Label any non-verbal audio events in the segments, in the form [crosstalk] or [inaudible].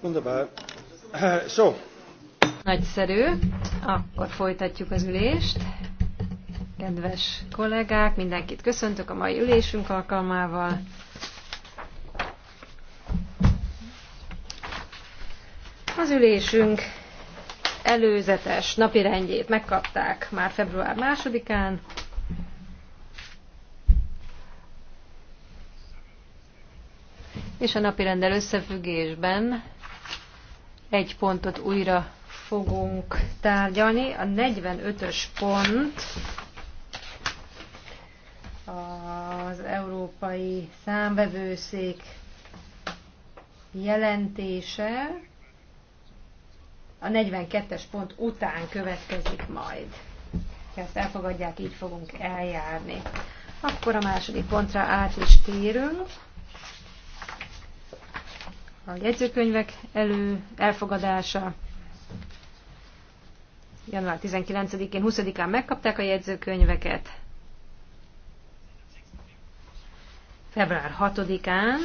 Wunderbar. Äh, so. Nagyszerű. Akkor folytatjuk az ülést. Kedves kollégák, mindenkit köszöntök a mai ülésünk alkalmával. Az ülésünk előzetes napirendjét megkapták már február másodikán. És a napirendel összefüggésben egy pontot újra fogunk tárgyalni. A 45-ös pont az Európai Számvevőszék jelentése a 42-es pont után következik majd. Ha ezt elfogadják, így fogunk eljárni. Akkor a második pontra át is térünk a jegyzőkönyvek elő elfogadása. Január 19-én, 20-án megkapták a jegyzőkönyveket. Február 6-án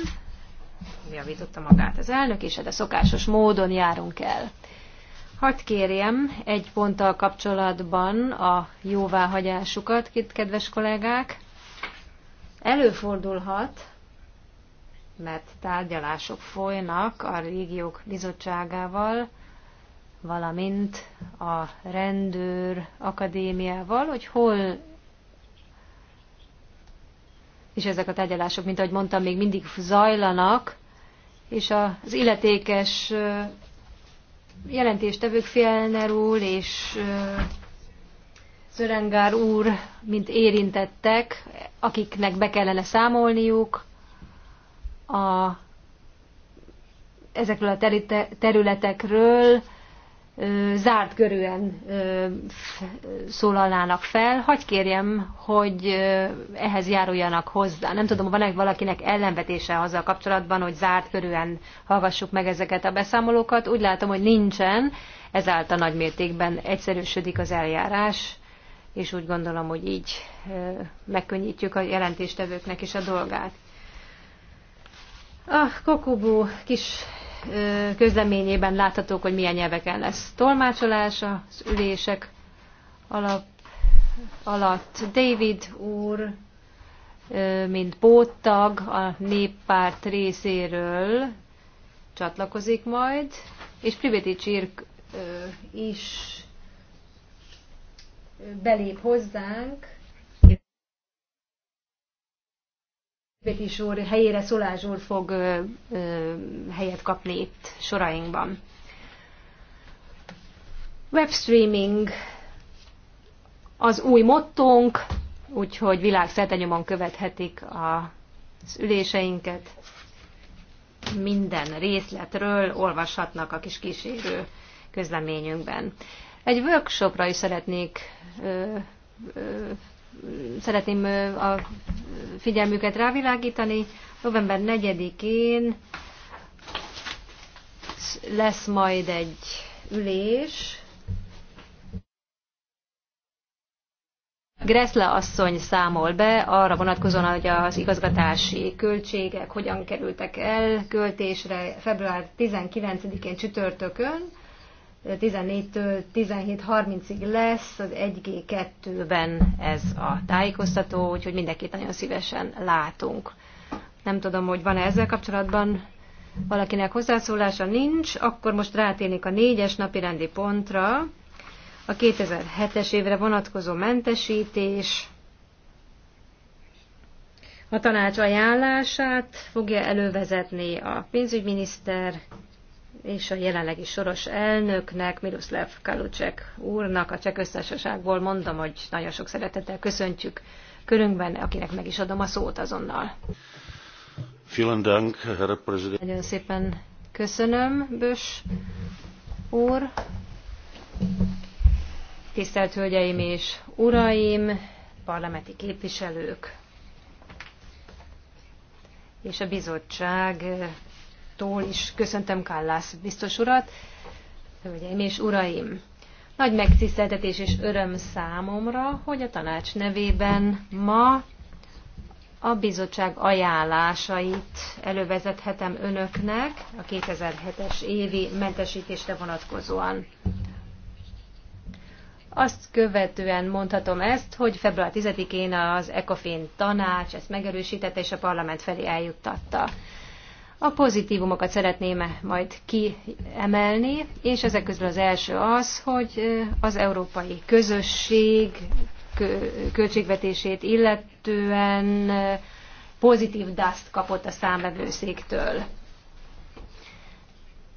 javította magát az elnök, és hát a szokásos módon járunk el. Hadd kérjem egy ponttal kapcsolatban a jóváhagyásukat, kedves kollégák. Előfordulhat, mert tárgyalások folynak a régiók bizottságával, valamint a rendőr akadémiával, hogy hol és ezek a tárgyalások, mint ahogy mondtam, még mindig zajlanak, és az illetékes jelentéstevők Fjellner úr és Zörengár úr, mint érintettek, akiknek be kellene számolniuk, a, ezekről a területekről ö, zárt körűen szólalnának fel. Hagy kérjem, hogy ö, ehhez járuljanak hozzá. Nem tudom, van-e valakinek ellenvetése azzal kapcsolatban, hogy zárt körűen hallgassuk meg ezeket a beszámolókat. Úgy látom, hogy nincsen, ezáltal nagymértékben egyszerűsödik az eljárás és úgy gondolom, hogy így megkönnyítjük a jelentéstevőknek is a dolgát. A Kokubu kis közleményében láthatók, hogy milyen nyelveken lesz tolmácsolás az ülések alap, alatt. David úr, mint póttag a néppárt részéről csatlakozik majd, és Priveti Csirk is belép hozzánk Békés úr helyére Szolázs úr fog ö, ö, helyet kapni itt sorainkban. Webstreaming az új mottónk, úgyhogy világszerte nyomon követhetik az üléseinket. Minden részletről olvashatnak a kis kísérő közleményünkben. Egy workshopra is szeretnék ö, ö, szeretném a figyelmüket rávilágítani. November 4-én lesz majd egy ülés. Greszle asszony számol be arra vonatkozóan, hogy az igazgatási költségek hogyan kerültek el költésre február 19-én csütörtökön. 14-től 17.30-ig lesz, az 1G2-ben ez a tájékoztató, úgyhogy mindenkit nagyon szívesen látunk. Nem tudom, hogy van-e ezzel kapcsolatban valakinek hozzászólása nincs, akkor most rátérnék a négyes napi rendi pontra, a 2007-es évre vonatkozó mentesítés, a tanács ajánlását fogja elővezetni a pénzügyminiszter, és a jelenlegi soros elnöknek, Miroslav Kalucsek úrnak, a Cseh Köztársaságból mondom, hogy nagyon sok szeretettel köszöntjük körünkben, akinek meg is adom a szót azonnal. Dank, Herr Nagyon szépen köszönöm, Bös úr. Tisztelt Hölgyeim és Uraim, parlamenti képviselők és a bizottság tól is köszöntöm Kállász biztos urat. Hölgyeim és uraim! Nagy megtiszteltetés és öröm számomra, hogy a tanács nevében ma a bizottság ajánlásait elővezethetem önöknek a 2007-es évi mentesítésre vonatkozóan. Azt követően mondhatom ezt, hogy február 10-én az ECOFIN tanács ezt megerősítette és a parlament felé eljuttatta. A pozitívumokat szeretném majd kiemelni, és ezek közül az első az, hogy az európai közösség költségvetését illetően pozitív dust kapott a számvevőszéktől.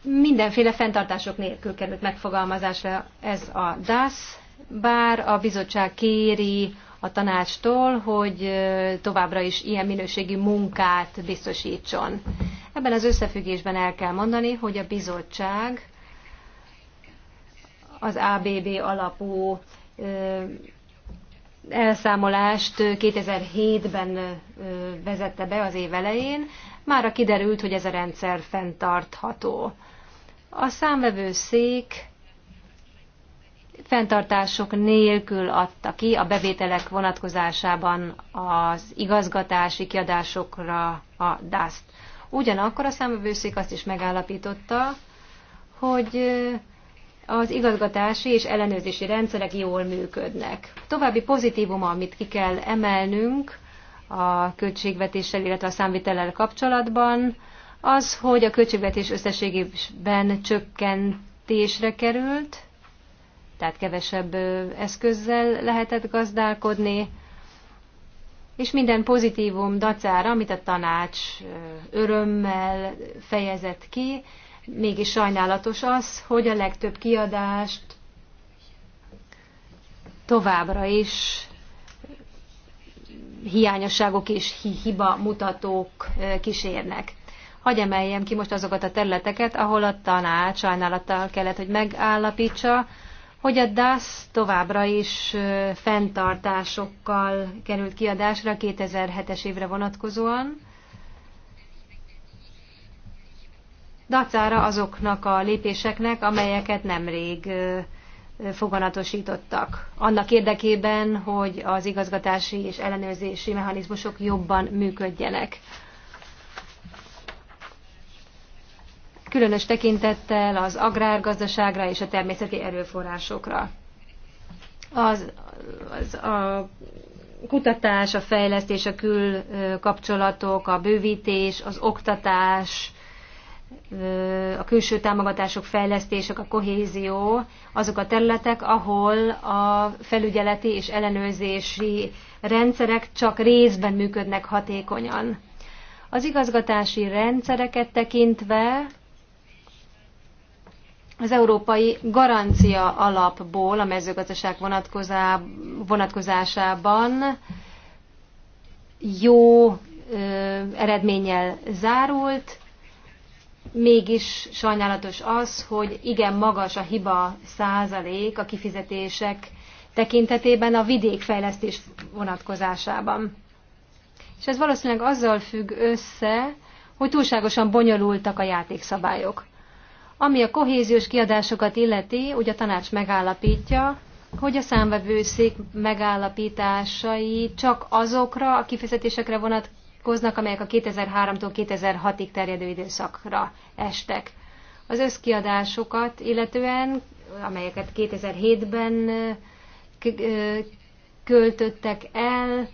Mindenféle fenntartások nélkül került megfogalmazásra ez a DASZ, bár a bizottság kéri a tanácstól, hogy továbbra is ilyen minőségi munkát biztosítson. Ebben az összefüggésben el kell mondani, hogy a bizottság az ABB alapú elszámolást 2007-ben vezette be az év elején, mára kiderült, hogy ez a rendszer fenntartható. A számvevőszék fenntartások nélkül adta ki a bevételek vonatkozásában az igazgatási kiadásokra a DAS-t. Ugyanakkor a számvevőszék azt is megállapította, hogy az igazgatási és ellenőrzési rendszerek jól működnek. További pozitívum, amit ki kell emelnünk a költségvetéssel, illetve a számvitellel kapcsolatban, az, hogy a költségvetés összességében csökkentésre került, tehát kevesebb eszközzel lehetett gazdálkodni, és minden pozitívum dacára, amit a tanács örömmel fejezett ki, mégis sajnálatos az, hogy a legtöbb kiadást továbbra is hiányosságok és hiba mutatók kísérnek. Hagy emeljem ki most azokat a területeket, ahol a tanács sajnálattal kellett, hogy megállapítsa, hogy a DASZ továbbra is fenntartásokkal került kiadásra 2007-es évre vonatkozóan, dacára azoknak a lépéseknek, amelyeket nemrég foganatosítottak. Annak érdekében, hogy az igazgatási és ellenőrzési mechanizmusok jobban működjenek. különös tekintettel az agrárgazdaságra és a természeti erőforrásokra. Az, az a kutatás, a fejlesztés, a külkapcsolatok, a bővítés, az oktatás, a külső támogatások, fejlesztések, a kohézió, azok a területek, ahol a felügyeleti és ellenőrzési rendszerek csak részben működnek hatékonyan. Az igazgatási rendszereket tekintve az európai garancia alapból a mezőgazdaság vonatkozásában jó ö, eredménnyel zárult, mégis sajnálatos az, hogy igen magas a hiba százalék a kifizetések tekintetében a vidékfejlesztés vonatkozásában. És ez valószínűleg azzal függ össze, hogy túlságosan bonyolultak a játékszabályok. Ami a kohéziós kiadásokat illeti, ugye a tanács megállapítja, hogy a számvevőszék megállapításai csak azokra a kifizetésekre vonatkoznak, amelyek a 2003-tól 2006-ig terjedő időszakra estek. Az összkiadásokat illetően, amelyeket 2007-ben költöttek el,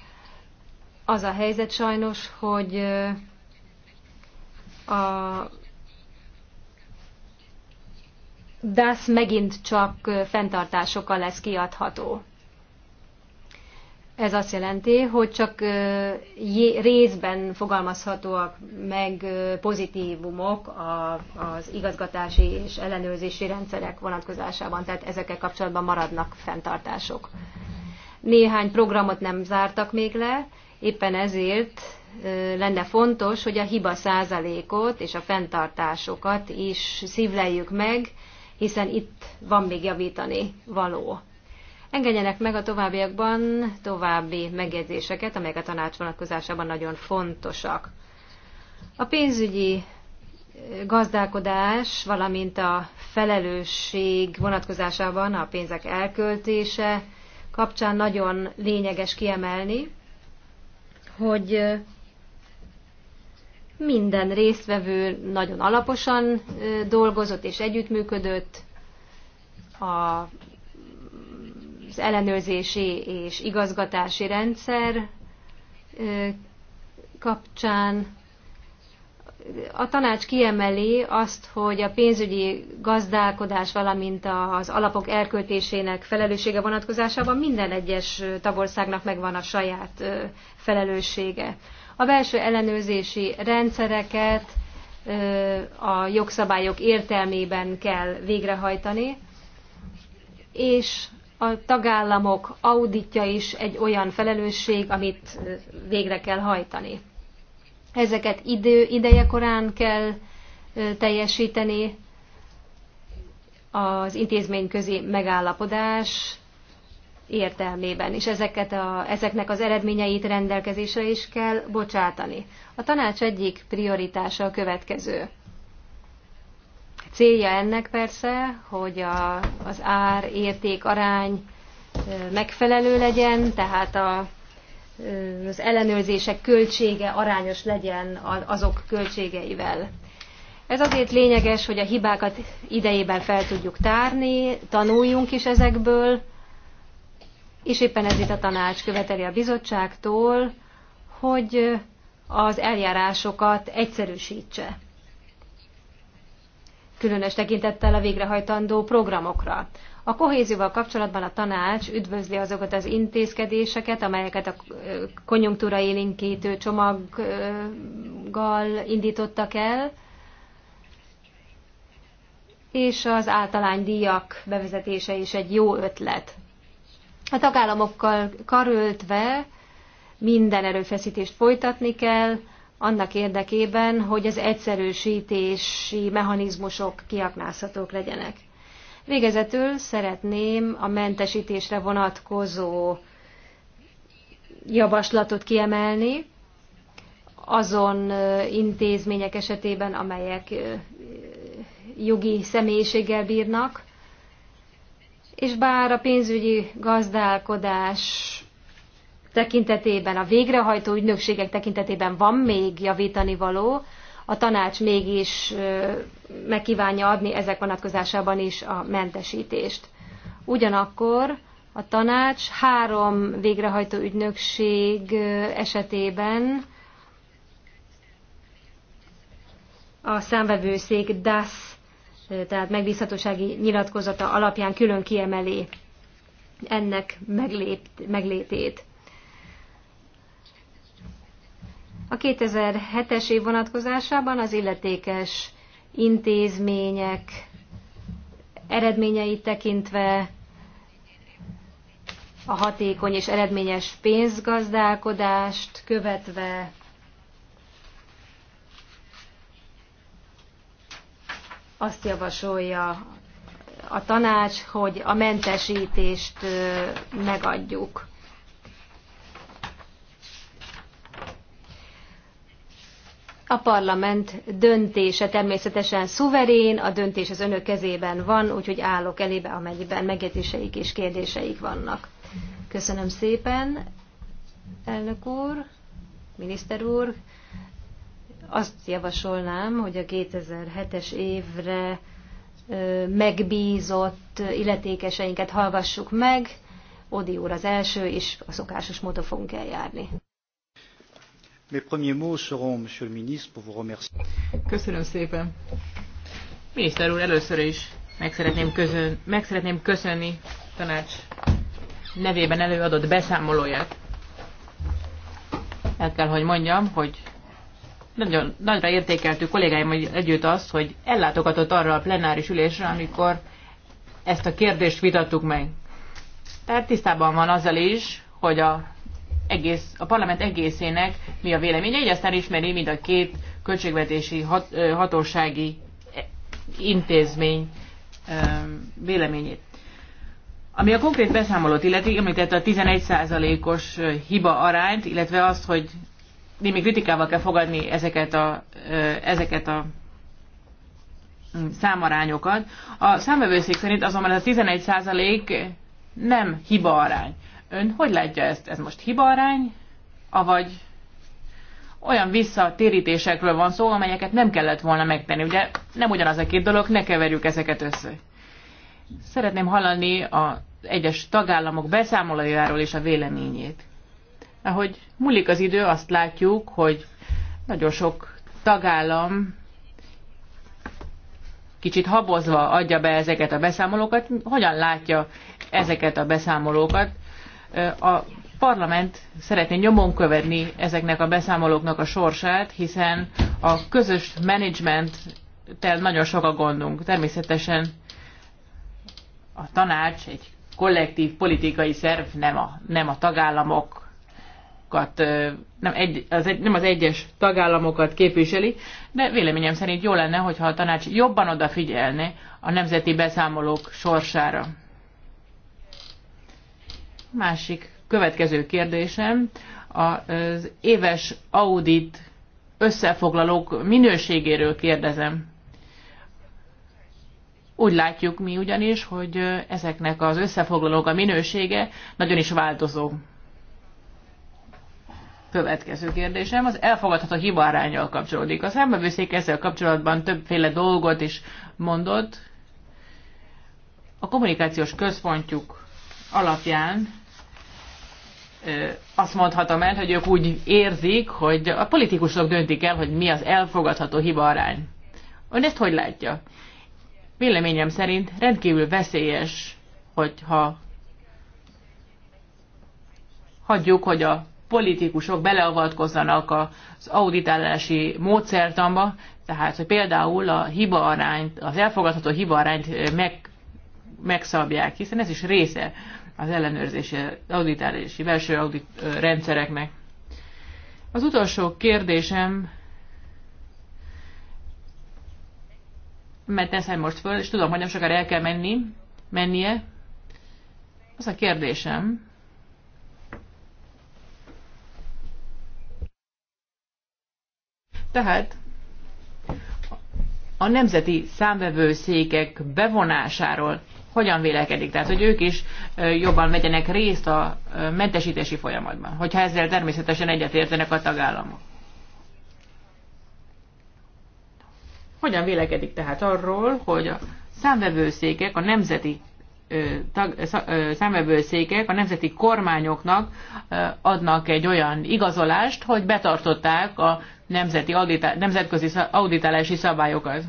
az a helyzet sajnos, hogy a DAS megint csak fenntartásokkal lesz kiadható. Ez azt jelenti, hogy csak részben fogalmazhatóak meg pozitívumok az igazgatási és ellenőrzési rendszerek vonatkozásában, tehát ezekkel kapcsolatban maradnak fenntartások. Néhány programot nem zártak még le, éppen ezért lenne fontos, hogy a hiba százalékot és a fenntartásokat is szívleljük meg, hiszen itt van még javítani való. Engedjenek meg a továbbiakban további megjegyzéseket, amelyek a tanács vonatkozásában nagyon fontosak. A pénzügyi eh, gazdálkodás, valamint a felelősség vonatkozásában a pénzek elköltése kapcsán nagyon lényeges kiemelni, hogy eh, minden résztvevő nagyon alaposan dolgozott és együttműködött a, az ellenőrzési és igazgatási rendszer kapcsán. A tanács kiemeli azt, hogy a pénzügyi gazdálkodás, valamint az alapok elköltésének felelőssége vonatkozásában minden egyes tagországnak megvan a saját felelőssége a belső ellenőrzési rendszereket a jogszabályok értelmében kell végrehajtani, és a tagállamok auditja is egy olyan felelősség, amit végre kell hajtani. Ezeket idő, ideje korán kell teljesíteni, az intézményközi megállapodás értelmében, és ezeket a, ezeknek az eredményeit rendelkezésre is kell bocsátani. A tanács egyik prioritása a következő. Célja ennek persze, hogy a, az ár, érték, arány megfelelő legyen, tehát a, az ellenőrzések költsége arányos legyen azok költségeivel. Ez azért lényeges, hogy a hibákat idejében fel tudjuk tárni, tanuljunk is ezekből, és éppen ezért a tanács követeli a bizottságtól, hogy az eljárásokat egyszerűsítse. Különös tekintettel a végrehajtandó programokra. A kohézióval kapcsolatban a tanács üdvözli azokat az intézkedéseket, amelyeket a konjunktúra élénkítő csomaggal indítottak el, és az általánydíjak bevezetése is egy jó ötlet. A tagállamokkal karöltve minden erőfeszítést folytatni kell, annak érdekében, hogy az egyszerűsítési mechanizmusok kiaknázhatók legyenek. Végezetül szeretném a mentesítésre vonatkozó javaslatot kiemelni, azon intézmények esetében, amelyek jogi személyiséggel bírnak, és bár a pénzügyi gazdálkodás tekintetében, a végrehajtó ügynökségek tekintetében van még javítani való, a tanács mégis megkívánja adni ezek vonatkozásában is a mentesítést. Ugyanakkor a tanács három végrehajtó ügynökség esetében a számvevőszék DASZ tehát megbízhatósági nyilatkozata alapján külön kiemeli ennek meglépt meglétét. A 2007-es év vonatkozásában az illetékes intézmények eredményeit tekintve a hatékony és eredményes pénzgazdálkodást követve azt javasolja a tanács, hogy a mentesítést megadjuk. A parlament döntése természetesen szuverén, a döntés az önök kezében van, úgyhogy állok elébe, amennyiben megjegyzéseik és kérdéseik vannak. Köszönöm szépen, elnök úr, miniszter úr. Azt javasolnám, hogy a 2007-es évre megbízott illetékeseinket hallgassuk meg. Odi úr az első, és a szokásos módon fogunk eljárni. Mes premiers mots seront, monsieur le ministre, pour vous remercier. Köszönöm szépen. Miniszter úr, először is meg szeretném, közön, meg szeretném köszönni tanács nevében előadott beszámolóját. El kell, hogy mondjam, hogy nagyon nagyra értékeltük kollégáim együtt azt, hogy ellátogatott arra a plenáris ülésre, amikor ezt a kérdést vitattuk meg. Tehát tisztában van azzal is, hogy a, egész, a parlament egészének mi a véleménye, így aztán ismeri mind a két költségvetési hat, hatósági e, intézmény véleményét. Ami a konkrét beszámolót illeti, említette a 11%-os hiba arányt, illetve azt, hogy némi kritikával kell fogadni ezeket a, ezeket a számarányokat. A számvevőszék szerint azonban ez a 11% nem hibaarány. Ön hogy látja ezt? Ez most hibaarány, avagy olyan visszatérítésekről van szó, amelyeket nem kellett volna megtenni. Ugye nem ugyanaz a két dolog, ne keverjük ezeket össze. Szeretném hallani az egyes tagállamok beszámolójáról és a véleményét. Ahogy múlik az idő, azt látjuk, hogy nagyon sok tagállam kicsit habozva adja be ezeket a beszámolókat. Hogyan látja ezeket a beszámolókat? A parlament szeretné nyomon követni ezeknek a beszámolóknak a sorsát, hiszen a közös tel nagyon sok a gondunk. Természetesen a tanács egy kollektív politikai szerv, nem a, nem a tagállamok tagállamokat, nem, egy, az egy, nem az egyes tagállamokat képviseli, de véleményem szerint jó lenne, hogyha a tanács jobban odafigyelne a nemzeti beszámolók sorsára. Másik következő kérdésem, az éves audit összefoglalók minőségéről kérdezem. Úgy látjuk mi ugyanis, hogy ezeknek az összefoglalók a minősége nagyon is változó. Következő kérdésem az elfogadható hibaarányjal kapcsolódik. A számbevőszék ezzel kapcsolatban többféle dolgot is mondott. A kommunikációs központjuk alapján azt mondhatom el, hogy ők úgy érzik, hogy a politikusok döntik el, hogy mi az elfogadható hibaarány. Ön ezt hogy látja? Véleményem szerint rendkívül veszélyes, hogyha hagyjuk, hogy a politikusok beleavatkozzanak az auditálási módszertamba, tehát hogy például a hiba arányt, az elfogadható hiba arányt eh, meg, megszabják, hiszen ez is része az ellenőrzési, auditálási, belső audit eh, rendszereknek. Az utolsó kérdésem, mert teszem most föl, és tudom, hogy nem sokára el kell menni, mennie, az a kérdésem, Tehát a nemzeti számvevőszékek bevonásáról hogyan vélekedik, tehát hogy ők is jobban vegyenek részt a mentesítési folyamatban, hogyha ezzel természetesen egyetértenek a tagállamok. Hogyan vélekedik tehát arról, hogy a számvevőszékek a nemzeti számvevőszékek a nemzeti kormányoknak adnak egy olyan igazolást, hogy betartották a nemzeti auditál, nemzetközi auditálási szabályokat.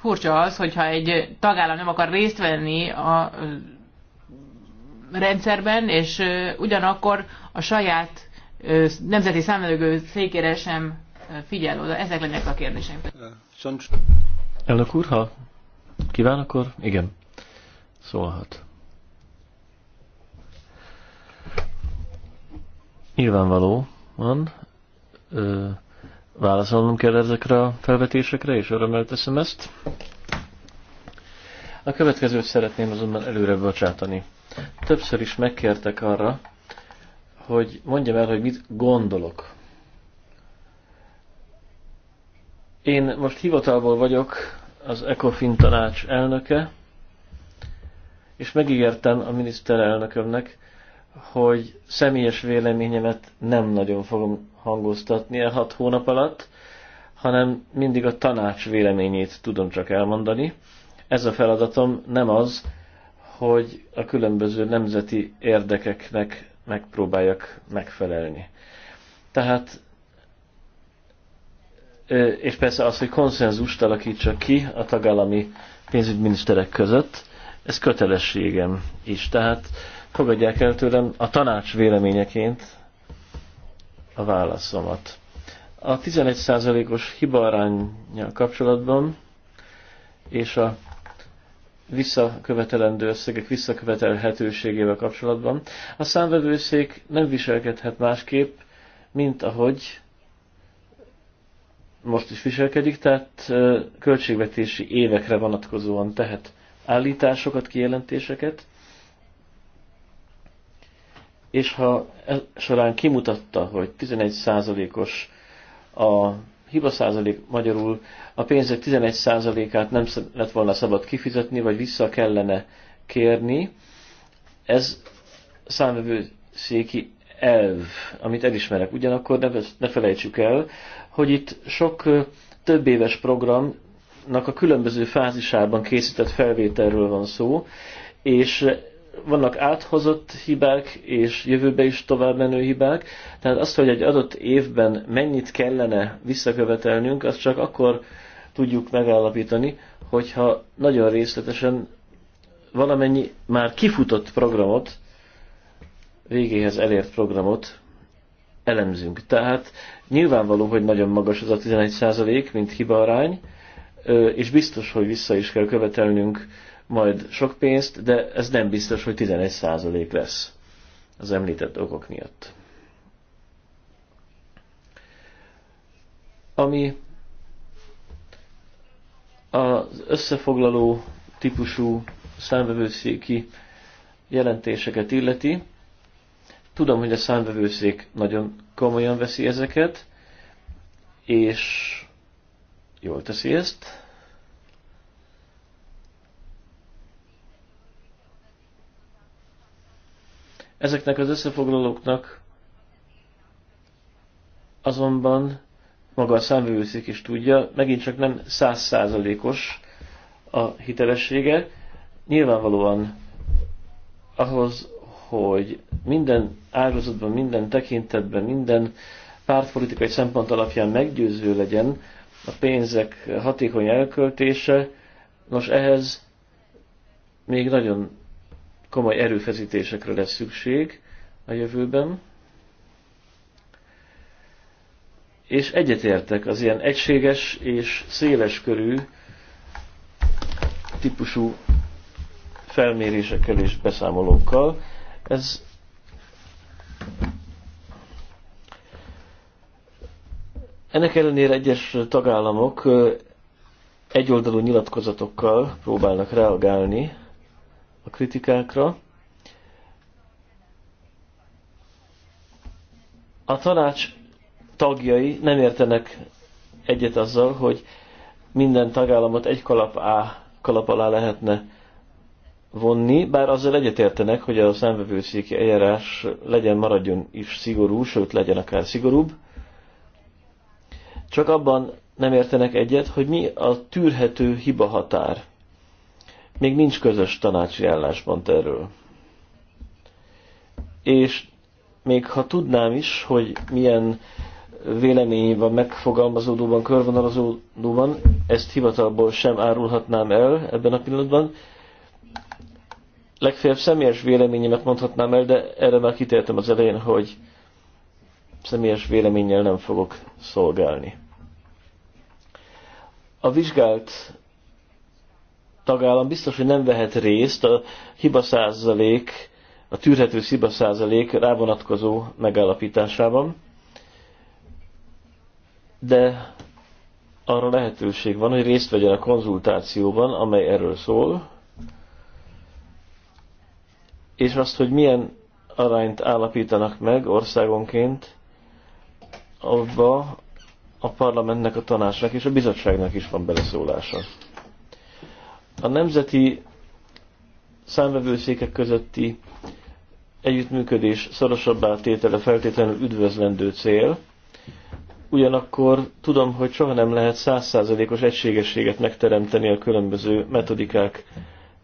Furcsa az, hogyha egy tagállam nem akar részt venni a rendszerben, és ugyanakkor a saját nemzeti számvevő székére sem figyel oda? Ezek lennek a kérdéseim. Elnök úr, ha kíván, akkor igen, szólhat. Nyilvánvalóan ö, válaszolnom kell ezekre a felvetésekre, és örömmel teszem ezt. A következőt szeretném azonban előre bocsátani. Többször is megkértek arra, hogy mondjam el, hogy mit gondolok Én most hivatalból vagyok az ECOFIN tanács elnöke, és megígértem a miniszterelnökömnek, hogy személyes véleményemet nem nagyon fogom hangoztatni a e hat hónap alatt, hanem mindig a tanács véleményét tudom csak elmondani. Ez a feladatom nem az, hogy a különböző nemzeti érdekeknek megpróbáljak megfelelni. Tehát és persze az, hogy konszenzust alakítsa ki a tagállami pénzügyminiszterek között, ez kötelességem is. Tehát fogadják el tőlem a tanács véleményeként a válaszomat. A 11%-os hibaarányjal kapcsolatban és a visszakövetelendő összegek visszakövetelhetőségével kapcsolatban a számvevőszék nem viselkedhet másképp, mint ahogy most is viselkedik, tehát költségvetési évekre vonatkozóan tehet állításokat, kijelentéseket, és ha ez során kimutatta, hogy 11%-os a hiba százalék magyarul, a pénzek 11%-át nem lett volna szabad kifizetni, vagy vissza kellene kérni, ez széki elv, amit elismerek. Ugyanakkor ne, ne felejtsük el, hogy itt sok több éves programnak a különböző fázisában készített felvételről van szó, és vannak áthozott hibák, és jövőbe is tovább menő hibák. Tehát azt, hogy egy adott évben mennyit kellene visszakövetelnünk, azt csak akkor tudjuk megállapítani, hogyha nagyon részletesen valamennyi már kifutott programot, végéhez elért programot elemzünk. Tehát nyilvánvaló, hogy nagyon magas az a 11 mint hibaarány, és biztos, hogy vissza is kell követelnünk majd sok pénzt, de ez nem biztos, hogy 11 lesz az említett okok miatt. Ami az összefoglaló típusú számvevőszéki jelentéseket illeti, Tudom, hogy a számvevőszék nagyon komolyan veszi ezeket, és jól teszi ezt. Ezeknek az összefoglalóknak azonban maga a számvevőszék is tudja, megint csak nem százszázalékos a hitelessége. Nyilvánvalóan ahhoz hogy minden ágazatban, minden tekintetben, minden pártpolitikai szempont alapján meggyőző legyen a pénzek hatékony elköltése, nos ehhez még nagyon komoly erőfeszítésekre lesz szükség a jövőben. És egyetértek az ilyen egységes és széles körű típusú felmérésekkel és beszámolókkal, ez ennek ellenére egyes tagállamok egyoldalú nyilatkozatokkal próbálnak reagálni a kritikákra. A tanács tagjai nem értenek egyet azzal, hogy minden tagállamot egy kalap, á, kalap alá lehetne vonni, bár azzal egyetértenek, hogy a számvevőszéki eljárás legyen, maradjon is szigorú, sőt legyen akár szigorúbb. Csak abban nem értenek egyet, hogy mi a tűrhető hiba határ. Még nincs közös tanácsi álláspont erről. És még ha tudnám is, hogy milyen vélemény van megfogalmazódóban, körvonalazódóban, ezt hivatalból sem árulhatnám el ebben a pillanatban, legfeljebb személyes véleményemet mondhatnám el, de erre már kitértem az elején, hogy személyes véleménnyel nem fogok szolgálni. A vizsgált tagállam biztos, hogy nem vehet részt a hiba százalék, a tűrhető hiba százalék rávonatkozó megállapításában, de arra lehetőség van, hogy részt vegyen a konzultációban, amely erről szól, és azt, hogy milyen arányt állapítanak meg országonként, abba a parlamentnek, a tanácsnak és a bizottságnak is van beleszólása. A nemzeti számvevőszékek közötti együttműködés szorosabbá tétele feltétlenül üdvözlendő cél, ugyanakkor tudom, hogy soha nem lehet százszázalékos egységességet megteremteni a különböző metodikák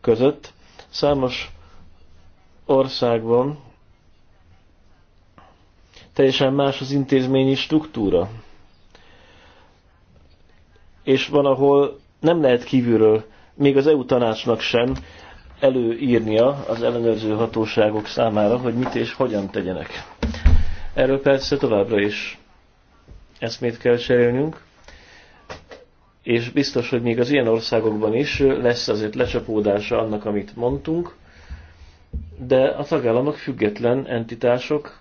között. Számos országban teljesen más az intézményi struktúra. És van, ahol nem lehet kívülről, még az EU tanácsnak sem előírnia az ellenőrző hatóságok számára, hogy mit és hogyan tegyenek. Erről persze továbbra is eszmét kell cserélnünk, és biztos, hogy még az ilyen országokban is lesz azért lecsapódása annak, amit mondtunk, de a tagállamok független entitások,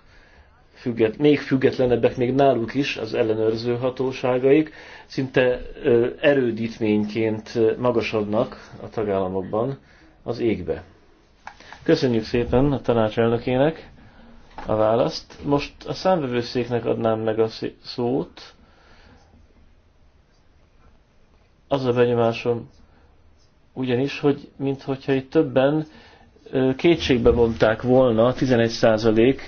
függet, még függetlenebbek még náluk is az ellenőrző hatóságaik, szinte ö, erődítményként magasodnak a tagállamokban az égbe. Köszönjük szépen a tanácselnökének a választ. Most a számvevőszéknek adnám meg a szót. Az a benyomásom ugyanis, hogy minthogyha itt többen kétségbe vonták volna 11%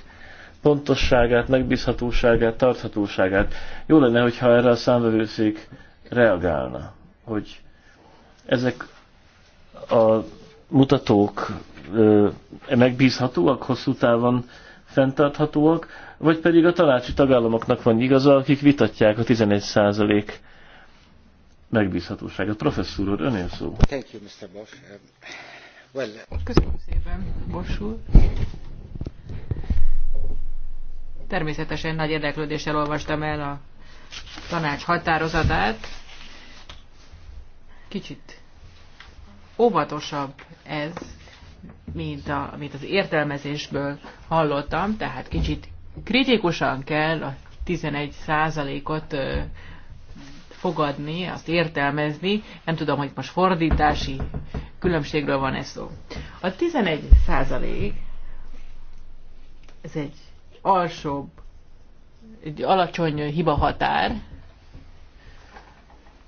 pontosságát, megbízhatóságát, tarthatóságát. Jó lenne, hogyha erre a számvevőszék reagálna, hogy ezek a mutatók megbízhatóak, hosszú távon fenntarthatóak, vagy pedig a tanácsi tagállamoknak van igaza, akik vitatják a 11% megbízhatóságot. Professzor úr, önél szó. Thank you, Mr. Bosch. Köszönöm szépen, Borsul. Természetesen nagy érdeklődéssel olvastam el a tanács határozatát. Kicsit óvatosabb ez, mint, a, mint az értelmezésből hallottam, tehát kicsit kritikusan kell a 11 százalékot fogadni, azt értelmezni. Nem tudom, hogy most fordítási különbségről van ez szó. A 11 százalék, ez egy alsóbb, egy alacsony hiba határ,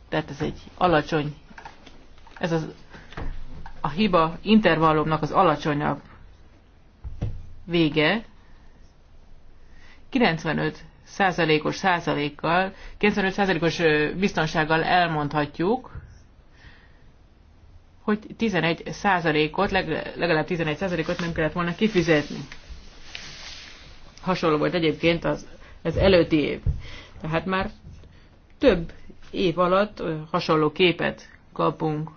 tehát ez egy alacsony, ez az, a hiba intervallumnak az alacsonyabb vége, 95 százalékos százalékkal, 95 százalékos biztonsággal elmondhatjuk, hogy 11 százalékot, legalább 11 százalékot nem kellett volna kifizetni. Hasonló volt egyébként az, az előtti év. Tehát már több év alatt hasonló képet kapunk.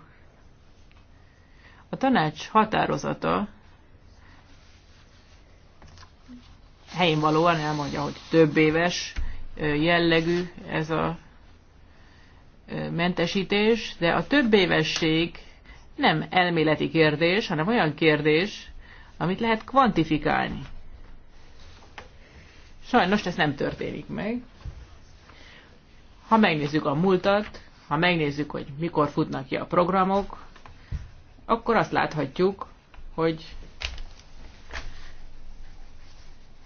A tanács határozata helyén valóan elmondja, hogy több éves jellegű ez a mentesítés, de a több évesség nem elméleti kérdés, hanem olyan kérdés, amit lehet kvantifikálni. Sajnos ez nem történik meg. Ha megnézzük a múltat, ha megnézzük, hogy mikor futnak ki a programok, akkor azt láthatjuk, hogy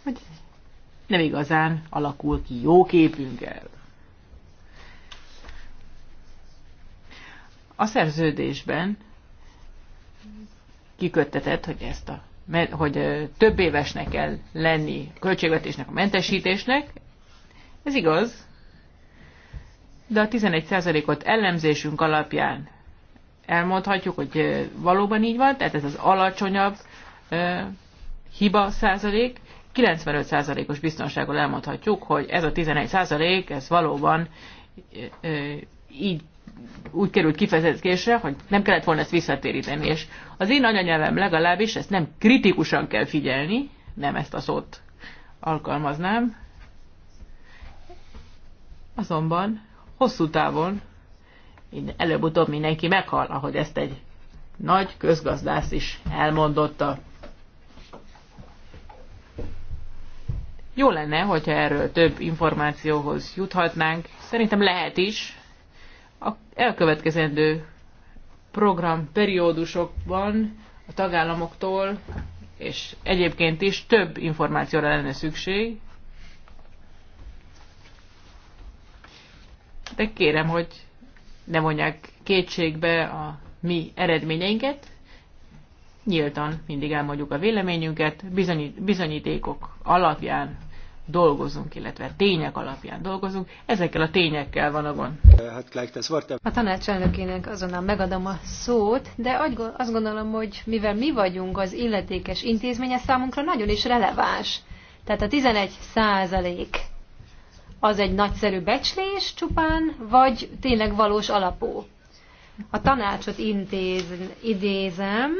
hogy nem igazán alakul ki jó képünk el. A szerződésben kiköttetett, hogy ezt a hogy több évesnek kell lenni a költségvetésnek, a mentesítésnek. Ez igaz, de a 11%-ot ellenzésünk alapján elmondhatjuk, hogy valóban így van, tehát ez az alacsonyabb hiba százalék, 95%-os biztonsággal elmondhatjuk, hogy ez a 11% ez valóban így úgy került kifejezésre, hogy nem kellett volna ezt visszatéríteni. És az én anyanyelvem legalábbis ezt nem kritikusan kell figyelni, nem ezt a szót alkalmaznám, azonban hosszú távon előbb-utóbb mindenki meghal, ahogy ezt egy nagy közgazdász is elmondotta. Jó lenne, hogyha erről több információhoz juthatnánk. Szerintem lehet is. A elkövetkezendő programperiódusokban a tagállamoktól és egyébként is több információra lenne szükség. De kérem, hogy ne mondják kétségbe a mi eredményeinket, nyíltan mindig elmondjuk a véleményünket, bizonyítékok alapján dolgozunk, illetve tények alapján dolgozunk. Ezekkel a tényekkel van a gond. A tanácselnökének azonnal megadom a szót, de azt gondolom, hogy mivel mi vagyunk az illetékes intézménye számunkra nagyon is releváns. Tehát a 11 százalék az egy nagyszerű becslés csupán, vagy tényleg valós alapú. A tanácsot intéz, idézem,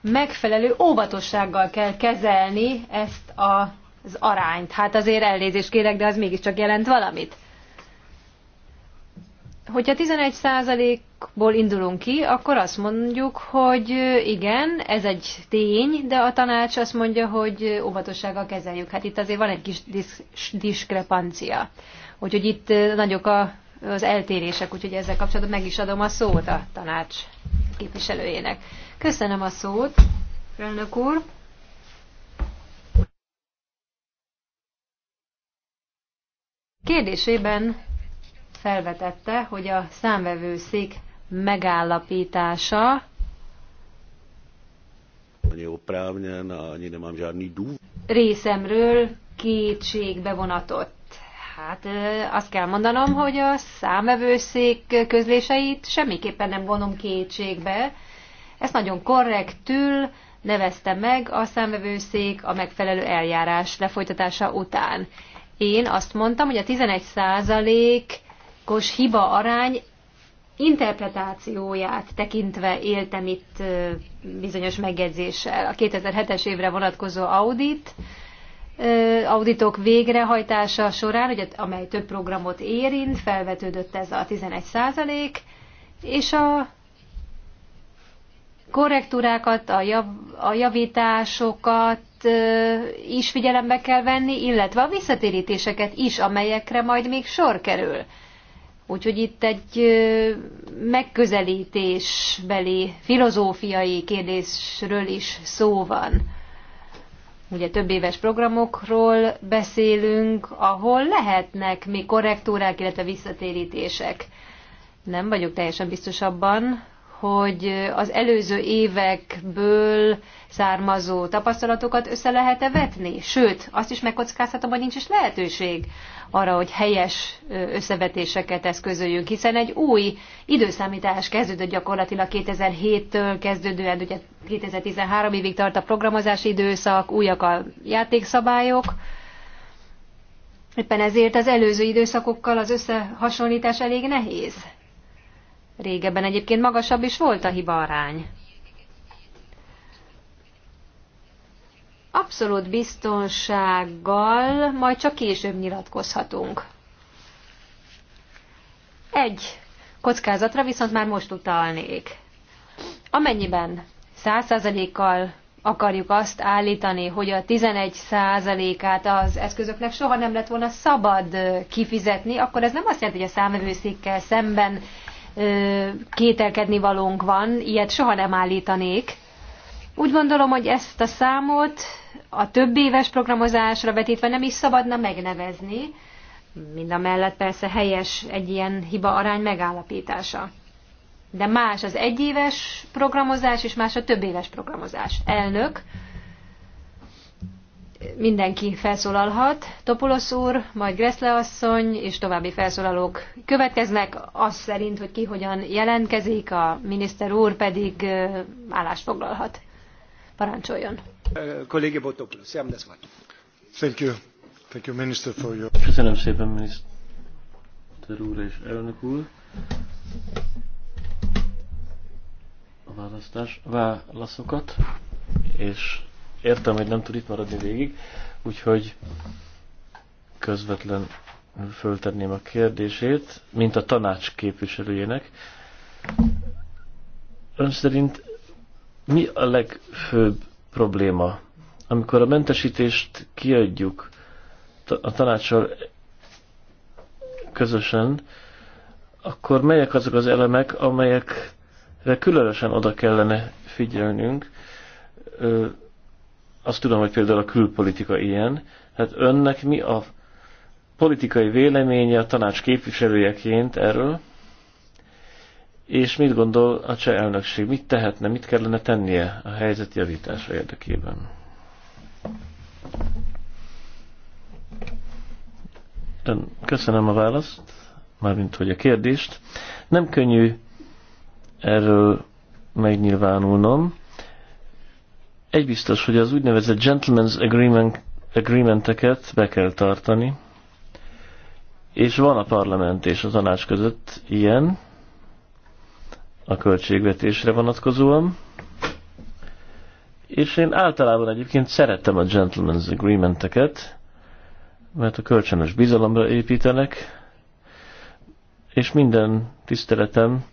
megfelelő óvatossággal kell kezelni ezt a az arányt. Hát azért elnézést kérek, de az mégiscsak jelent valamit. Hogyha 11%-ból indulunk ki, akkor azt mondjuk, hogy igen, ez egy tény, de a tanács azt mondja, hogy óvatossággal kezeljük. Hát itt azért van egy kis disz- diskrepancia. Úgyhogy itt nagyok a, az eltérések, úgyhogy ezzel kapcsolatban meg is adom a szót a tanács képviselőjének. Köszönöm a szót, elnök úr. Kérdésében felvetette, hogy a számvevőszék megállapítása részemről kétségbe vonatott. Hát azt kell mondanom, hogy a számvevőszék közléseit semmiképpen nem vonom kétségbe. Ezt nagyon korrektül nevezte meg a számvevőszék a megfelelő eljárás lefolytatása után én azt mondtam, hogy a 11 százalékos hiba arány interpretációját tekintve éltem itt bizonyos megjegyzéssel. A 2007-es évre vonatkozó audit, auditok végrehajtása során, ugye, amely több programot érint, felvetődött ez a 11 százalék, és a korrektúrákat, a, jav, a javításokat is figyelembe kell venni, illetve a visszatérítéseket is, amelyekre majd még sor kerül. Úgyhogy itt egy megközelítésbeli, filozófiai kérdésről is szó van. Ugye több éves programokról beszélünk, ahol lehetnek még korrektúrák, illetve visszatérítések. Nem vagyok teljesen biztos abban, hogy az előző évekből származó tapasztalatokat össze lehet-e vetni? Sőt, azt is megkockáztatom, hogy nincs is lehetőség arra, hogy helyes összevetéseket eszközöljünk, hiszen egy új időszámítás kezdődött gyakorlatilag 2007-től kezdődően, ugye 2013 évig tart a programozási időszak, újak a játékszabályok, Éppen ezért az előző időszakokkal az összehasonlítás elég nehéz. Régebben egyébként magasabb is volt a hiba arány. Abszolút biztonsággal majd csak később nyilatkozhatunk. Egy kockázatra viszont már most utalnék. Amennyiben 100%-kal akarjuk azt állítani, hogy a 11%-át az eszközöknek soha nem lett volna szabad kifizetni, akkor ez nem azt jelenti, hogy a számvevőszékkel szemben kételkedni valónk van, ilyet soha nem állítanék. Úgy gondolom, hogy ezt a számot a több éves programozásra vetítve nem is szabadna megnevezni, mind a mellett persze helyes egy ilyen hiba arány megállapítása. De más az egyéves programozás, és más a több éves programozás. Elnök, mindenki felszólalhat. Topolosz úr, majd Greszle asszony, és további felszólalók következnek, az szerint, hogy ki hogyan jelentkezik, a miniszter úr pedig állást foglalhat. Parancsoljon. Kollégi Botopoulos, jám das Thank you. Thank you, minister, for your... Köszönöm szépen, miniszter úr és elnök úr. A választás, válaszokat, és értem, hogy nem tud itt maradni végig, úgyhogy közvetlen föltenném a kérdését, mint a tanács képviselőjének. Ön szerint mi a legfőbb probléma? Amikor a mentesítést kiadjuk a tanácssal közösen, akkor melyek azok az elemek, amelyekre különösen oda kellene figyelnünk, azt tudom, hogy például a külpolitika ilyen, hát önnek mi a politikai véleménye a tanács képviselőjeként erről, és mit gondol a cseh elnökség, mit tehetne, mit kellene tennie a helyzet javítása érdekében? köszönöm a választ, mármint hogy a kérdést. Nem könnyű erről megnyilvánulnom, egy biztos, hogy az úgynevezett gentleman's agreement, agreementeket be kell tartani, és van a parlament és a tanács között ilyen, a költségvetésre vonatkozóan, és én általában egyébként szerettem a gentleman's agreementeket, mert a kölcsönös bizalomra építenek, és minden tiszteletem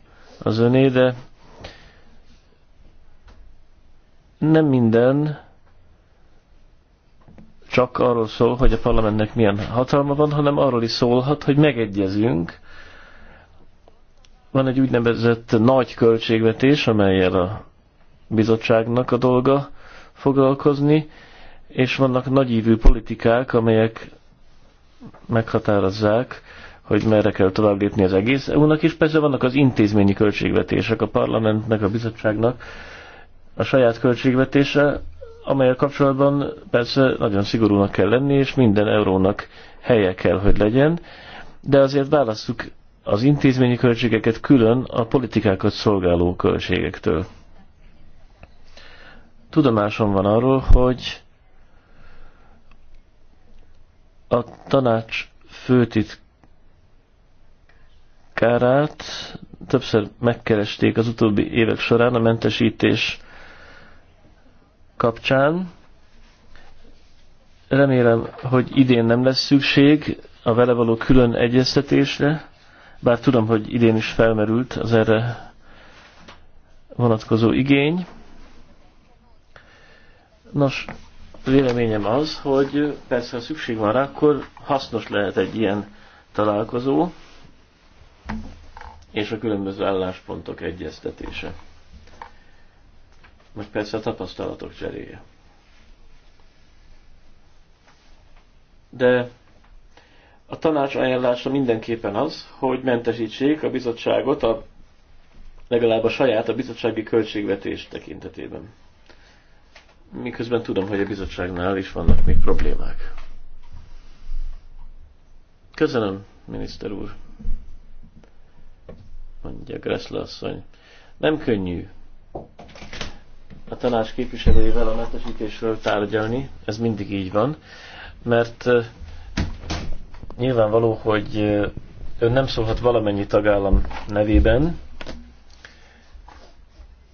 az öné, de nem minden csak arról szól, hogy a parlamentnek milyen hatalma van, hanem arról is szólhat, hogy megegyezünk. Van egy úgynevezett nagy költségvetés, amelyel a bizottságnak a dolga foglalkozni, és vannak nagyívű politikák, amelyek meghatározzák, hogy merre kell tovább lépni az egész EU-nak, és persze vannak az intézményi költségvetések a parlamentnek, a bizottságnak, a saját költségvetése, amelyel kapcsolatban persze nagyon szigorúnak kell lenni, és minden eurónak helye kell, hogy legyen, de azért válasszuk az intézményi költségeket külön a politikákat szolgáló költségektől. Tudomásom van arról, hogy a tanács főtitkárát többször megkeresték az utóbbi évek során a mentesítés kapcsán. Remélem, hogy idén nem lesz szükség a vele való külön egyeztetésre, bár tudom, hogy idén is felmerült az erre vonatkozó igény. Nos, véleményem az, hogy persze, ha szükség van rá, akkor hasznos lehet egy ilyen találkozó és a különböző álláspontok egyeztetése meg persze a tapasztalatok cseréje. De a tanács ajánlása mindenképpen az, hogy mentesítsék a bizottságot a, legalább a saját a bizottsági költségvetés tekintetében. Miközben tudom, hogy a bizottságnál is vannak még problémák. Köszönöm, miniszter úr, mondja Gressle asszony. Nem könnyű a tanács képviselőivel a mentesítésről tárgyalni, ez mindig így van, mert nyilvánvaló, hogy ön nem szólhat valamennyi tagállam nevében.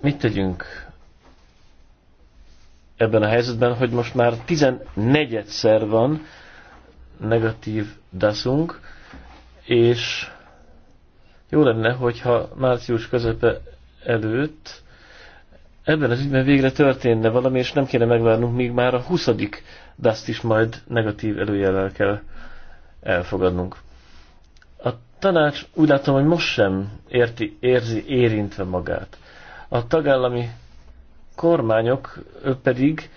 Mit tegyünk ebben a helyzetben, hogy most már 14-szer van negatív daszunk, és jó lenne, hogyha március közepe előtt ebben az ügyben végre történne valami, és nem kéne megvárnunk, míg már a 20. dust is majd negatív előjellel kell elfogadnunk. A tanács úgy látom, hogy most sem érti, érzi érintve magát. A tagállami kormányok pedig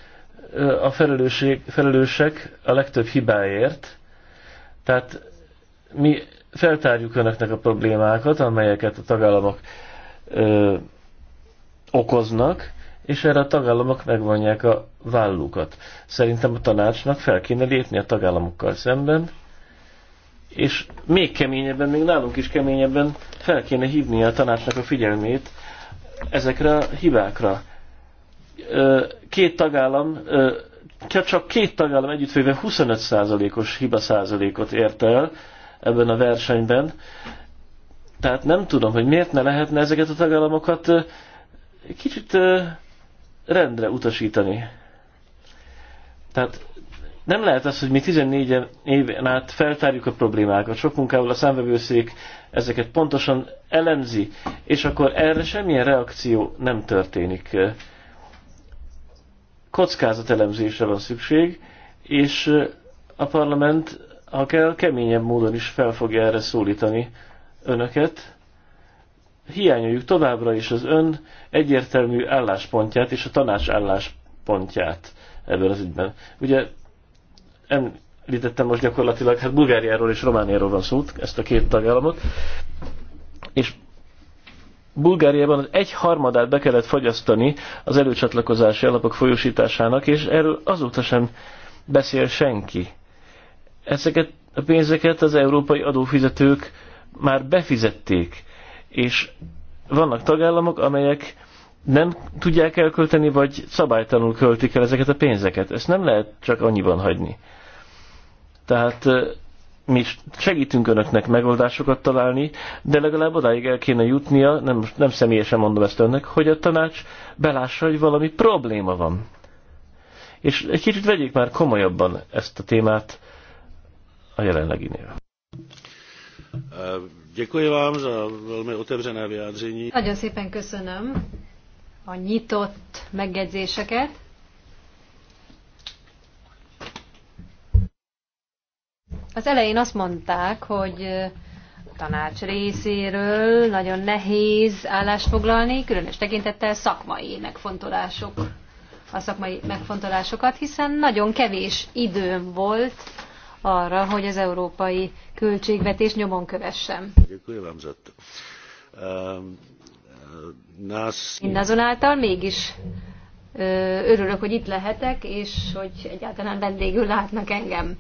a felelősség, felelősek a legtöbb hibáért, tehát mi feltárjuk önöknek a problémákat, amelyeket a tagállamok ö, okoznak, és erre a tagállamok megvonják a vállukat. Szerintem a tanácsnak fel kéne lépni a tagállamokkal szemben, és még keményebben, még nálunk is keményebben fel kéne hívni a tanácsnak a figyelmét ezekre a hibákra. Két tagállam, csak két tagállam együttvéve 25%-os hiba százalékot ért el ebben a versenyben, tehát nem tudom, hogy miért ne lehetne ezeket a tagállamokat egy kicsit rendre utasítani. Tehát nem lehet az, hogy mi 14 éven át feltárjuk a problémákat. Sok munkával a számvevőszék ezeket pontosan elemzi, és akkor erre semmilyen reakció nem történik. Kockázatelemzésre van szükség, és a parlament, ha kell, keményebb módon is fel fogja erre szólítani önöket hiányoljuk továbbra is az ön egyértelmű álláspontját és a tanács álláspontját ebből az ügyben. Ugye említettem most gyakorlatilag, hát Bulgáriáról és Romániáról van szó, ezt a két tagállamot, és Bulgáriában az egy harmadát be kellett fogyasztani az előcsatlakozási alapok folyósításának, és erről azóta sem beszél senki. Ezeket a pénzeket az európai adófizetők már befizették és vannak tagállamok, amelyek nem tudják elkölteni, vagy szabálytalanul költik el ezeket a pénzeket. Ezt nem lehet csak annyiban hagyni. Tehát mi segítünk önöknek megoldásokat találni, de legalább odáig el kéne jutnia, nem, nem személyesen mondom ezt önnek, hogy a tanács belássa, hogy valami probléma van. És egy kicsit vegyék már komolyabban ezt a témát a jelenleginél. Děkuji vám za velmi otevřené vyjádření. Nagyon szépen köszönöm a nyitott megjegyzéseket. Az elején azt mondták, hogy tanács részéről nagyon nehéz állást foglalni, különös tekintettel szakmai megfontolások, a szakmai megfontolásokat, hiszen nagyon kevés időm volt arra, hogy az európai költségvetés nyomon kövessem. Mindazonáltal mégis örülök, hogy itt lehetek, és hogy egyáltalán vendégül látnak engem.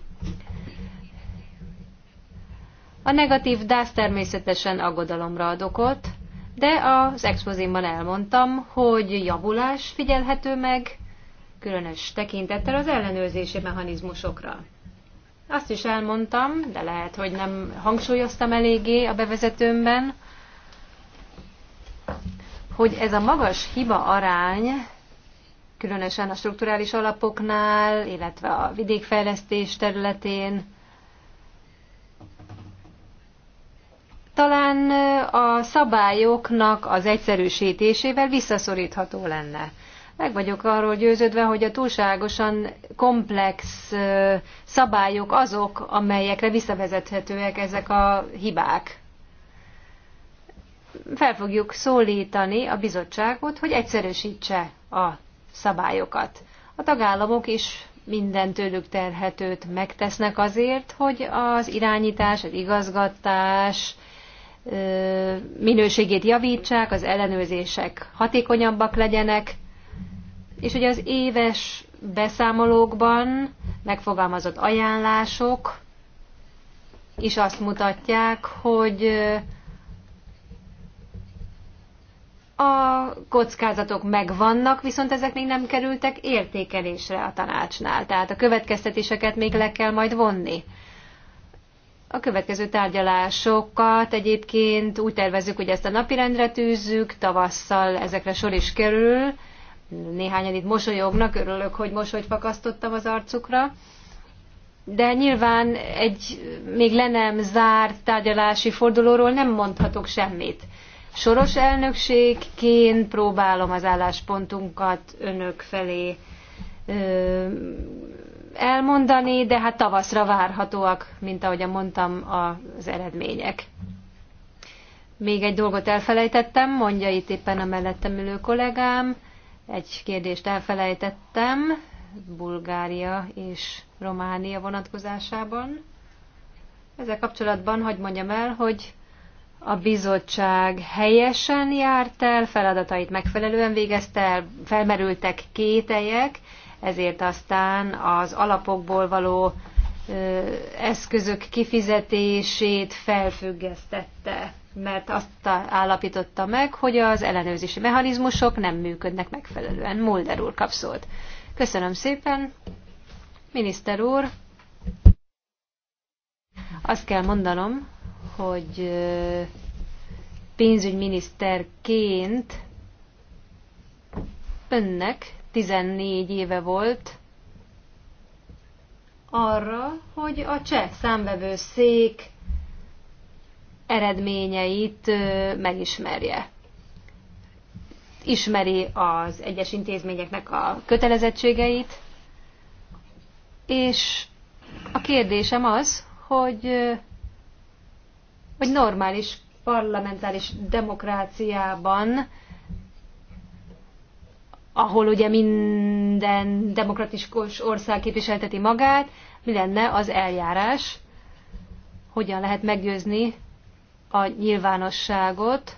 A negatív DASZ természetesen aggodalomra ad okot, de az expozémban elmondtam, hogy javulás figyelhető meg, különös tekintettel az ellenőrzési mechanizmusokra. Azt is elmondtam, de lehet, hogy nem hangsúlyoztam eléggé a bevezetőmben, hogy ez a magas hiba arány, különösen a strukturális alapoknál, illetve a vidékfejlesztés területén, talán a szabályoknak az egyszerűsítésével visszaszorítható lenne. Meg vagyok arról győződve, hogy a túlságosan komplex szabályok azok, amelyekre visszavezethetőek ezek a hibák. Fel fogjuk szólítani a bizottságot, hogy egyszerűsítse a szabályokat. A tagállamok is minden tőlük terhetőt megtesznek azért, hogy az irányítás, az igazgatás minőségét javítsák, az ellenőrzések hatékonyabbak legyenek, és ugye az éves beszámolókban megfogalmazott ajánlások is azt mutatják, hogy a kockázatok megvannak, viszont ezek még nem kerültek értékelésre a tanácsnál. Tehát a következtetéseket még le kell majd vonni. A következő tárgyalásokat egyébként úgy tervezzük, hogy ezt a napirendre tűzzük, tavasszal ezekre sor is kerül, Néhányan itt mosolyognak, örülök, hogy mosolyt fakasztottam az arcukra. De nyilván egy még le nem zárt tárgyalási fordulóról nem mondhatok semmit. Soros elnökségként próbálom az álláspontunkat önök felé elmondani, de hát tavaszra várhatóak, mint ahogy mondtam, az eredmények. Még egy dolgot elfelejtettem, mondja itt éppen a mellettem ülő kollégám. Egy kérdést elfelejtettem, Bulgária és Románia vonatkozásában. Ezzel kapcsolatban hagyd mondjam el, hogy a bizottság helyesen járt el, feladatait megfelelően végezte el, felmerültek kételjek, ezért aztán az alapokból való ö, eszközök kifizetését felfüggesztette mert azt állapította meg, hogy az ellenőrzési mechanizmusok nem működnek megfelelően. Mulder úr kap szót. Köszönöm szépen, miniszter úr. Azt kell mondanom, hogy pénzügyminiszterként önnek 14 éve volt arra, hogy a cseh számvevőszék eredményeit megismerje. Ismeri az egyes intézményeknek a kötelezettségeit, és a kérdésem az, hogy, hogy normális parlamentáris demokráciában, ahol ugye minden demokratikus ország képviselteti magát, mi lenne az eljárás, hogyan lehet meggyőzni a nyilvánosságot,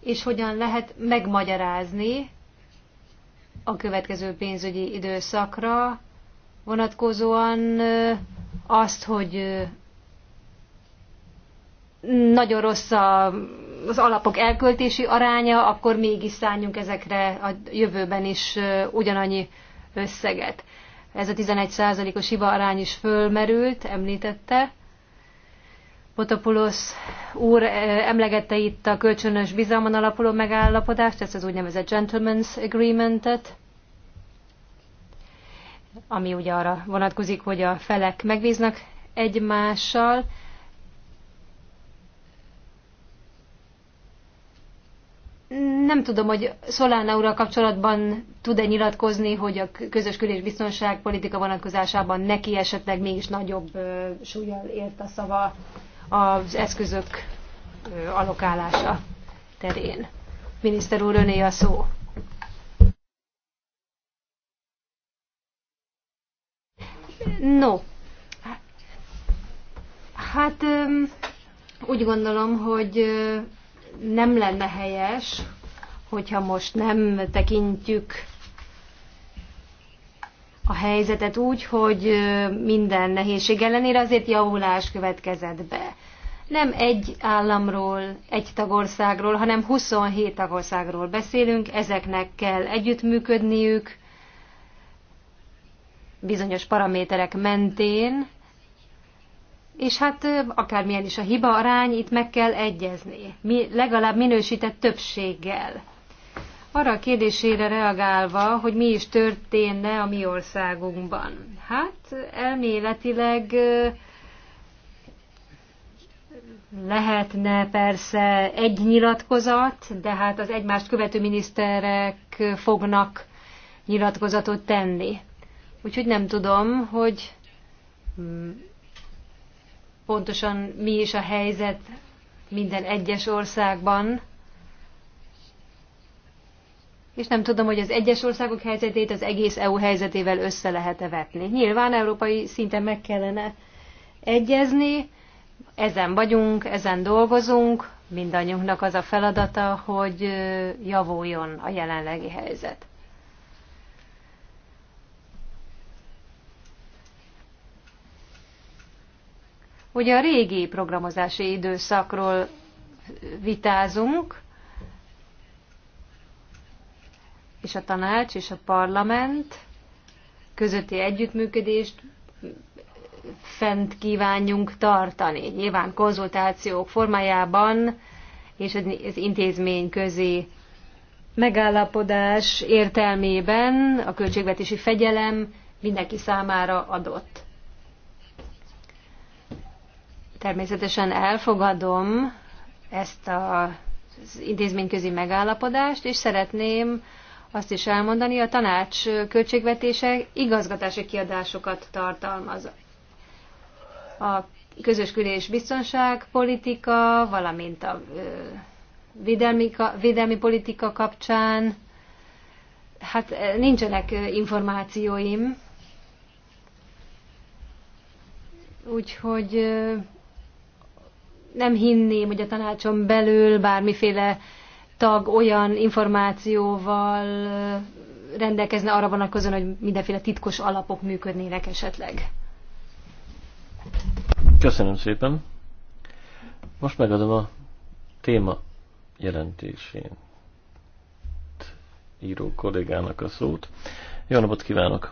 és hogyan lehet megmagyarázni a következő pénzügyi időszakra vonatkozóan azt, hogy nagyon rossz a, az alapok elköltési aránya, akkor mégis szálljunk ezekre a jövőben is ugyanannyi összeget ez a 11%-os hiba arány is fölmerült, említette. Potopulos úr eh, emlegette itt a kölcsönös bizalmon alapuló megállapodást, ezt az úgynevezett gentleman's agreement-et, ami ugye arra vonatkozik, hogy a felek megbíznak egymással, nem tudom, hogy Szolán úrral kapcsolatban tud-e nyilatkozni, hogy a közös külés biztonság politika vonatkozásában neki esetleg mégis nagyobb súlyjal ért a szava az eszközök alokálása terén. Miniszter úr, öné a szó. No, hát úgy gondolom, hogy nem lenne helyes, hogyha most nem tekintjük a helyzetet úgy, hogy minden nehézség ellenére azért javulás következett be. Nem egy államról, egy tagországról, hanem 27 tagországról beszélünk, ezeknek kell együttműködniük bizonyos paraméterek mentén, és hát akármilyen is a hiba arány, itt meg kell egyezni, mi, legalább minősített többséggel arra a kérdésére reagálva, hogy mi is történne a mi országunkban. Hát elméletileg lehetne persze egy nyilatkozat, de hát az egymást követő miniszterek fognak nyilatkozatot tenni. Úgyhogy nem tudom, hogy mm, pontosan mi is a helyzet minden egyes országban, és nem tudom, hogy az egyes országok helyzetét az egész EU helyzetével össze lehet-e vetni. Nyilván európai szinten meg kellene egyezni, ezen vagyunk, ezen dolgozunk, mindannyiunknak az a feladata, hogy javuljon a jelenlegi helyzet. Ugye a régi programozási időszakról vitázunk, és a tanács és a parlament közötti együttműködést fent kívánjunk tartani. Nyilván konzultációk formájában és az intézmény közé megállapodás értelmében a költségvetési fegyelem mindenki számára adott. Természetesen elfogadom ezt az intézményközi megállapodást, és szeretném azt is elmondani, a tanács költségvetése igazgatási kiadásokat tartalmaz. A közös külés biztonságpolitika, valamint a védelmi, védelmi politika kapcsán, hát nincsenek információim, úgyhogy nem hinném, hogy a tanácson belül bármiféle tag olyan információval rendelkezne arra vonatkozóan, hogy mindenféle titkos alapok működnének esetleg. Köszönöm szépen. Most megadom a téma jelentésén író kollégának a szót. Jó napot kívánok!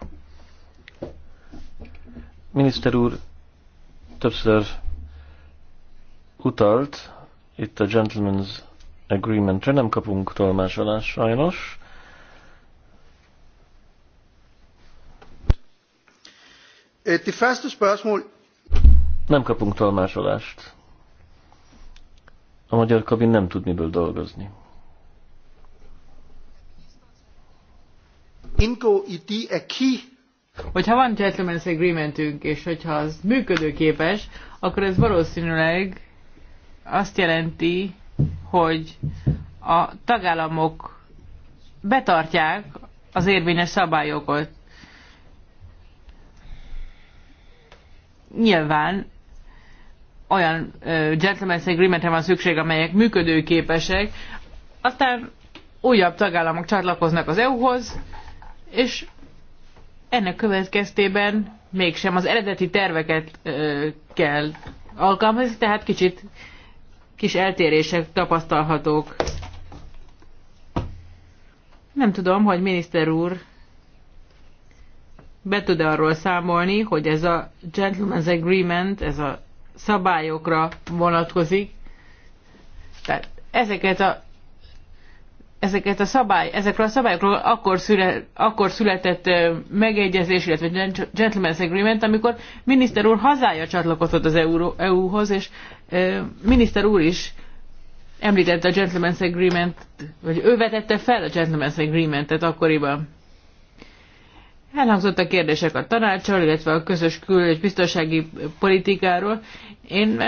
Miniszter úr többször utalt itt a Gentleman's Agreementre nem kapunk tolmásolást sajnos. Eh, nem kapunk tolmásolást. A magyar kabin nem tud miből dolgozni. Inko iti a ki? Hogyha van gentleman's agreementünk, és hogyha az működőképes, akkor ez valószínűleg azt jelenti, hogy a tagállamok betartják az érvényes szabályokat. Nyilván olyan uh, gentleman's agreementre van szükség, amelyek működőképesek, aztán újabb tagállamok csatlakoznak az EU-hoz, és ennek következtében mégsem az eredeti terveket uh, kell alkalmazni, tehát kicsit kis eltérések tapasztalhatók. Nem tudom, hogy miniszter úr be tud -e arról számolni, hogy ez a Gentleman's Agreement, ez a szabályokra vonatkozik. Tehát ezeket a ezeket a szabály, ezekről a szabályokról akkor, szüle, akkor született megegyezés, illetve gentleman's agreement, amikor miniszter úr hazája csatlakozott az EU-hoz, és miniszter úr is említette a Gentleman's Agreement, vagy ő vetette fel a Gentleman's Agreement-et akkoriban. Elhangzottak kérdések a tanácsal, illetve a közös kül- és biztonsági politikáról. Én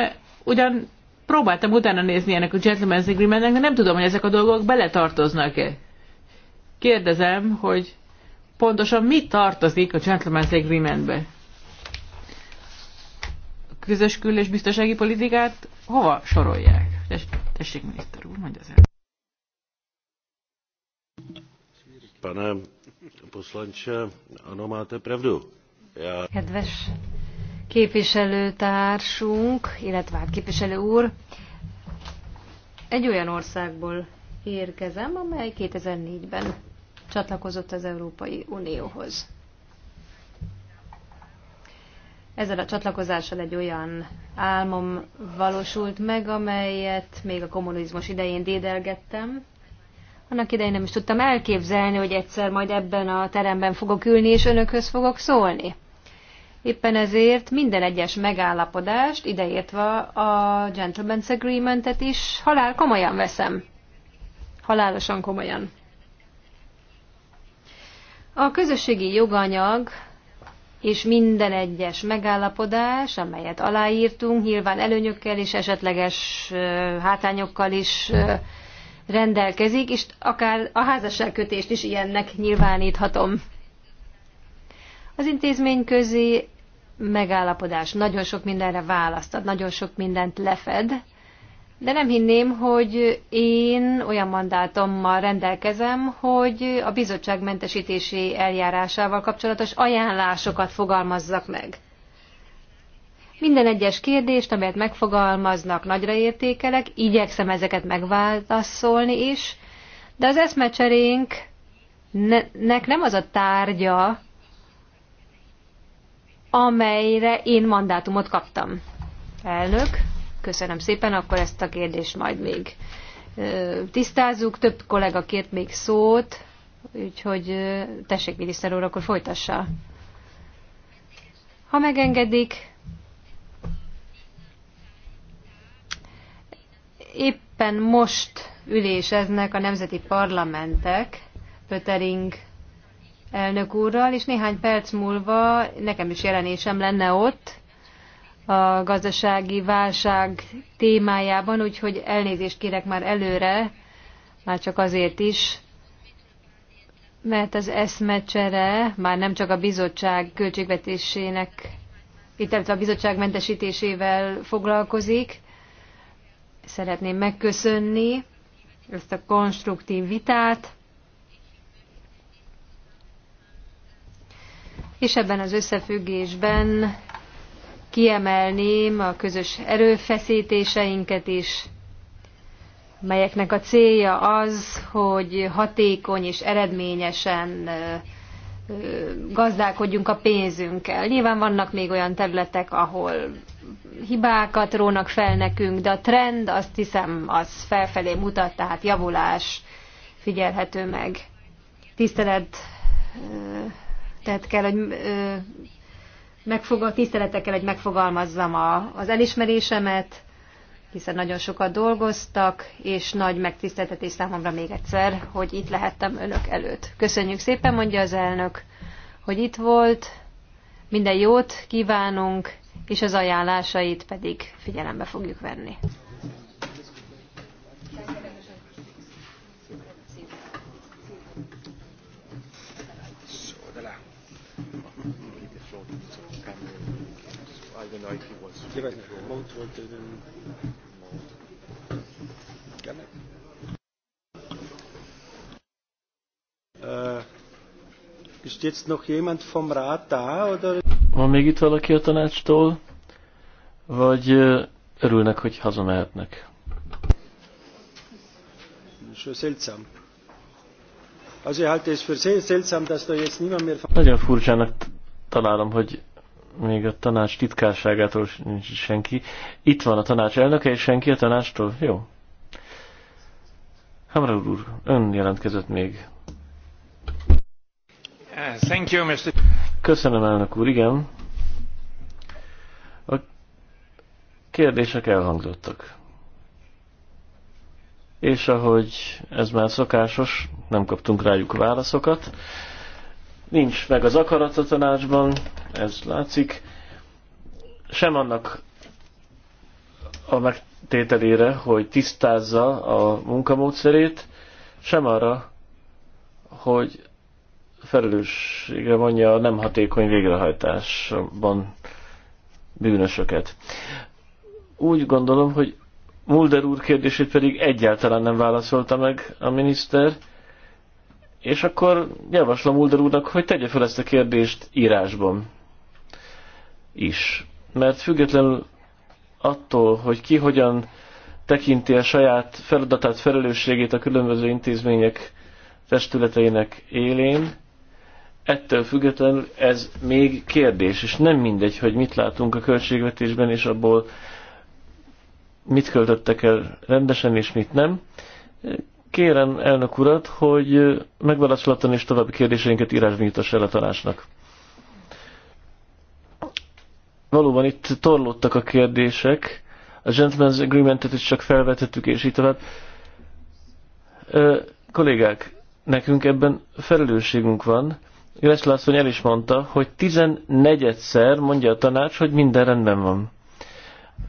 ugyan próbáltam utána nézni ennek a Gentleman's Agreementnek, de nem tudom, hogy ezek a dolgok beletartoznak-e. Kérdezem, hogy pontosan mi tartozik a Gentleman's Agreement-be? közös kül- és biztonsági politikát hova sorolják? Tessék, miniszter úr, mondja az el. Pane poslanče, ano, máte pravdu. Já... Kedves képviselőtársunk, illetve hát képviselő úr, egy olyan országból érkezem, amely 2004-ben csatlakozott az Európai Unióhoz. Ezzel a csatlakozással egy olyan álmom valósult meg, amelyet még a kommunizmus idején dédelgettem. Annak idején nem is tudtam elképzelni, hogy egyszer majd ebben a teremben fogok ülni, és önökhöz fogok szólni. Éppen ezért minden egyes megállapodást, ideértve a Gentleman's Agreement-et is, halál komolyan veszem. Halálosan komolyan. A közösségi joganyag és minden egyes megállapodás, amelyet aláírtunk, nyilván előnyökkel és esetleges hátrányokkal is rendelkezik, és akár a házasságkötést is ilyennek nyilváníthatom. Az intézmény közé megállapodás nagyon sok mindenre választ ad, nagyon sok mindent lefed, de nem hinném, hogy én olyan mandátommal rendelkezem, hogy a bizottság mentesítési eljárásával kapcsolatos ajánlásokat fogalmazzak meg. Minden egyes kérdést, amelyet megfogalmaznak, nagyra értékelek, igyekszem ezeket megválaszolni is, de az eszmecserénk nek nem az a tárgya, amelyre én mandátumot kaptam. Elnök. Köszönöm szépen, akkor ezt a kérdést majd még tisztázzuk. Több kollega kért még szót, úgyhogy tessék, miniszter úr, akkor folytassa. Ha megengedik, éppen most üléseznek a nemzeti parlamentek Pötering elnök úrral, és néhány perc múlva nekem is jelenésem lenne ott, a gazdasági válság témájában, úgyhogy elnézést kérek már előre, már csak azért is, mert az eszmecsere már nem csak a bizottság költségvetésének, itt a bizottság mentesítésével foglalkozik. Szeretném megköszönni ezt a konstruktív vitát, és ebben az összefüggésben kiemelném a közös erőfeszítéseinket is, melyeknek a célja az, hogy hatékony és eredményesen gazdálkodjunk a pénzünkkel. Nyilván vannak még olyan területek, ahol hibákat rónak fel nekünk, de a trend azt hiszem az felfelé mutat, tehát javulás figyelhető meg. Tisztelet tehát kell, hogy megfogal, tiszteletekkel, hogy megfogalmazzam a, az elismerésemet, hiszen nagyon sokat dolgoztak, és nagy megtiszteltetés számomra még egyszer, hogy itt lehettem önök előtt. Köszönjük szépen, mondja az elnök, hogy itt volt, minden jót kívánunk, és az ajánlásait pedig figyelembe fogjuk venni. Äh, Van még itt valaki a tanácstól? Vagy äh, örülnek, hogy hazamehetnek? Nagyon furcsának találom, hogy még a tanács titkárságától nincs senki. Itt van a tanács elnöke, és senki a tanácstól? Jó. Hamra úr, ön jelentkezett még. Thank you, Mr. Köszönöm, elnök úr, igen. A kérdések elhangzottak. És ahogy ez már szokásos, nem kaptunk rájuk válaszokat. Nincs meg az akarat a tanácsban, ez látszik. Sem annak a megtételére, hogy tisztázza a munkamódszerét, sem arra, hogy felelősségre vonja a nem hatékony végrehajtásban bűnösöket. Úgy gondolom, hogy Mulder úr kérdését pedig egyáltalán nem válaszolta meg a miniszter, és akkor javaslom Ulder úrnak, hogy tegye fel ezt a kérdést írásban is. Mert függetlenül attól, hogy ki hogyan tekinti a saját feladatát, felelősségét a különböző intézmények testületeinek élén, ettől függetlenül ez még kérdés, és nem mindegy, hogy mit látunk a költségvetésben, és abból mit költöttek el rendesen, és mit nem kérem elnök urat, hogy megválaszolatlan és további kérdéseinket írásban nyitass el a tanácsnak. Valóban itt torlódtak a kérdések, a Gentleman's Agreement-et is csak felvetettük, és így tovább. Ö, kollégák, nekünk ebben felelősségünk van. Jöles Lászlóny el is mondta, hogy 14-szer mondja a tanács, hogy minden rendben van.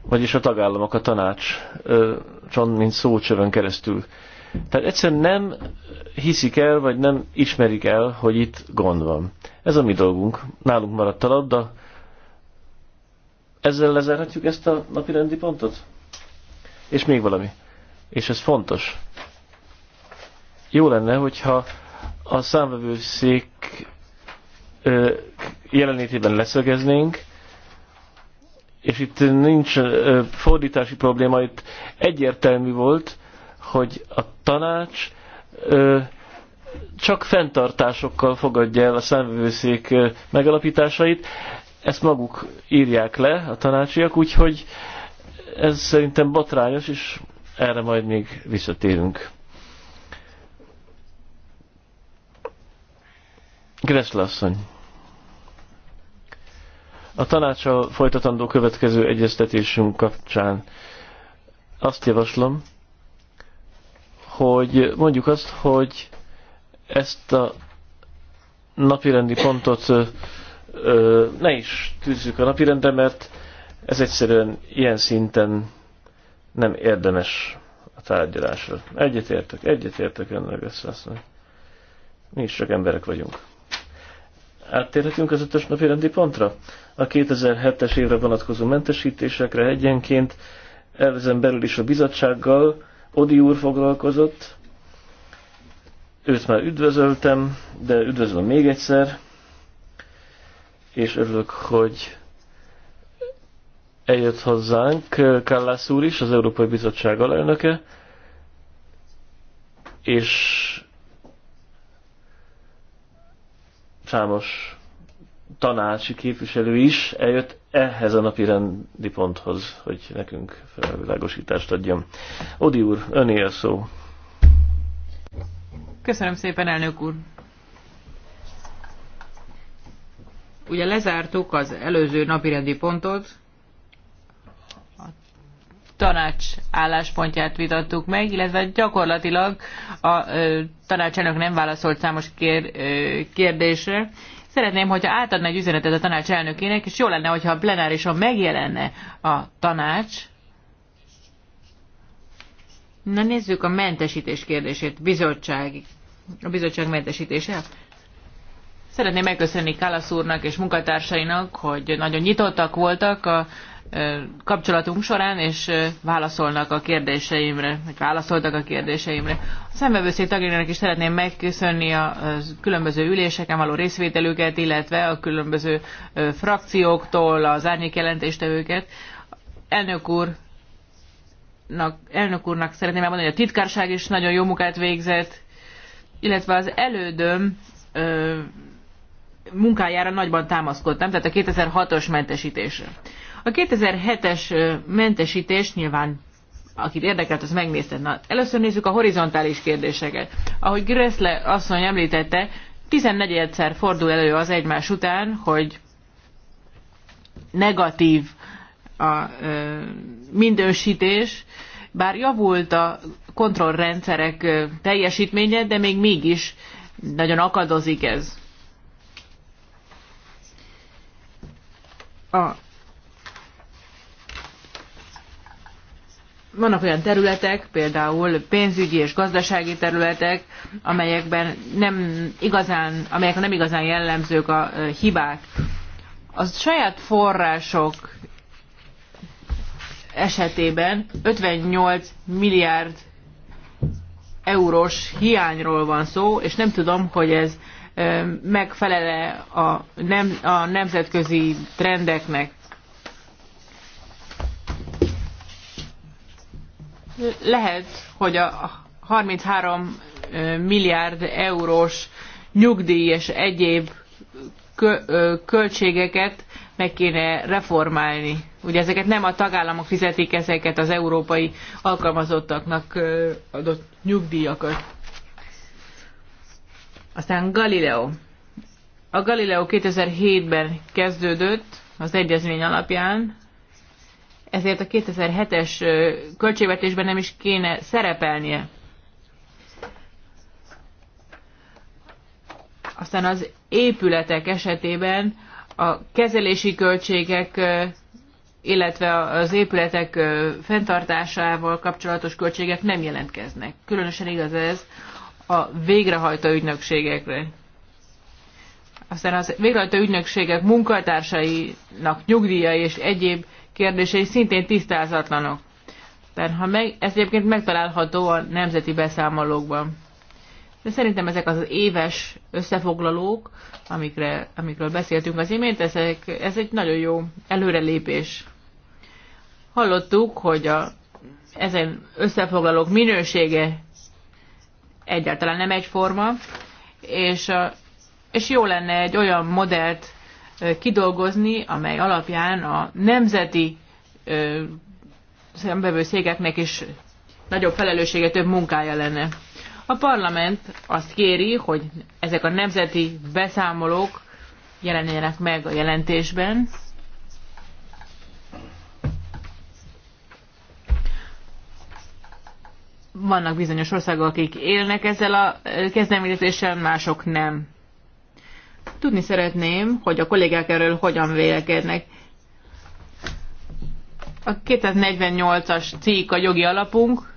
Vagyis a tagállamok a tanács, ö, csont, mint szócsövön keresztül. Tehát egyszerűen nem hiszik el, vagy nem ismerik el, hogy itt gond van. Ez a mi dolgunk. Nálunk maradt a labda. Ezzel lezárhatjuk ezt a napi rendi pontot? És még valami. És ez fontos. Jó lenne, hogyha a számvevőszék jelenlétében leszögeznénk, és itt nincs fordítási probléma, itt egyértelmű volt, hogy a tanács csak fenntartásokkal fogadja el a számvőszék megalapításait. Ezt maguk írják le a tanácsiak, úgyhogy ez szerintem botrányos, és erre majd még visszatérünk. Gressle asszony. A tanácsal folytatandó következő egyeztetésünk kapcsán azt javaslom, hogy mondjuk azt, hogy ezt a napirendi pontot ö, ö, ne is tűzzük a napirendre, mert ez egyszerűen ilyen szinten nem érdemes a tárgyalásra. Egyetértek, egyetértek ennek összeasszony. Mi is csak emberek vagyunk. Áttérhetünk az ötös napi rendi pontra? A 2007-es évre vonatkozó mentesítésekre egyenként elvezen belül is a bizottsággal, Odi úr foglalkozott, őt már üdvözöltem, de üdvözlöm még egyszer, és örülök, hogy eljött hozzánk Kallász úr is, az Európai Bizottság alelnöke, és számos tanácsi képviselő is eljött ehhez a napi rendi ponthoz, hogy nekünk felvilágosítást adjon. Odi úr, öné a szó. Köszönöm szépen, elnök úr. Ugye lezártuk az előző napirendi pontot, a tanács álláspontját vitattuk meg, illetve gyakorlatilag a tanácselnök nem válaszolt számos kér, ö, kérdésre, Szeretném, hogyha átadna egy üzenetet a tanács elnökének, és jó lenne, hogyha a plenárison megjelenne a tanács. Na nézzük a mentesítés kérdését, bizottsági. A bizottság mentesítése. Szeretném megköszönni Kálasz úrnak és munkatársainak, hogy nagyon nyitottak voltak a kapcsolatunk során, és válaszolnak a kérdéseimre, vagy válaszoltak a kérdéseimre. A szembevőszék tagjainak is szeretném megköszönni a különböző üléseken való részvételüket, illetve a különböző frakcióktól az árnyék jelentéstevőket. Elnök úr, elnök úrnak szeretném elmondani, hogy a titkárság is nagyon jó munkát végzett, illetve az elődöm munkájára nagyban támaszkodtam, tehát a 2006-os mentesítésre. A 2007-es mentesítés nyilván akit érdekelt, az megnézte. Na, először nézzük a horizontális kérdéseket. Ahogy Gressle asszony említette, 14-szer fordul elő az egymás után, hogy negatív a ö, mindősítés, bár javult a kontrollrendszerek ö, teljesítménye, de még mégis nagyon akadozik ez. A vannak olyan területek, például pénzügyi és gazdasági területek, amelyekben nem igazán, amelyekben nem igazán jellemzők a hibák. A saját források esetében 58 milliárd eurós hiányról van szó, és nem tudom, hogy ez megfelele a, nem, a nemzetközi trendeknek. Lehet, hogy a 33 milliárd eurós nyugdíj és egyéb költségeket meg kéne reformálni. Ugye ezeket nem a tagállamok fizetik, ezeket az európai alkalmazottaknak adott nyugdíjakat. Aztán Galileo. A Galileo 2007-ben kezdődött az egyezmény alapján, ezért a 2007-es költségvetésben nem is kéne szerepelnie. Aztán az épületek esetében a kezelési költségek, illetve az épületek fenntartásával kapcsolatos költségek nem jelentkeznek. Különösen igaz ez a végrehajtó ügynökségekre. Aztán az végrehajtó ügynökségek munkatársainak nyugdíjai és egyéb kérdései szintén tisztázatlanok. Tehát ha meg, ez egyébként megtalálható a nemzeti beszámolókban. De szerintem ezek az éves összefoglalók, amikre, amikről beszéltünk az imént, ezek, ez egy nagyon jó előrelépés. Hallottuk, hogy a, ezen összefoglalók minősége egyáltalán nem egyforma, és, a, és jó lenne egy olyan modellt kidolgozni, amely alapján a nemzeti szembevő is nagyobb felelőssége, több munkája lenne. A parlament azt kéri, hogy ezek a nemzeti beszámolók jelenjenek meg a jelentésben. Vannak bizonyos országok, akik élnek ezzel a kezdeményezéssel, mások nem. Tudni szeretném, hogy a kollégák erről hogyan vélekednek. A 248-as cikk a jogi alapunk,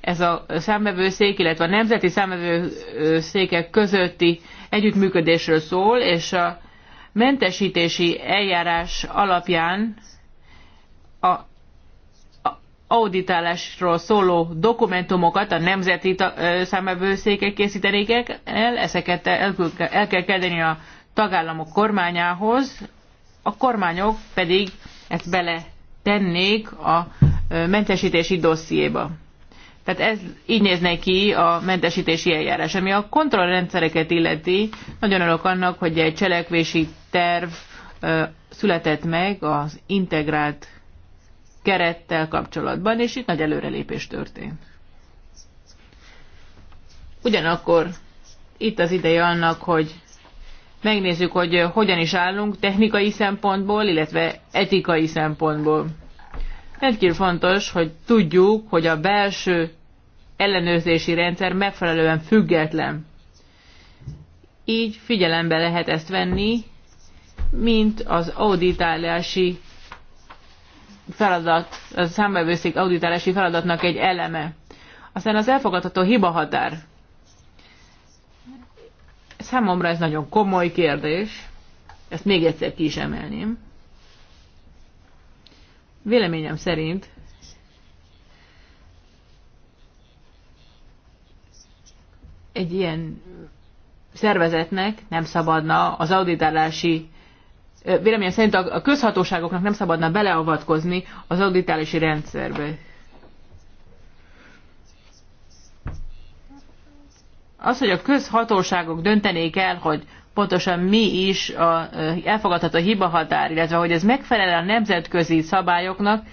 ez a számvevőszék, illetve a nemzeti számvevőszékek közötti együttműködésről szól, és a mentesítési eljárás alapján a auditálásról szóló dokumentumokat a nemzeti számvevőszékek készítenék el, ezeket el, kell kezdeni a tagállamok kormányához, a kormányok pedig ezt beletennék tennék a mentesítési dossziéba. Tehát ez így nézne ki a mentesítési eljárás. Ami a kontrollrendszereket illeti, nagyon örülök annak, hogy egy cselekvési terv született meg az integrált kerettel kapcsolatban, és itt nagy előrelépés történt. Ugyanakkor itt az ideje annak, hogy megnézzük, hogy hogyan is állunk technikai szempontból, illetve etikai szempontból. Egyébként fontos, hogy tudjuk, hogy a belső ellenőrzési rendszer megfelelően független. Így figyelembe lehet ezt venni, mint az auditálási feladat, a számbevőszék auditálási feladatnak egy eleme. Aztán az elfogadható hibahatár. Számomra ez nagyon komoly kérdés, ezt még egyszer ki is emelném. Véleményem szerint egy ilyen szervezetnek nem szabadna az auditálási véleményem szerint a közhatóságoknak nem szabadna beleavatkozni az auditálási rendszerbe. Az, hogy a közhatóságok döntenék el, hogy pontosan mi is a elfogadható hibahatár, illetve hogy ez megfelel a nemzetközi szabályoknak,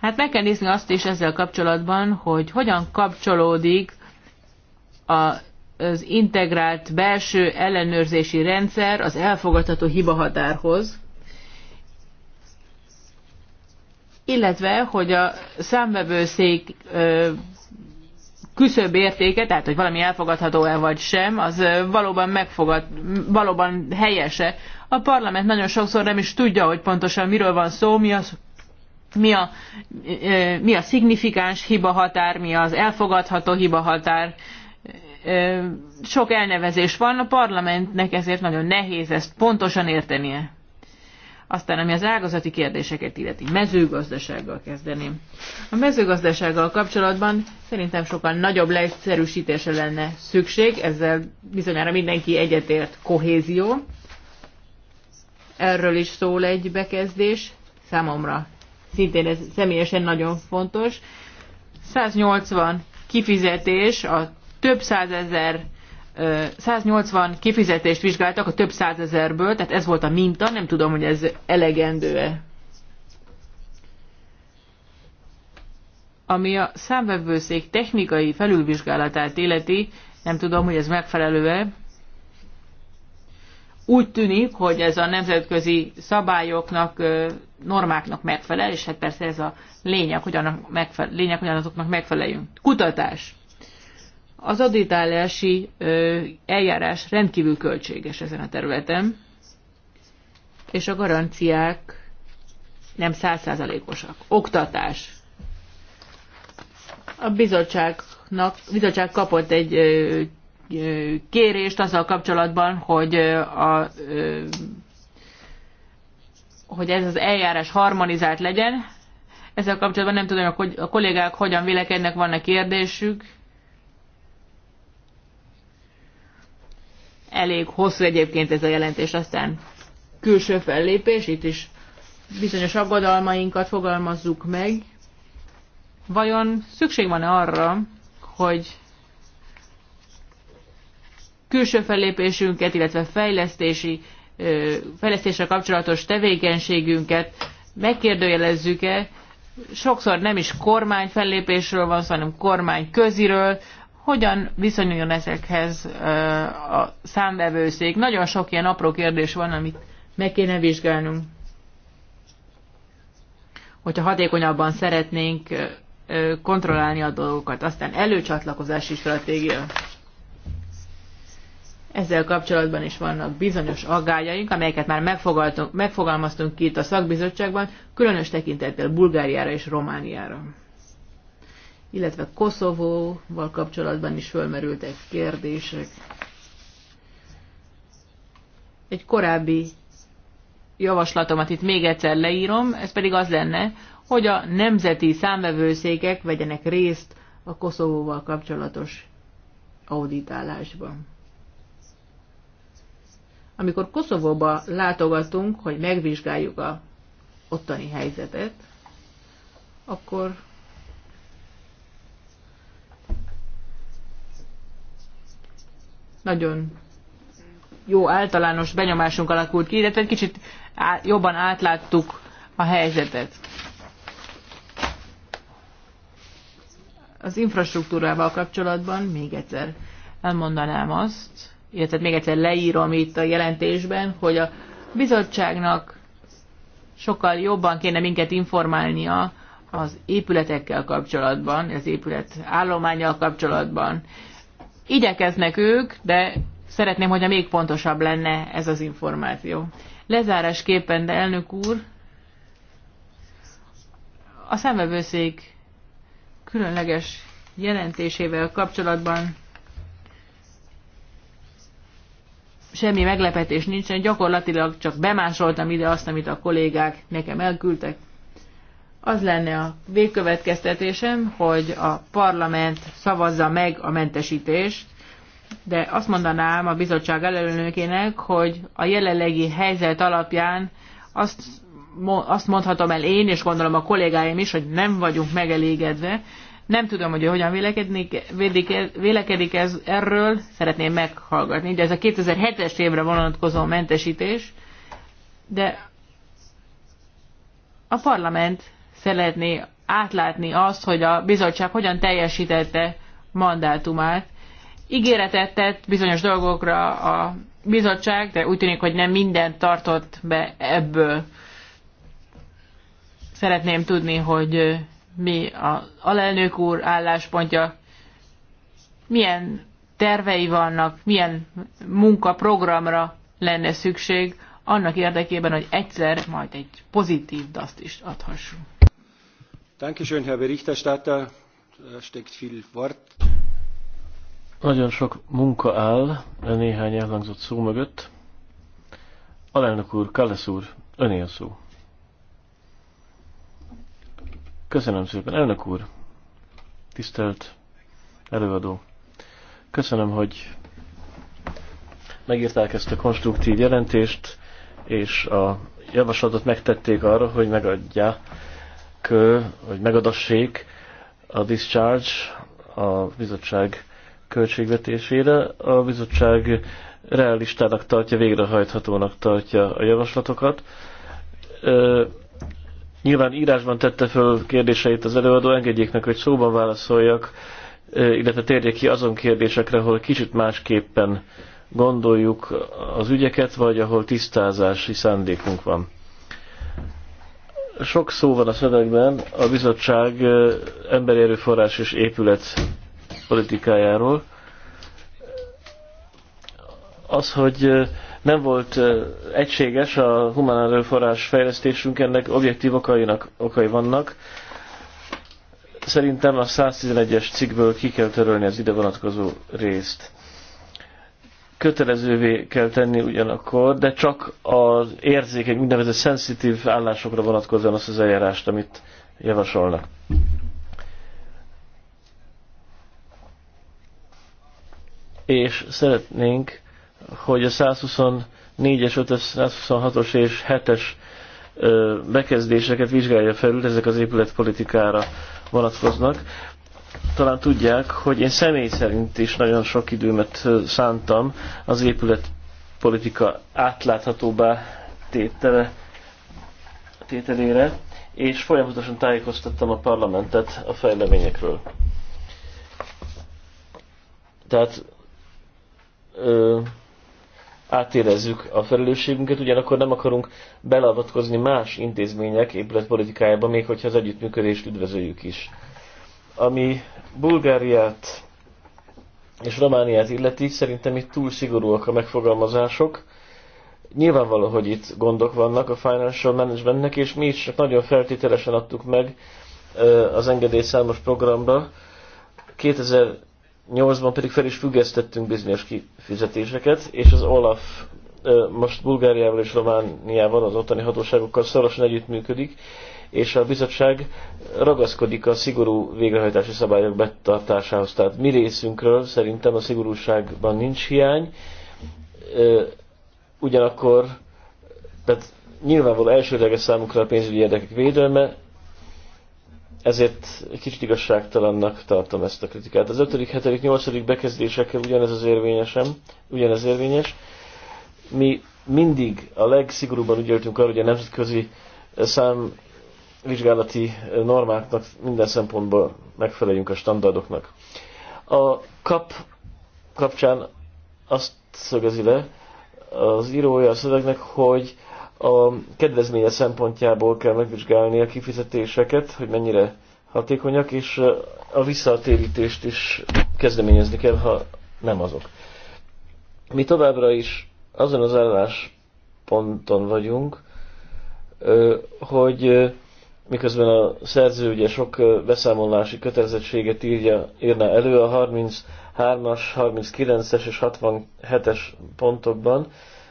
hát meg kell nézni azt is ezzel kapcsolatban, hogy hogyan kapcsolódik a az integrált belső ellenőrzési rendszer az elfogadható hibahatárhoz, illetve, hogy a számvevőszék küszöbb értéke, tehát hogy valami elfogadható-e vagy sem, az valóban megfogad, valóban helyese. A parlament nagyon sokszor nem is tudja, hogy pontosan miről van szó, mi az mi a, mi a szignifikáns hibahatár, mi az elfogadható hibahatár, sok elnevezés van, a parlamentnek ezért nagyon nehéz ezt pontosan értenie. Aztán, ami az ágazati kérdéseket illeti, mezőgazdasággal kezdeném. A mezőgazdasággal kapcsolatban szerintem sokkal nagyobb leegyszerűsítése lenne szükség, ezzel bizonyára mindenki egyetért kohézió. Erről is szól egy bekezdés, számomra szintén ez személyesen nagyon fontos. 180 kifizetés a több százezer 180 kifizetést vizsgáltak a több százezerből, tehát ez volt a minta, nem tudom, hogy ez elegendő-e. Ami a számvevőszék technikai felülvizsgálatát illeti, nem tudom, hogy ez megfelelő-e. Úgy tűnik, hogy ez a nemzetközi szabályoknak, normáknak megfelel, és hát persze ez a lényeg, hogy, annak megfelel, lényeg, hogy azoknak megfeleljünk. Kutatás az adétállási eljárás rendkívül költséges ezen a területen, és a garanciák nem százszázalékosak. Oktatás. A bizottságnak, bizottság kapott egy kérést azzal kapcsolatban, hogy a hogy ez az eljárás harmonizált legyen. Ezzel kapcsolatban nem tudom, hogy a kollégák hogyan vélekednek, van-e kérdésük. Elég hosszú egyébként ez a jelentés, aztán külső fellépés, itt is bizonyos aggodalmainkat fogalmazzuk meg. Vajon szükség van-e arra, hogy külső fellépésünket, illetve fejlesztési, fejlesztésre kapcsolatos tevékenységünket megkérdőjelezzük-e, sokszor nem is kormány fellépésről van szó, hanem kormány köziről, hogyan viszonyuljon ezekhez a számvevőszék? Nagyon sok ilyen apró kérdés van, amit meg kéne vizsgálnunk. Hogyha hatékonyabban szeretnénk kontrollálni a dolgokat. Aztán előcsatlakozási stratégia. Ezzel kapcsolatban is vannak bizonyos aggájaink, amelyeket már megfogalmaztunk itt a szakbizottságban, különös tekintettel Bulgáriára és Romániára illetve Koszovóval kapcsolatban is fölmerültek kérdések. Egy korábbi javaslatomat itt még egyszer leírom, ez pedig az lenne, hogy a nemzeti számvevőszékek vegyenek részt a Koszovóval kapcsolatos auditálásban. Amikor Koszovóba látogatunk, hogy megvizsgáljuk a ottani helyzetet, akkor nagyon jó általános benyomásunk alakult ki, illetve egy kicsit á, jobban átláttuk a helyzetet. Az infrastruktúrával kapcsolatban még egyszer elmondanám azt, illetve még egyszer leírom itt a jelentésben, hogy a bizottságnak sokkal jobban kéne minket informálnia az épületekkel kapcsolatban, az épület állományjal kapcsolatban, Igyekeznek ők, de szeretném, hogyha még pontosabb lenne ez az információ. Lezárásképpen, de elnök úr, a szemvevőszék különleges jelentésével kapcsolatban semmi meglepetés nincsen, gyakorlatilag csak bemásoltam ide azt, amit a kollégák nekem elküldtek, az lenne a végkövetkeztetésem, hogy a parlament szavazza meg a mentesítést, de azt mondanám a bizottság előnökének, hogy a jelenlegi helyzet alapján azt, azt mondhatom el én, és gondolom a kollégáim is, hogy nem vagyunk megelégedve. Nem tudom, hogy hogyan vélekedik ez erről, szeretném meghallgatni. De ez a 2007-es évre vonatkozó mentesítés, de a parlament szeretné átlátni azt, hogy a bizottság hogyan teljesítette mandátumát. Ígéretet tett bizonyos dolgokra a bizottság, de úgy tűnik, hogy nem mindent tartott be ebből. Szeretném tudni, hogy mi az alelnök úr álláspontja, milyen tervei vannak, milyen munkaprogramra lenne szükség annak érdekében, hogy egyszer majd egy pozitív daszt is adhassunk. Dankeschön, Herr Berichterstatter. Steckt viel Wort. Nagyon sok munka áll a e néhány elhangzott szó mögött. Alelnök úr, Kallesz úr, öné a szó. Köszönöm szépen, elnök úr, tisztelt előadó. Köszönöm, hogy megírták ezt a konstruktív jelentést, és a javaslatot megtették arra, hogy megadja vagy megadassék a discharge a bizottság költségvetésére. A bizottság realistának tartja, végrehajthatónak tartja a javaslatokat. Nyilván írásban tette föl kérdéseit az előadó, engedjék meg, hogy szóban válaszoljak, illetve térjek ki azon kérdésekre, ahol kicsit másképpen gondoljuk az ügyeket, vagy ahol tisztázási szándékunk van. Sok szó van a szövegben a bizottság emberi erőforrás és épület politikájáról. Az, hogy nem volt egységes a humán erőforrás fejlesztésünk, ennek objektív okainak, okai vannak. Szerintem a 111-es cikkből ki kell törölni az ide vonatkozó részt kötelezővé kell tenni ugyanakkor, de csak az érzékeny, úgynevezett szenzitív állásokra vonatkozóan azt az eljárást, amit javasolnak. És szeretnénk, hogy a 124 es 126-os és 7-es bekezdéseket vizsgálja felül, ezek az épületpolitikára vonatkoznak talán tudják, hogy én személy szerint is nagyon sok időmet szántam az épület politika átláthatóbbá tétele, tételére, és folyamatosan tájékoztattam a parlamentet a fejleményekről. Tehát ö, átérezzük a felelősségünket, ugyanakkor nem akarunk belavatkozni más intézmények épületpolitikájába, még hogyha az együttműködést üdvözöljük is. Ami Bulgáriát és Romániát illeti, szerintem itt túl szigorúak a megfogalmazások. Nyilvánvaló, hogy itt gondok vannak a financial managementnek, és mi is csak nagyon feltételesen adtuk meg az engedély számos 2008-ban pedig fel is függesztettünk bizonyos kifizetéseket, és az Olaf most Bulgáriával és Romániával, az ottani hatóságokkal szorosan együttműködik, és a bizottság ragaszkodik a szigorú végrehajtási szabályok betartásához. Tehát mi részünkről szerintem a szigorúságban nincs hiány, ugyanakkor tehát nyilvánvaló elsődleges számukra a pénzügyi érdekek védelme, ezért kicsit igazságtalannak tartom ezt a kritikát. Az 5., 7., 8. bekezdésekkel ugyanez az érvényesem, ugyanez érvényes. Mi mindig a legszigorúbban úgy arra, hogy a nemzetközi szám vizsgálati normáknak minden szempontból megfeleljünk a standardoknak. A kap kapcsán azt szögezi le az írója a szövegnek, hogy a kedvezménye szempontjából kell megvizsgálni a kifizetéseket, hogy mennyire hatékonyak, és a visszatérítést is kezdeményezni kell, ha nem azok. Mi továbbra is azon az állásponton vagyunk, hogy miközben a szerző ugye sok beszámolási kötelezettséget írja, írna elő a 33-as, 39-es és 67-es pontokban,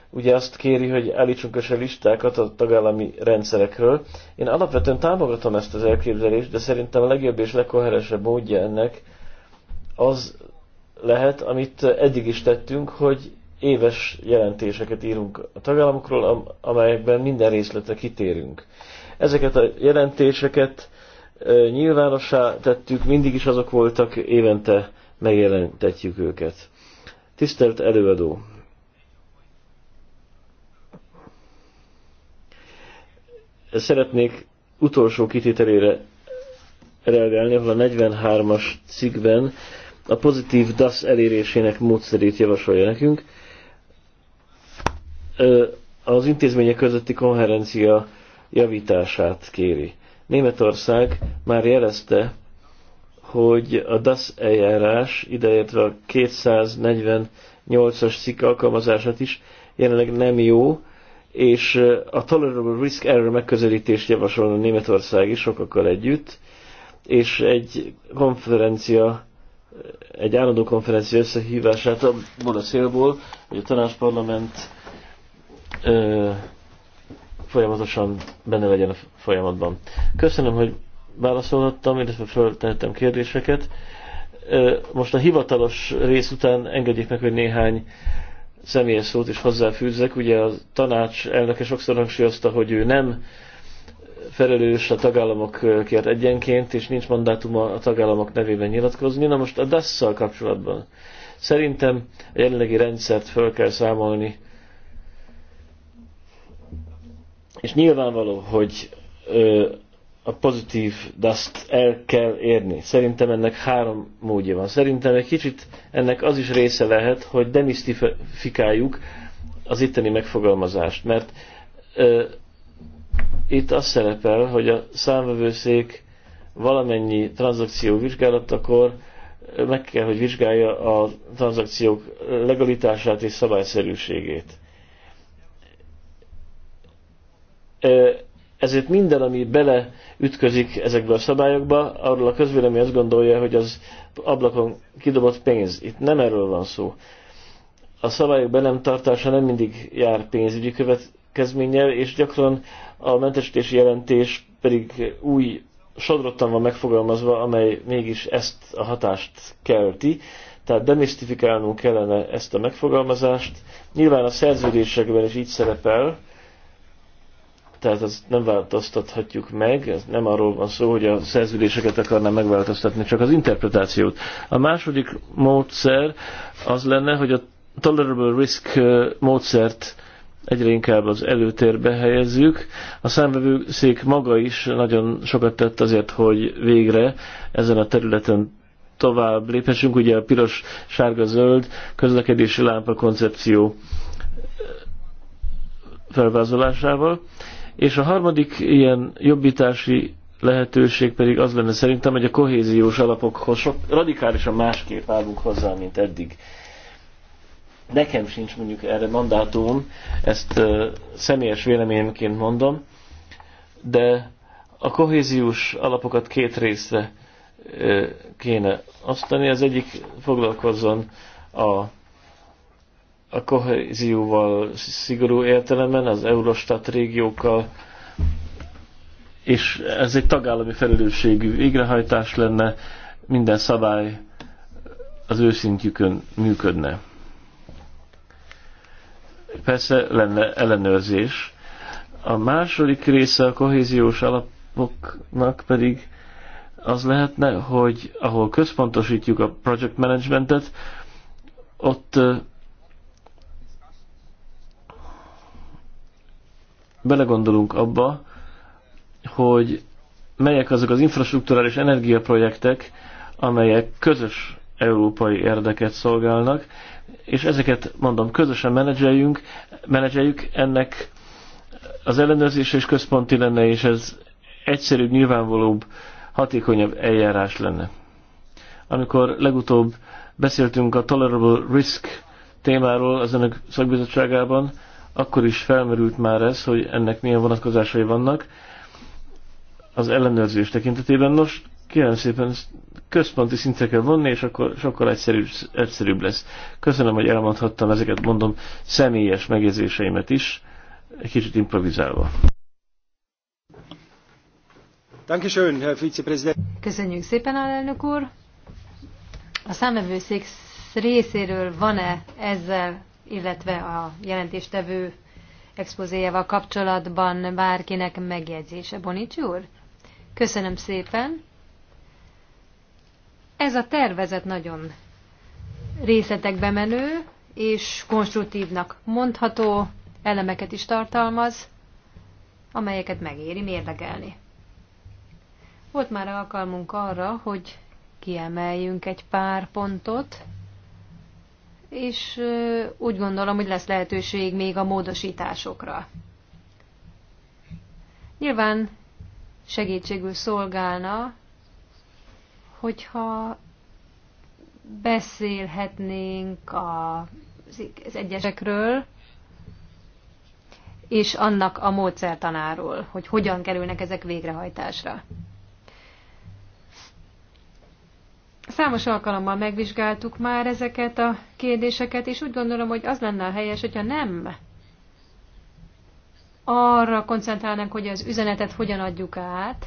ugye azt kéri, hogy állítsunk össze listákat a tagállami rendszerekről. Én alapvetően támogatom ezt az elképzelést, de szerintem a legjobb és legkoheresebb módja ennek az lehet, amit eddig is tettünk, hogy éves jelentéseket írunk a tagállamokról, amelyekben minden részletre kitérünk. Ezeket a jelentéseket nyilvánossá tettük, mindig is azok voltak, évente megjelentetjük őket. Tisztelt előadó! Szeretnék utolsó kitételére reagálni, ahol a 43-as cikkben a pozitív DAS elérésének módszerét javasolja nekünk. Az intézmények közötti konherencia javítását kéri. Németország már jelezte, hogy a DAS eljárás, ideértve a 248-as cikk alkalmazását is, jelenleg nem jó, és a Tolerable Risk Error megközelítést javasolna Németország is sokakkal együtt, és egy konferencia, egy állandó konferencia összehívását abból a célból, hogy a tanácsparlament folyamatosan benne legyen a folyamatban. Köszönöm, hogy válaszolhattam, illetve feltehettem kérdéseket. Most a hivatalos rész után engedjék meg, hogy néhány személyes szót is hozzáfűzzek. Ugye a tanács elnöke sokszor hangsúlyozta, hogy ő nem felelős a tagállamokért egyenként, és nincs mandátuma a tagállamok nevében nyilatkozni. Na most a DASZ-szal kapcsolatban szerintem a jelenlegi rendszert föl kell számolni És nyilvánvaló, hogy ö, a pozitív dust el kell érni. Szerintem ennek három módja van. Szerintem egy kicsit ennek az is része lehet, hogy demisztifikáljuk az itteni megfogalmazást, mert ö, itt az szerepel, hogy a számvevőszék valamennyi tranzakció vizsgálatakor meg kell, hogy vizsgálja a tranzakciók legalitását és szabályszerűségét. Ezért minden, ami beleütközik ezekbe a szabályokba, arról a közvélemény azt gondolja, hogy az ablakon kidobott pénz. Itt nem erről van szó. A szabályok be nem tartása nem mindig jár pénzügyi következménnyel, és gyakran a mentesítési jelentés pedig új sodrottan van megfogalmazva, amely mégis ezt a hatást kelti. Tehát demisztifikálnunk kellene ezt a megfogalmazást. Nyilván a szerződésekben is így szerepel, tehát ezt nem változtathatjuk meg, ez nem arról van szó, hogy a szerződéseket akarnám megváltoztatni, csak az interpretációt. A második módszer az lenne, hogy a tolerable risk módszert egyre inkább az előtérbe helyezzük. A számvevőszék maga is nagyon sokat tett azért, hogy végre ezen a területen tovább léphessünk. Ugye a piros, sárga, zöld közlekedési lámpa koncepció felvázolásával. És a harmadik ilyen jobbítási lehetőség pedig az lenne szerintem, hogy a kohéziós alapokhoz sok, radikálisan másképp állunk hozzá, mint eddig. Nekem sincs mondjuk erre mandátum, ezt uh, személyes véleményemként mondom, de a kohéziós alapokat két részre uh, kéne osztani. Az egyik foglalkozzon a a kohézióval szigorú értelemben, az Eurostat régiókkal, és ez egy tagállami felelősségű végrehajtás lenne, minden szabály az őszintjükön működne. Persze lenne ellenőrzés. A második része a kohéziós alapoknak pedig az lehetne, hogy ahol központosítjuk a project managementet, ott belegondolunk abba, hogy melyek azok az infrastruktúrális energiaprojektek, amelyek közös európai érdeket szolgálnak, és ezeket, mondom, közösen menedzseljünk, menedzseljük, ennek az ellenőrzése is központi lenne, és ez egyszerűbb, nyilvánvalóbb, hatékonyabb eljárás lenne. Amikor legutóbb beszéltünk a Tolerable Risk témáról az önök szakbizottságában, akkor is felmerült már ez, hogy ennek milyen vonatkozásai vannak az ellenőrzés tekintetében. Nos, kérem szépen központi szintre kell vonni, és akkor sokkal egyszerűbb, egyszerűbb lesz. Köszönöm, hogy elmondhattam ezeket, mondom, személyes megjegyzéseimet is, egy kicsit improvizálva. Köszönjük szépen, elnök úr! A számvevőszék részéről van-e ezzel illetve a jelentéstevő expozéjával kapcsolatban bárkinek megjegyzése. Bonics úr? Köszönöm szépen. Ez a tervezet nagyon részletekbe menő és konstruktívnak mondható, elemeket is tartalmaz, amelyeket megéri mérlegelni. Volt már alkalmunk arra, hogy kiemeljünk egy pár pontot, és úgy gondolom, hogy lesz lehetőség még a módosításokra. Nyilván segítségül szolgálna, hogyha beszélhetnénk az egyesekről, és annak a módszertanáról, hogy hogyan kerülnek ezek végrehajtásra. Számos alkalommal megvizsgáltuk már ezeket a kérdéseket, és úgy gondolom, hogy az lenne a helyes, hogyha nem arra koncentrálnánk, hogy az üzenetet hogyan adjuk át,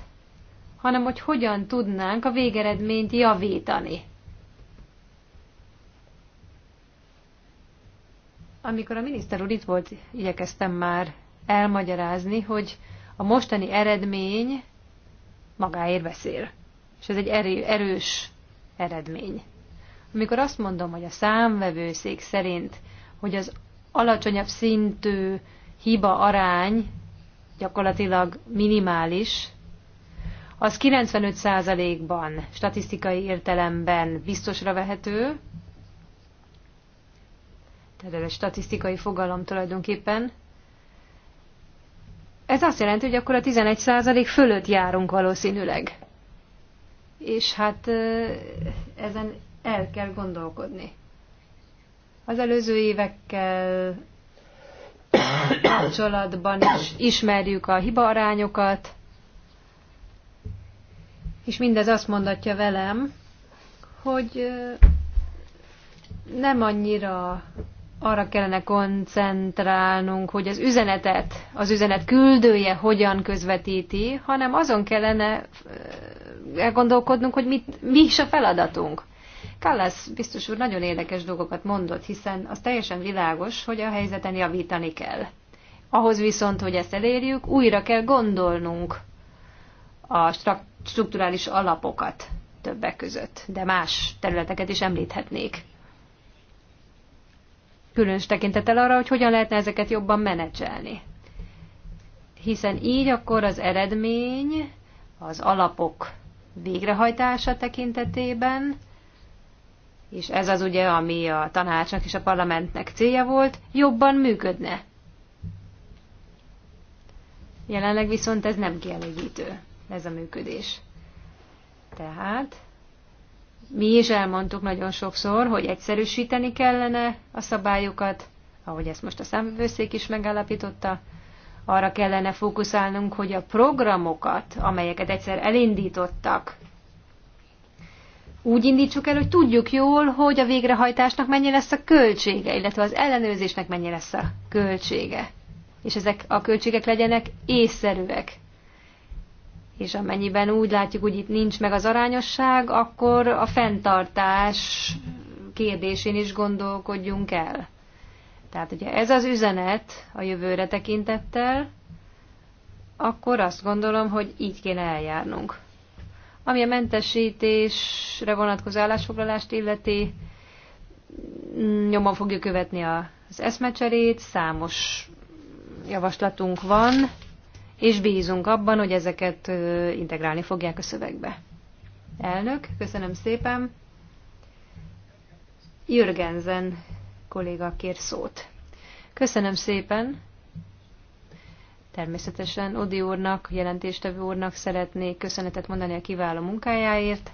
hanem hogy hogyan tudnánk a végeredményt javítani. Amikor a miniszter úr itt volt, igyekeztem már elmagyarázni, hogy a mostani eredmény magáért beszél. És ez egy erő, erős eredmény. Amikor azt mondom, hogy a számvevőszék szerint, hogy az alacsonyabb szintű hiba arány gyakorlatilag minimális, az 95%-ban statisztikai értelemben biztosra vehető, tehát ez egy statisztikai fogalom tulajdonképpen. Ez azt jelenti, hogy akkor a 11% fölött járunk valószínűleg és hát ezen el kell gondolkodni. Az előző évekkel kapcsolatban is ismerjük a hibaarányokat, és mindez azt mondatja velem, hogy nem annyira arra kellene koncentrálnunk, hogy az üzenetet, az üzenet küldője hogyan közvetíti, hanem azon kellene elgondolkodnunk, hogy mit, mi is a feladatunk. Kallász biztos úr nagyon érdekes dolgokat mondott, hiszen az teljesen világos, hogy a helyzeten javítani kell. Ahhoz viszont, hogy ezt elérjük, újra kell gondolnunk a strukturális alapokat többek között, de más területeket is említhetnék. Különös tekintettel arra, hogy hogyan lehetne ezeket jobban menedzselni. Hiszen így akkor az eredmény az alapok végrehajtása tekintetében, és ez az ugye, ami a tanácsnak és a parlamentnek célja volt, jobban működne. Jelenleg viszont ez nem kielégítő, ez a működés. Tehát mi is elmondtuk nagyon sokszor, hogy egyszerűsíteni kellene a szabályokat, ahogy ezt most a számvőszék is megállapította, arra kellene fókuszálnunk, hogy a programokat, amelyeket egyszer elindítottak, úgy indítsuk el, hogy tudjuk jól, hogy a végrehajtásnak mennyi lesz a költsége, illetve az ellenőrzésnek mennyi lesz a költsége. És ezek a költségek legyenek észszerűek. És amennyiben úgy látjuk, hogy itt nincs meg az arányosság, akkor a fenntartás kérdésén is gondolkodjunk el. Tehát, hogyha ez az üzenet a jövőre tekintettel, akkor azt gondolom, hogy így kéne eljárnunk. Ami a mentesítésre vonatkozó állásfoglalást illeti, nyomon fogjuk követni az eszmecserét, számos javaslatunk van, és bízunk abban, hogy ezeket integrálni fogják a szövegbe. Elnök, köszönöm szépen. Jürgenzen kolléga kér szót. Köszönöm szépen. Természetesen Odi úrnak, jelentéstevő úrnak szeretnék köszönetet mondani a kiváló munkájáért.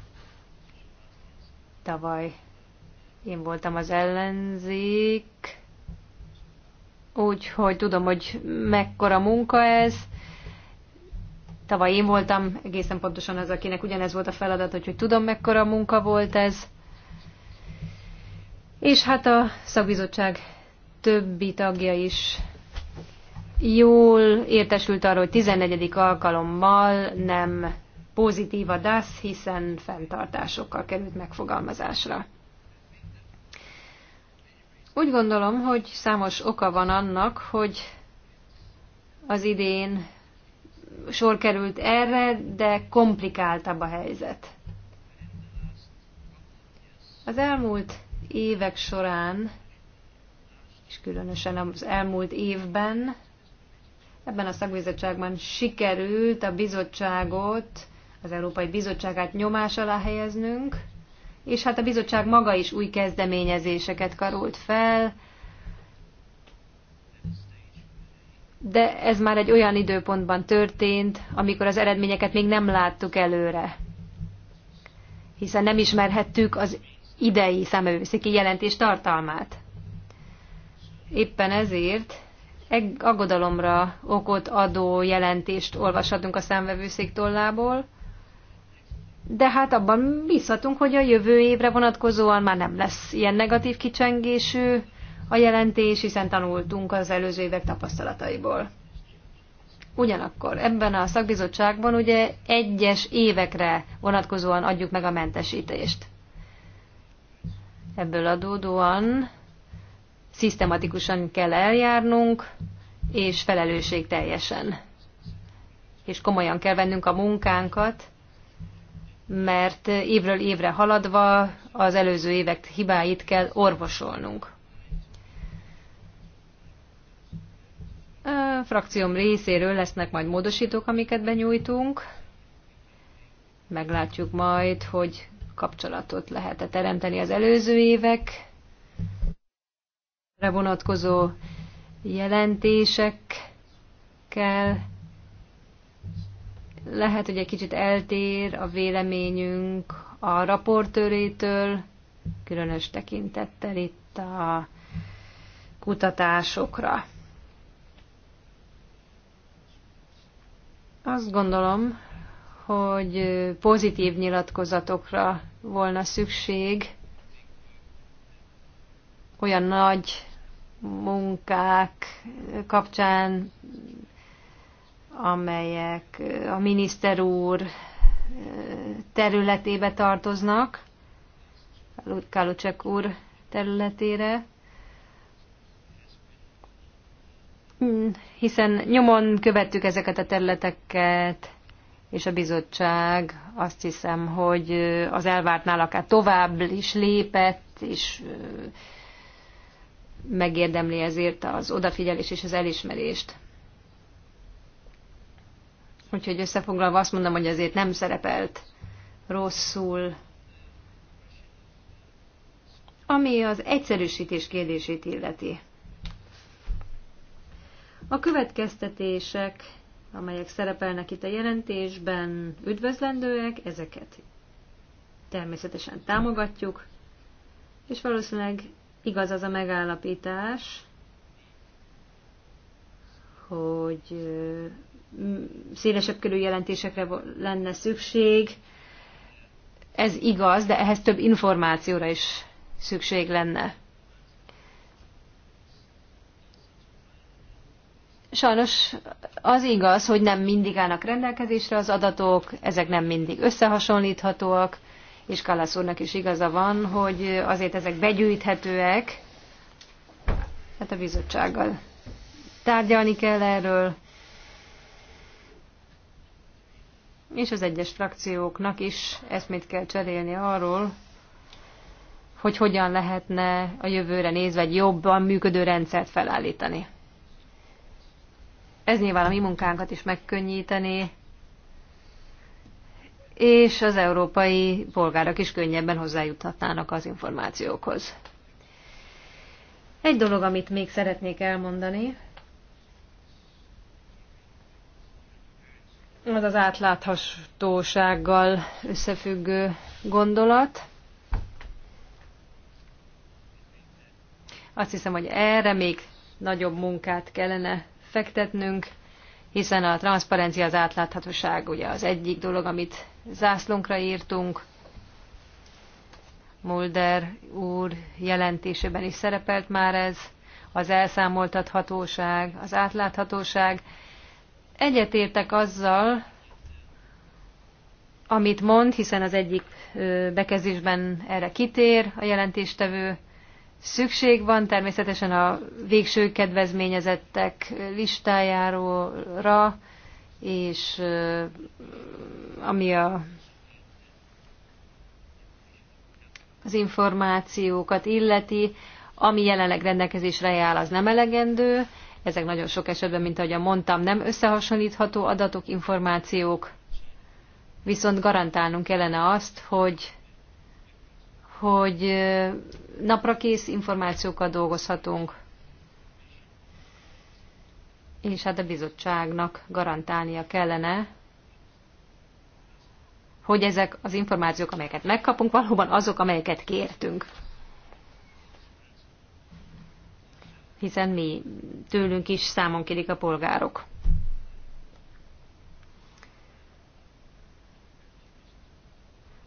Tavaly én voltam az ellenzék, úgyhogy tudom, hogy mekkora munka ez. Tavaly én voltam egészen pontosan az, akinek ugyanez volt a feladat, hogy tudom, mekkora munka volt ez és hát a szakbizottság többi tagja is jól értesült arról, hogy 14. alkalommal nem pozitív a DASZ, hiszen fenntartásokkal került megfogalmazásra. Úgy gondolom, hogy számos oka van annak, hogy az idén sor került erre, de komplikáltabb a helyzet. Az elmúlt évek során, és különösen az elmúlt évben, ebben a szakbizottságban sikerült a bizottságot, az Európai Bizottságát nyomás alá helyeznünk, és hát a bizottság maga is új kezdeményezéseket karolt fel, de ez már egy olyan időpontban történt, amikor az eredményeket még nem láttuk előre, hiszen nem ismerhettük az idei számövőszéki jelentés tartalmát. Éppen ezért aggodalomra okot adó jelentést olvashatunk a szemvevőszék tollából, de hát abban bízhatunk, hogy a jövő évre vonatkozóan már nem lesz ilyen negatív kicsengésű a jelentés, hiszen tanultunk az előző évek tapasztalataiból. Ugyanakkor ebben a szakbizottságban ugye egyes évekre vonatkozóan adjuk meg a mentesítést. Ebből adódóan szisztematikusan kell eljárnunk, és felelősség teljesen. És komolyan kell vennünk a munkánkat, mert évről évre haladva az előző évek hibáit kell orvosolnunk. A frakcióm részéről lesznek majd módosítók, amiket benyújtunk. Meglátjuk majd, hogy kapcsolatot lehet -e teremteni az előző évek vonatkozó jelentésekkel. Lehet, hogy egy kicsit eltér a véleményünk a raportőrétől, különös tekintettel itt a kutatásokra. Azt gondolom, hogy pozitív nyilatkozatokra volna szükség olyan nagy munkák kapcsán, amelyek a miniszter úr területébe tartoznak, Kalucsek úr területére, hmm, hiszen nyomon követtük ezeket a területeket, és a bizottság azt hiszem, hogy az elvártnál akár tovább is lépett, és megérdemli ezért az odafigyelés és az elismerést. Úgyhogy összefoglalva azt mondom, hogy azért nem szerepelt rosszul. Ami az egyszerűsítés kérdését illeti. A következtetések amelyek szerepelnek itt a jelentésben, üdvözlendőek, ezeket természetesen támogatjuk, és valószínűleg igaz az a megállapítás, hogy szélesebb körű jelentésekre lenne szükség. Ez igaz, de ehhez több információra is szükség lenne. Sajnos az igaz, hogy nem mindig állnak rendelkezésre az adatok, ezek nem mindig összehasonlíthatóak, és Kalasz úrnak is igaza van, hogy azért ezek begyűjthetőek, hát a bizottsággal tárgyalni kell erről, és az egyes frakcióknak is eszmét kell cserélni arról, hogy hogyan lehetne a jövőre nézve egy jobban működő rendszert felállítani. Ez nyilván a mi munkánkat is megkönnyítené, és az európai polgárok is könnyebben hozzájuthatnának az információkhoz. Egy dolog, amit még szeretnék elmondani, az az átláthatósággal összefüggő gondolat. Azt hiszem, hogy erre még nagyobb munkát kellene fektetnünk, hiszen a transzparencia, az átláthatóság ugye az egyik dolog, amit zászlónkra írtunk. Mulder úr jelentésében is szerepelt már ez, az elszámoltathatóság, az átláthatóság. Egyetértek azzal, amit mond, hiszen az egyik bekezdésben erre kitér a jelentéstevő, Szükség van természetesen a végső kedvezményezettek listájára, és ami a, az információkat illeti, ami jelenleg rendelkezésre áll, az nem elegendő. Ezek nagyon sok esetben, mint ahogy mondtam, nem összehasonlítható adatok, információk, viszont garantálnunk kellene azt, hogy hogy naprakész információkat dolgozhatunk, és hát a bizottságnak garantálnia kellene, hogy ezek az információk, amelyeket megkapunk, valóban azok, amelyeket kértünk. Hiszen mi tőlünk is számon kérik a polgárok.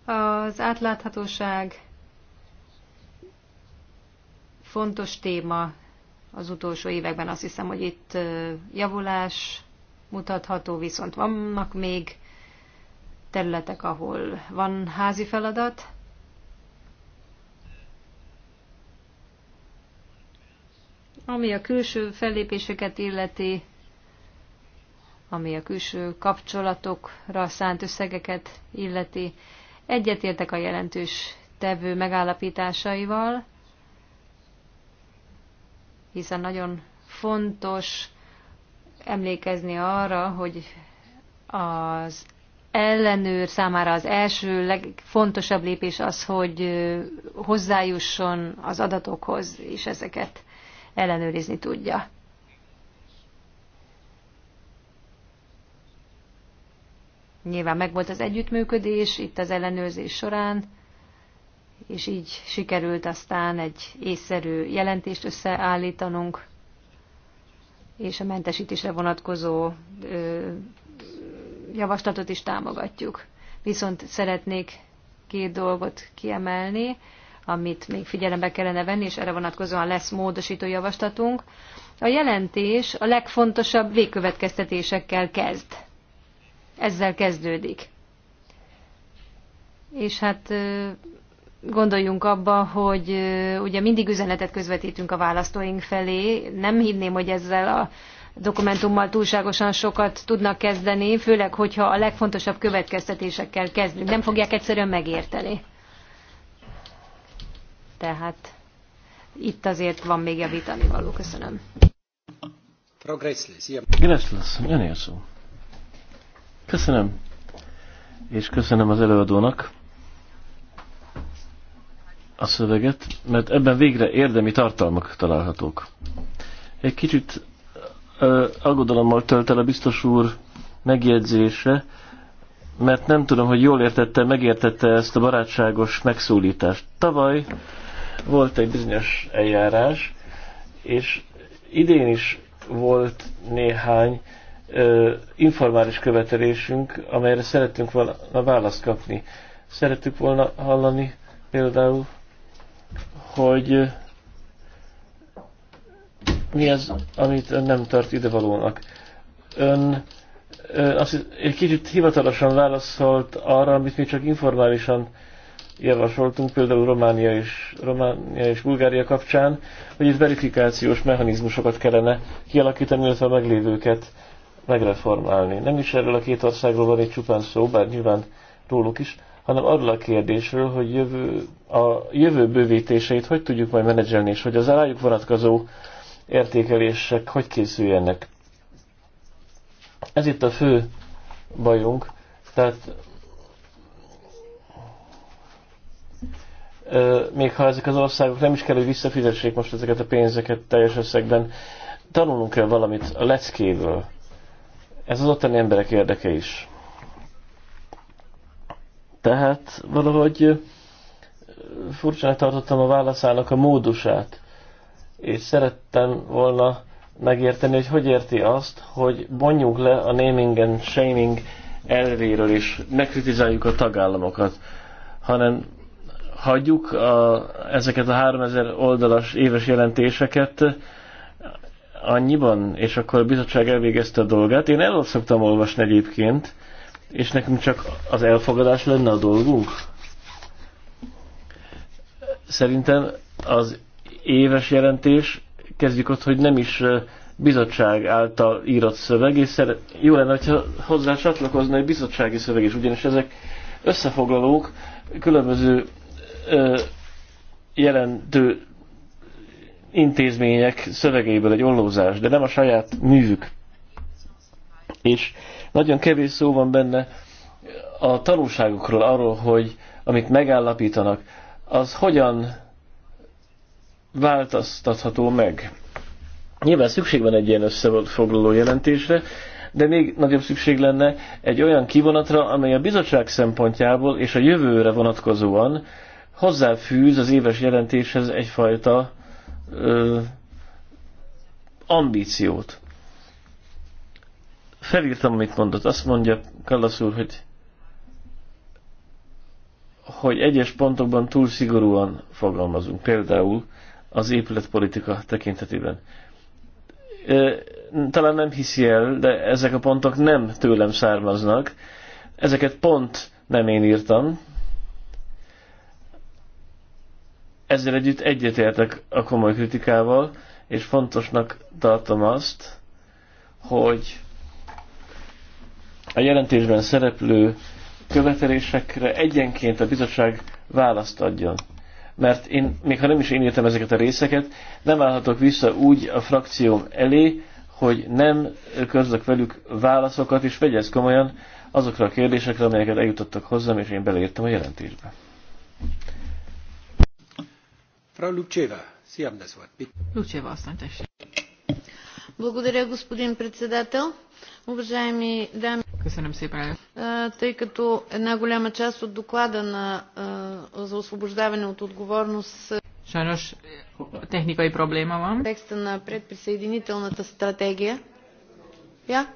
Az átláthatóság fontos téma az utolsó években. Azt hiszem, hogy itt javulás mutatható, viszont vannak még területek, ahol van házi feladat. Ami a külső fellépéseket illeti, ami a külső kapcsolatokra szánt összegeket illeti, egyetértek a jelentős tevő megállapításaival, hiszen nagyon fontos emlékezni arra, hogy az ellenőr számára az első legfontosabb lépés az, hogy hozzájusson az adatokhoz, és ezeket ellenőrizni tudja. Nyilván megvolt az együttműködés itt az ellenőrzés során, és így sikerült aztán egy észszerű jelentést összeállítanunk, és a mentesítésre vonatkozó ö, javaslatot is támogatjuk. Viszont szeretnék két dolgot kiemelni, amit még figyelembe kellene venni, és erre vonatkozóan lesz módosító javaslatunk. A jelentés a legfontosabb végkövetkeztetésekkel kezd. Ezzel kezdődik. És hát gondoljunk abba, hogy ugye mindig üzenetet közvetítünk a választóink felé. Nem hinném, hogy ezzel a dokumentummal túlságosan sokat tudnak kezdeni, főleg, hogyha a legfontosabb következtetésekkel kezdünk. Nem fogják egyszerűen megérteni. Tehát itt azért van még javítani való. Köszönöm. Gressles, jön szó. Köszönöm. És köszönöm az előadónak a szöveget, mert ebben végre érdemi tartalmak találhatók. Egy kicsit ö, aggodalommal tölt el a biztos úr megjegyzése, mert nem tudom, hogy jól értette, megértette ezt a barátságos megszólítást. Tavaly volt egy bizonyos eljárás, és idén is volt néhány ö, informális követelésünk, amelyre szerettünk volna választ kapni. Szerettük volna hallani például hogy eh, mi az, amit ön nem tart idevalónak. Ön, ön eh, azt, egy kicsit hivatalosan válaszolt arra, amit mi csak informálisan javasoltunk, például Románia és, Románia és Bulgária kapcsán, hogy itt verifikációs mechanizmusokat kellene kialakítani, illetve a meglévőket megreformálni. Nem is erről a két országról van itt csupán szó, bár nyilván róluk is, hanem arról a kérdésről, hogy jövő, a jövő bővítéseit hogy tudjuk majd menedzselni, és hogy az rájuk vonatkozó értékelések hogy készüljenek. Ez itt a fő bajunk, tehát még ha ezek az országok nem is kell, hogy visszafizessék most ezeket a pénzeket teljes összegben, tanulnunk kell valamit a leckéből. Ez az ottani emberek érdeke is. Tehát valahogy furcsának tartottam a válaszának a módusát, és szerettem volna megérteni, hogy hogy érti azt, hogy bonjunk le a naming and shaming elvéről, és ne kritizáljuk a tagállamokat, hanem hagyjuk a, ezeket a 3000 oldalas éves jelentéseket annyiban, és akkor a bizottság elvégezte a dolgát. Én el szoktam olvasni egyébként, és nekünk csak az elfogadás lenne a dolgunk? Szerintem az éves jelentés, kezdjük ott, hogy nem is bizottság által írott szöveg, és szer- jó lenne, hogyha hozzá csatlakozna egy bizottsági szöveg is, ugyanis ezek összefoglalók különböző ö, jelentő intézmények szövegéből egy ollózás, de nem a saját művük. És nagyon kevés szó van benne a tanulságokról, arról, hogy amit megállapítanak, az hogyan változtatható meg. Nyilván szükség van egy ilyen összefoglaló jelentésre, de még nagyobb szükség lenne egy olyan kivonatra, amely a bizottság szempontjából és a jövőre vonatkozóan hozzáfűz az éves jelentéshez egyfajta ö, ambíciót. Felírtam, amit mondott. Azt mondja Kallasz úr, hogy, hogy egyes pontokban túl szigorúan fogalmazunk. Például az épületpolitika tekintetében. Talán nem hiszi el, de ezek a pontok nem tőlem származnak. Ezeket pont nem én írtam. Ezzel együtt egyetértek a komoly kritikával, és fontosnak tartom azt, hogy a jelentésben szereplő követelésekre egyenként a bizottság választ adjon. Mert én, még ha nem is én írtam ezeket a részeket, nem állhatok vissza úgy a frakcióm elé, hogy nem közlök velük válaszokat, és vegyez komolyan azokra a kérdésekre, amelyeket eljutottak hozzám, és én beleírtam a jelentésbe. Frau Lukcseva, szia, Lukcseva, aztán tessék. Благодаря, господин председател. Уважаеми дами Köszönöm szépen. Тъй като една голяма част от доклада на, за освобождаване от отговорност Sajnos technikai probléma van. Текста на предприсъединителната стратегия. Ja?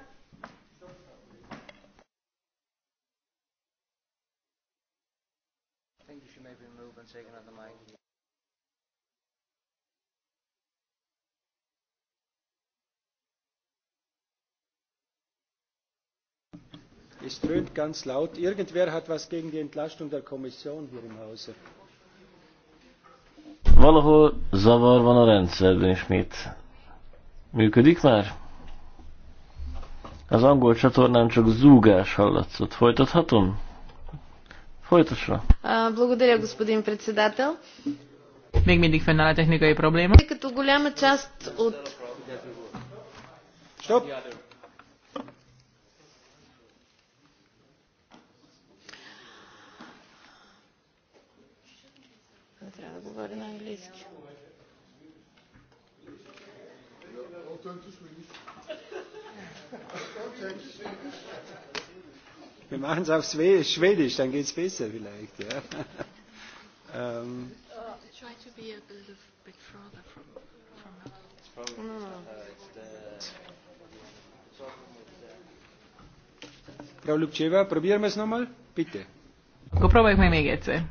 Es dröhnt ganz laut. Irgendwer hat was gegen die Entlastung der Kommission hier im Hause. Valahol zavar van a rendszerben ismét. Működik már? Az angol csatornán csak zúgás hallatszott. Folytathatom? Folytassa. Благодаря, господин председател. Még mindig fennáll a technikai probléma. Stop! разговора на английски. Wir machen es auf Schwedisch, dann geht es besser vielleicht. Ja. ähm. a little bit further from, from it. From, uh, it's Frau Lubcheva, probieren wir es nochmal? Bitte. még egyszer.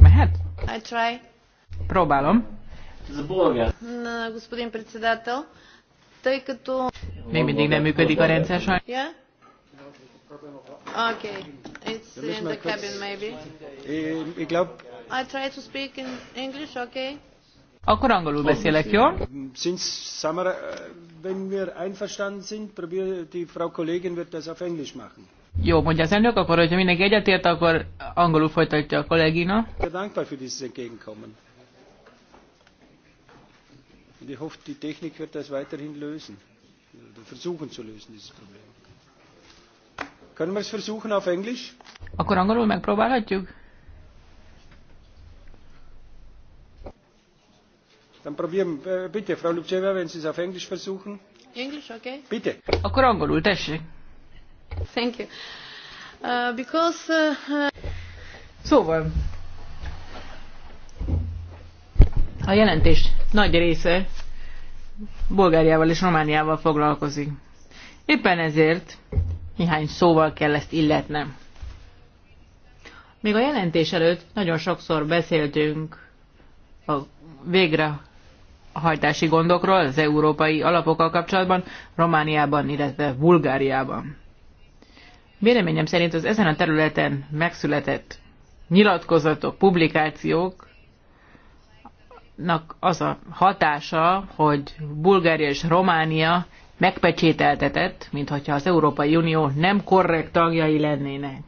Mehet? Próbálom. Na, господин председател, тъй като... Még mindig nem működik a rendszer sajnos. Yeah? Okay, it's in the cabin maybe. Ich glaube... I try to speak in English, okay? Akkor angolul beszélek, jó? Since Samar, uh, wenn wir einverstanden sind, probier, die Frau Kollegin wird das auf Englisch machen. Jó, mondja az elnök, akkor hogyha mindenki egyetért, akkor angolul folytatja a kollégina. Dankbar für dieses Entgegenkommen ich hoffe, die Technik wird das weiterhin lösen, oder versuchen zu lösen, dieses Problem. Können wir es versuchen auf Englisch? Akkor angolul megpróbálhatjuk? Dann probieren, äh, bitte, Frau Lubceva, wenn Sie es auf Englisch versuchen. English, okay? Bitte. Akkor angolul, tessék. Thank you. Uh, because... Uh, szóval, a jelentés nagy része Bulgáriával és Romániával foglalkozik. Éppen ezért néhány szóval kell ezt illetnem. Még a jelentés előtt nagyon sokszor beszéltünk a végrehajtási gondokról az európai alapokkal kapcsolatban, Romániában, illetve Bulgáriában. Véleményem szerint az ezen a területen megszületett nyilatkozatok, publikációk nak az a hatása, hogy Bulgária és Románia megpecsételtetett, mintha az Európai Unió nem korrekt tagjai lennének.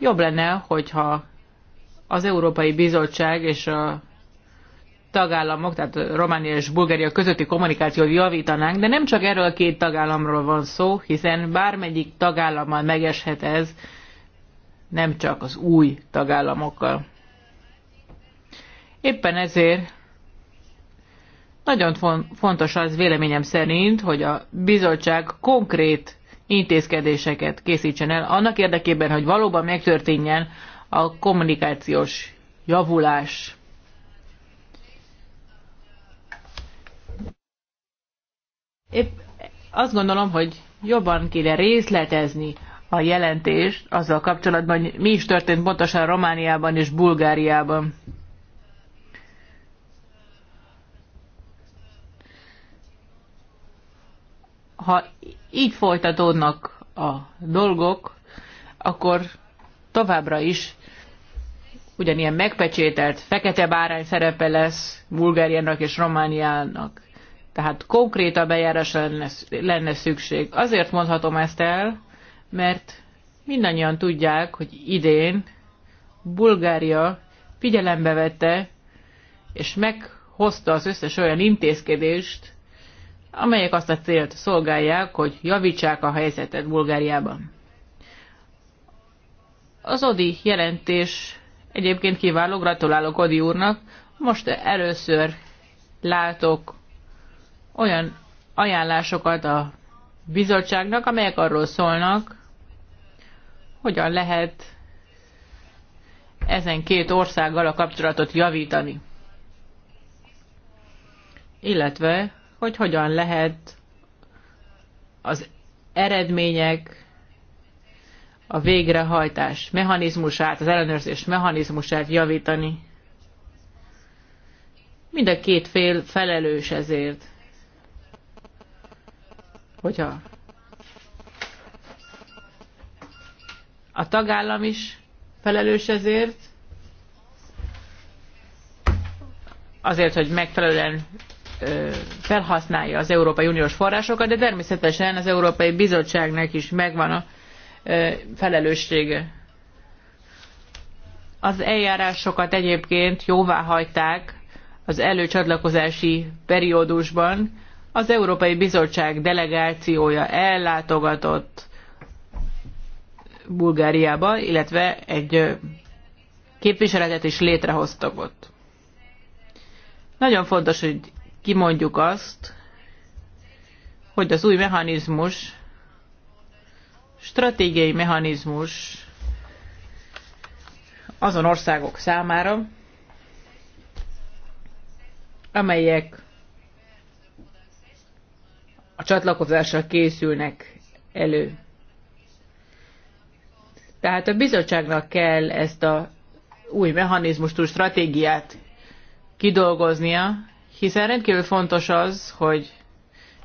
Jobb lenne, hogyha az Európai Bizottság és a tagállamok, tehát Románia és Bulgária közötti kommunikációt javítanánk, de nem csak erről a két tagállamról van szó, hiszen bármelyik tagállammal megeshet ez, nem csak az új tagállamokkal. Éppen ezért nagyon fontos az véleményem szerint, hogy a bizottság konkrét intézkedéseket készítsen el, annak érdekében, hogy valóban megtörténjen a kommunikációs javulás. Épp azt gondolom, hogy jobban kéne részletezni a jelentést azzal kapcsolatban, hogy mi is történt pontosan Romániában és Bulgáriában. ha így folytatódnak a dolgok, akkor továbbra is ugyanilyen megpecsételt fekete bárány szerepe lesz Bulgáriának és Romániának. Tehát konkrét a bejárás lenne, lenne szükség. Azért mondhatom ezt el, mert mindannyian tudják, hogy idén Bulgária figyelembe vette és meghozta az összes olyan intézkedést, amelyek azt a célt szolgálják, hogy javítsák a helyzetet Bulgáriában. Az Odi jelentés egyébként kiváló, gratulálok Odi úrnak. Most először látok olyan ajánlásokat a bizottságnak, amelyek arról szólnak, hogyan lehet ezen két országgal a kapcsolatot javítani. Illetve hogy hogyan lehet az eredmények, a végrehajtás mechanizmusát, az ellenőrzés mechanizmusát javítani. Mind a két fél felelős ezért. Hogyha a tagállam is felelős ezért, azért, hogy megfelelően felhasználja az Európai Uniós forrásokat, de természetesen az Európai Bizottságnak is megvan a felelőssége. Az eljárásokat egyébként jóvá hagyták az előcsatlakozási periódusban. Az Európai Bizottság delegációja ellátogatott Bulgáriába, illetve egy képviseletet is létrehoztak ott. Nagyon fontos, hogy kimondjuk azt, hogy az új mechanizmus, stratégiai mechanizmus azon országok számára, amelyek a csatlakozásra készülnek elő. Tehát a bizottságnak kell ezt a új mechanizmust, új stratégiát kidolgoznia, hiszen rendkívül fontos az, hogy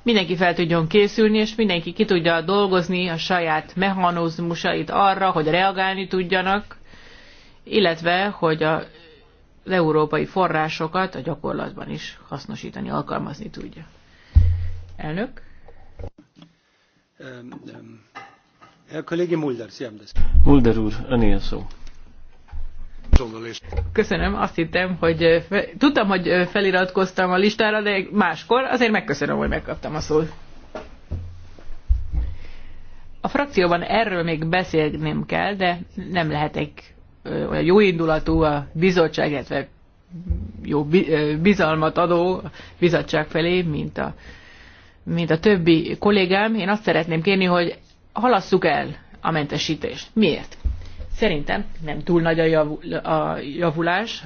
mindenki fel tudjon készülni, és mindenki ki tudja dolgozni a saját mechanizmusait arra, hogy reagálni tudjanak, illetve, hogy a, az európai forrásokat a gyakorlatban is hasznosítani, alkalmazni tudja. Elnök? Herr Kollege Mulder, Mulder úr, önél szó. Köszönöm, azt hittem, hogy fe... tudtam, hogy feliratkoztam a listára, de máskor azért megköszönöm, hogy megkaptam a szót. A frakcióban erről még beszélnem kell, de nem lehetek olyan jó indulatú a bizottság, illetve jó bizalmat adó bizottság felé, mint a, mint a többi kollégám. Én azt szeretném kérni, hogy halasszuk el a mentesítést. Miért? Szerintem nem túl nagy a, javul, a javulás,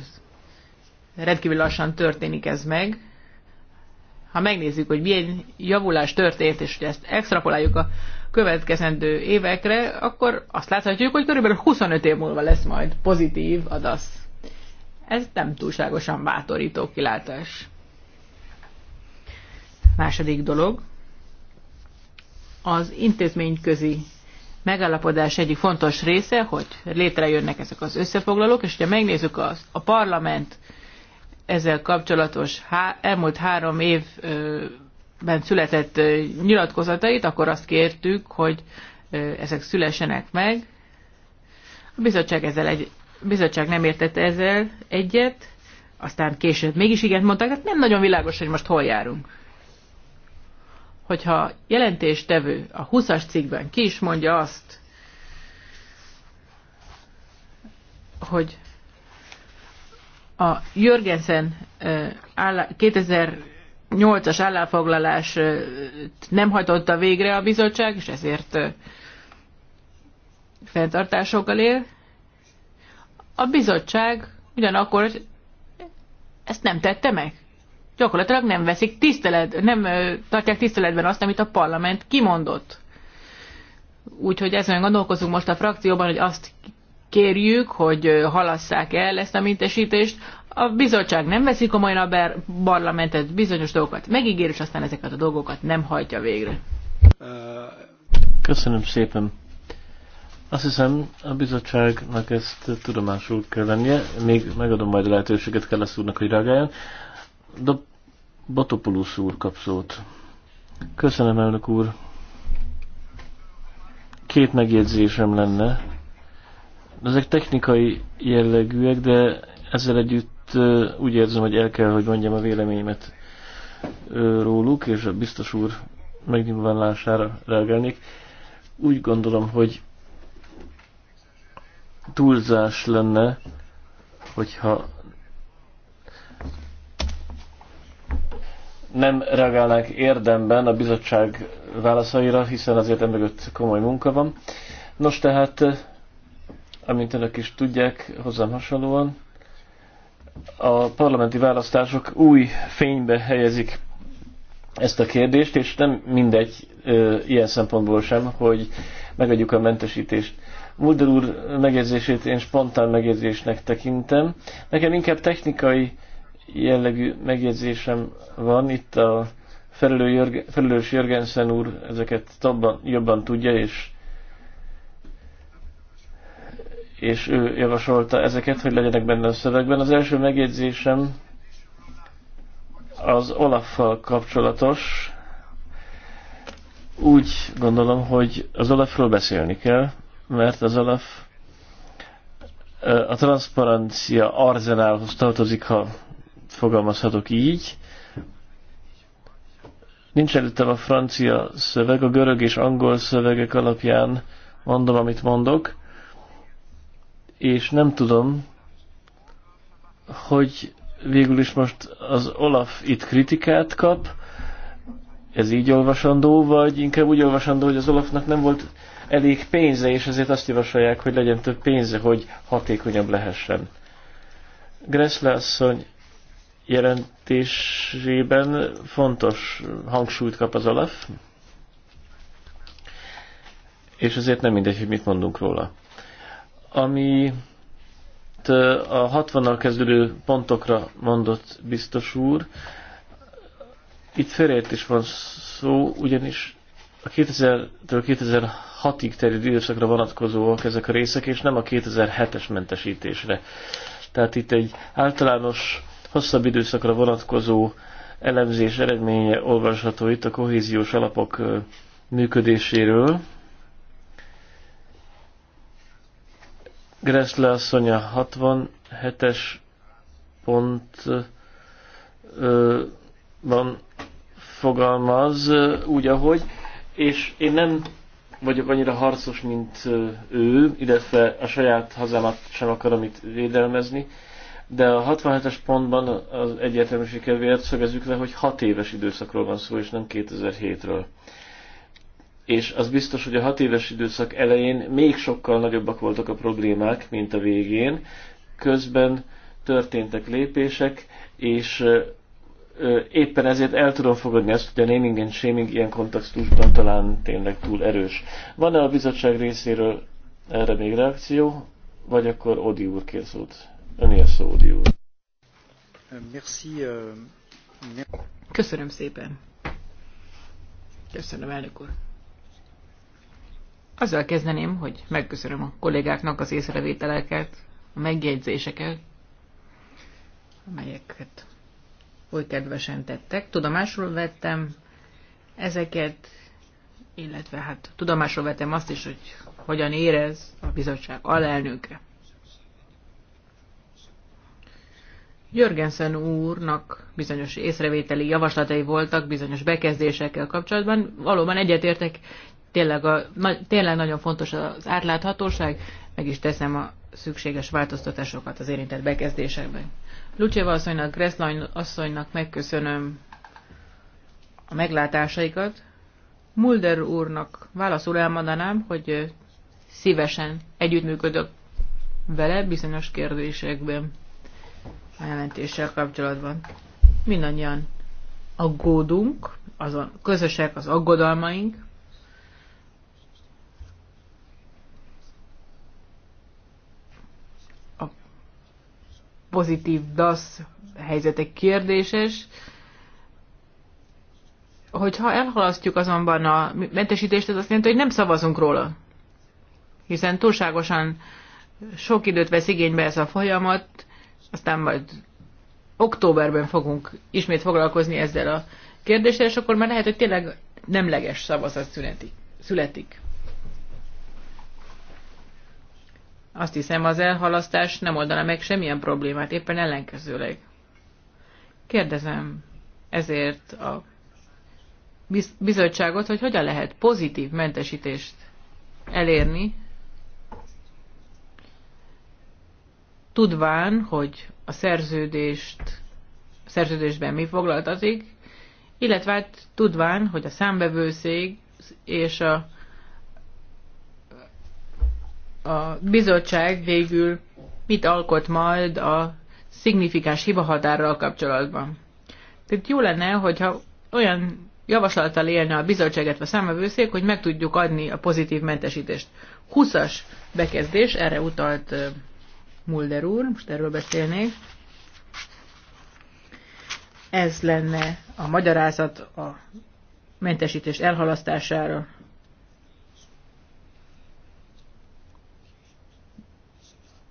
rendkívül lassan történik ez meg. Ha megnézzük, hogy milyen javulás történt, és hogy ezt extrapoláljuk a következendő évekre, akkor azt láthatjuk, hogy körülbelül 25 év múlva lesz majd pozitív a DASZ. Ez nem túlságosan bátorító kilátás. Második dolog, az intézményközi megállapodás egyik fontos része, hogy létrejönnek ezek az összefoglalók, és ha megnézzük az, a parlament ezzel kapcsolatos há, elmúlt három évben született nyilatkozatait, akkor azt kértük, hogy ezek szülessenek meg. A bizottság, ezzel egy, a bizottság nem értette ezzel egyet, aztán később mégis igen mondták, tehát nem nagyon világos, hogy most hol járunk hogyha jelentéstevő a 20-as cikkben ki is mondja azt, hogy a Jörgensen 2008-as állásfoglalás nem hajtotta végre a bizottság, és ezért fenntartásokkal él. A bizottság ugyanakkor ezt nem tette meg gyakorlatilag nem veszik tisztelet, nem tartják tiszteletben azt, amit a parlament kimondott. Úgyhogy ezen gondolkozunk most a frakcióban, hogy azt kérjük, hogy halasszák el ezt a mintesítést. A bizottság nem veszik komolyan a parlamentet, bizonyos dolgokat megígér, és aztán ezeket a dolgokat nem hajtja végre. Köszönöm szépen. Azt hiszem, a bizottságnak ezt tudomásul kell lennie. Még megadom majd a lehetőséget kell úrnak, hogy reagáljon. Do Botopulusz úr kap szót. Köszönöm, elnök úr. Két megjegyzésem lenne. Ezek technikai jellegűek, de ezzel együtt úgy érzem, hogy el kell, hogy mondjam a véleményemet róluk, és a biztos úr megnyilvánulására reagálnék. Úgy gondolom, hogy túlzás lenne, hogyha nem reagálnánk érdemben a bizottság válaszaira, hiszen azért emögött komoly munka van. Nos tehát, eh, amint önök is tudják, hozzám hasonlóan, a parlamenti választások új fénybe helyezik ezt a kérdést, és nem mindegy ö, eh, ilyen szempontból sem, hogy megadjuk a mentesítést. Mulder úr megjegyzését én spontán megjegyzésnek tekintem. Nekem inkább technikai jellegű megjegyzésem van. Itt a felelős Jörgensen úr ezeket tabban, jobban tudja, és, és ő javasolta ezeket, hogy legyenek benne a szövegben. Az első megjegyzésem az Olaffal kapcsolatos. Úgy gondolom, hogy az Olafról beszélni kell, mert az Olaf a transzparencia arzenálhoz tartozik, ha fogalmazhatok így. Nincs előttem a francia szöveg, a görög és angol szövegek alapján mondom, amit mondok, és nem tudom, hogy végül is most az Olaf itt kritikát kap, ez így olvasandó, vagy inkább úgy olvasandó, hogy az Olafnak nem volt elég pénze, és ezért azt javasolják, hogy legyen több pénze, hogy hatékonyabb lehessen. Gressle asszony jelentésében fontos hangsúlyt kap az alaf, és azért nem mindegy, hogy mit mondunk róla. Ami a 60-nal kezdődő pontokra mondott biztos úr, itt is van szó, ugyanis a 2000-től 2006-ig terjedő időszakra vonatkozóak ezek a részek, és nem a 2007-es mentesítésre. Tehát itt egy általános hosszabb időszakra vonatkozó elemzés eredménye olvasható itt a kohéziós alapok működéséről. Gressle asszony a 67-es pont van fogalmaz úgy, ahogy, és én nem vagyok annyira harcos, mint ő, illetve a saját hazámat sem akarom itt védelmezni, de a 67-es pontban az egyértelműség kedvéért szögezzük le, hogy 6 éves időszakról van szó, és nem 2007-ről. És az biztos, hogy a 6 éves időszak elején még sokkal nagyobbak voltak a problémák, mint a végén. Közben történtek lépések, és éppen ezért el tudom fogadni azt, hogy a naming and shaming ilyen kontextusban talán tényleg túl erős. Van-e a bizottság részéről erre még reakció, vagy akkor Odi úr készült? Öni a szó, úr. Merci. Euh, Köszönöm szépen. Köszönöm, elnök úr. Azzal kezdeném, hogy megköszönöm a kollégáknak az észrevételeket, a megjegyzéseket, amelyeket oly kedvesen tettek. Tudomásul vettem ezeket, illetve hát tudomásul vettem azt is, hogy hogyan érez a bizottság alelnöke. Jörgensen úrnak bizonyos észrevételi javaslatai voltak bizonyos bekezdésekkel kapcsolatban. Valóban egyetértek, tényleg, a, na, tényleg nagyon fontos az átláthatóság, meg is teszem a szükséges változtatásokat az érintett bekezdésekben. Lucseva asszonynak, Greszlany asszonynak megköszönöm a meglátásaikat. Mulder úrnak válaszul elmondanám, hogy szívesen együttműködök vele bizonyos kérdésekben a jelentéssel kapcsolatban. Mindannyian aggódunk, azon közösek az aggodalmaink, a pozitív DASZ helyzetek kérdéses, hogyha elhalasztjuk azonban a mentesítést, az azt jelenti, hogy nem szavazunk róla. Hiszen túlságosan sok időt vesz igénybe ez a folyamat, aztán majd októberben fogunk ismét foglalkozni ezzel a kérdéssel, és akkor már lehet, hogy tényleg nemleges szavazat születik. születik. Azt hiszem, az elhalasztás nem oldana meg semmilyen problémát, éppen ellenkezőleg. Kérdezem ezért a bizottságot, hogy hogyan lehet pozitív mentesítést elérni tudván, hogy a szerződést, a szerződésben mi foglaltatik, illetve hát tudván, hogy a számbevőszék és a, a bizottság végül mit alkot majd a szignifikáns hibahatárral kapcsolatban. Tehát jó lenne, hogyha olyan javaslattal élne a bizottságet a számbevőszék, hogy meg tudjuk adni a pozitív mentesítést. 20-as bekezdés, erre utalt Mulder úr, most erről beszélnék. Ez lenne a magyarázat a mentesítés elhalasztására.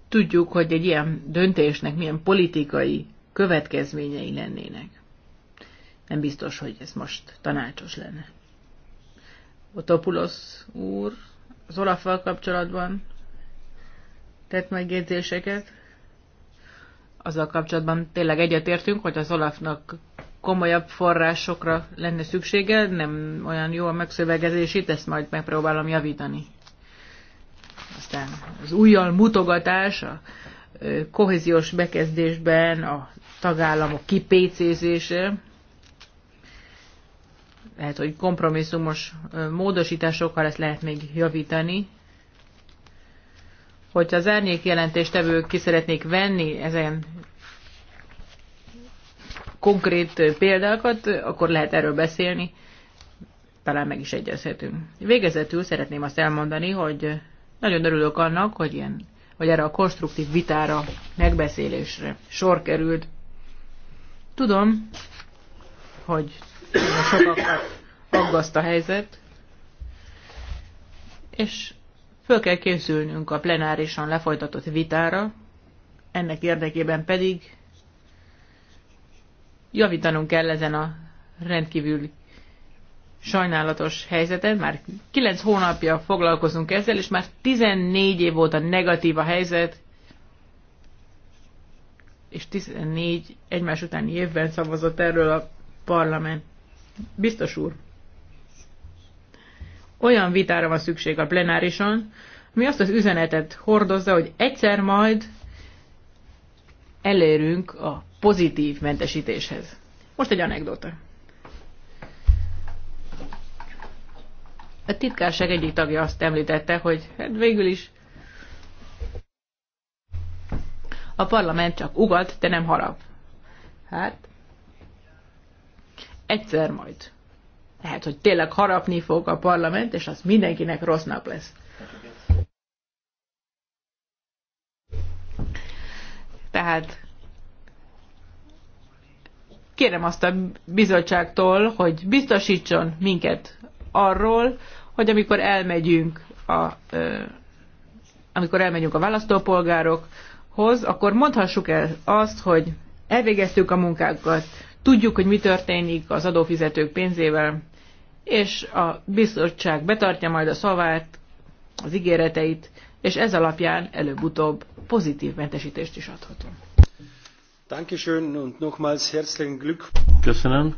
Tudjuk, hogy egy ilyen döntésnek milyen politikai következményei lennének. Nem biztos, hogy ez most tanácsos lenne. Otopulos úr, az olaf kapcsolatban tett megjegyzéseket. Azzal kapcsolatban tényleg egyetértünk, hogy az Olafnak komolyabb forrásokra lenne szüksége, nem olyan jó a megszövegezés, itt ezt majd megpróbálom javítani. Aztán az újjal mutogatás a kohéziós bekezdésben, a tagállamok kipécézése, lehet, hogy kompromisszumos módosításokkal ezt lehet még javítani. Hogyha az árnyék jelentéstevők ki szeretnék venni ezen konkrét példákat, akkor lehet erről beszélni, talán meg is egyezhetünk. Végezetül szeretném azt elmondani, hogy nagyon örülök annak, hogy, ilyen, hogy erre a konstruktív vitára, megbeszélésre sor került. Tudom, hogy sokakat aggaszt a helyzet, és Föl kell készülnünk a plenárisan lefolytatott vitára, ennek érdekében pedig javítanunk kell ezen a rendkívül sajnálatos helyzeten. Már 9 hónapja foglalkozunk ezzel, és már 14 év a negatív a helyzet, és 14 egymás utáni évben szavazott erről a parlament. Biztos úr, olyan vitára van szükség a plenárison, ami azt az üzenetet hordozza, hogy egyszer majd elérünk a pozitív mentesítéshez. Most egy anekdota. A titkárság egyik tagja azt említette, hogy hát végül is a parlament csak ugat, de nem harap. Hát, egyszer majd lehet, hogy tényleg harapni fog a parlament, és az mindenkinek rossznak lesz. Tehát kérem azt a bizottságtól, hogy biztosítson minket arról, hogy amikor elmegyünk a, amikor elmegyünk a választópolgárokhoz, akkor mondhassuk el azt, hogy elvégeztük a munkákat, tudjuk, hogy mi történik az adófizetők pénzével, és a bizottság betartja majd a szavát, az ígéreteit, és ez alapján előbb-utóbb pozitív mentesítést is adhatunk. Köszönöm,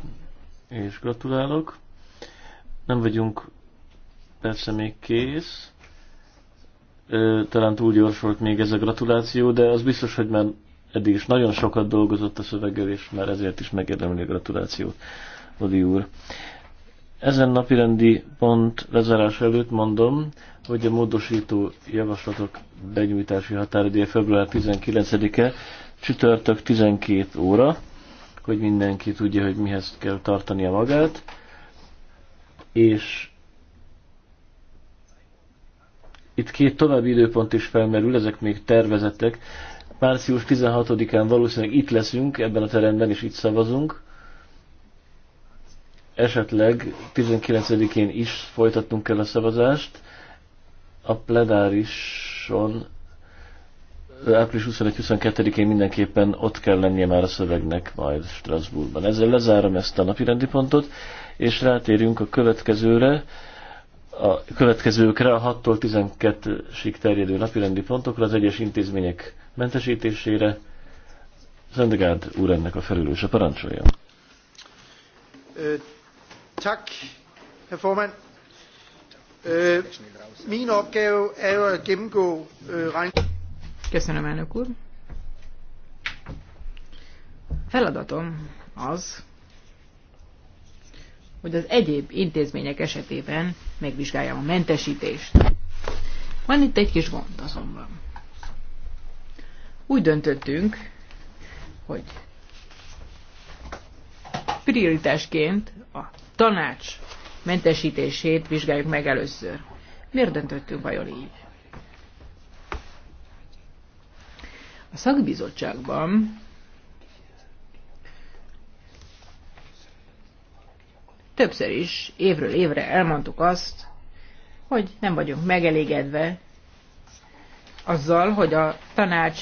és gratulálok. Nem vagyunk persze még kész. talán túl gyors volt még ez a gratuláció, de az biztos, hogy már eddig is nagyon sokat dolgozott a szöveggel, és már ezért is megérdemli a gratulációt, Odi úr. Ezen napirendi pont lezárás előtt mondom, hogy a módosító javaslatok benyújtási határidő február 19-e, csütörtök 12 óra, hogy mindenki tudja, hogy mihez kell tartania magát, és itt két további időpont is felmerül, ezek még tervezettek. Március 16-án valószínűleg itt leszünk, ebben a teremben, és itt szavazunk esetleg 19-én is folytatnunk kell a szavazást. A plenárison április 21-22-én mindenképpen ott kell lennie már a szövegnek majd Strasbourgban. Ezzel lezárom ezt a napi rendi pontot, és rátérünk a következőre, a következőkre, a 6-tól 12-ig terjedő napirendi pontokra, az egyes intézmények mentesítésére. Zendegárd úr ennek a felülőse parancsolja. Tak, herr formand. Øh, min opgave er jo at gennemgå øh, elnök úr. Feladatom az, hogy az egyéb intézmények esetében megvizsgáljam a mentesítést. Van itt egy kis gond azonban. Úgy döntöttünk, hogy prioritásként a tanács mentesítését vizsgáljuk meg először. Miért döntöttünk vajon így? A szakbizottságban többször is évről évre elmondtuk azt, hogy nem vagyunk megelégedve azzal, hogy a tanács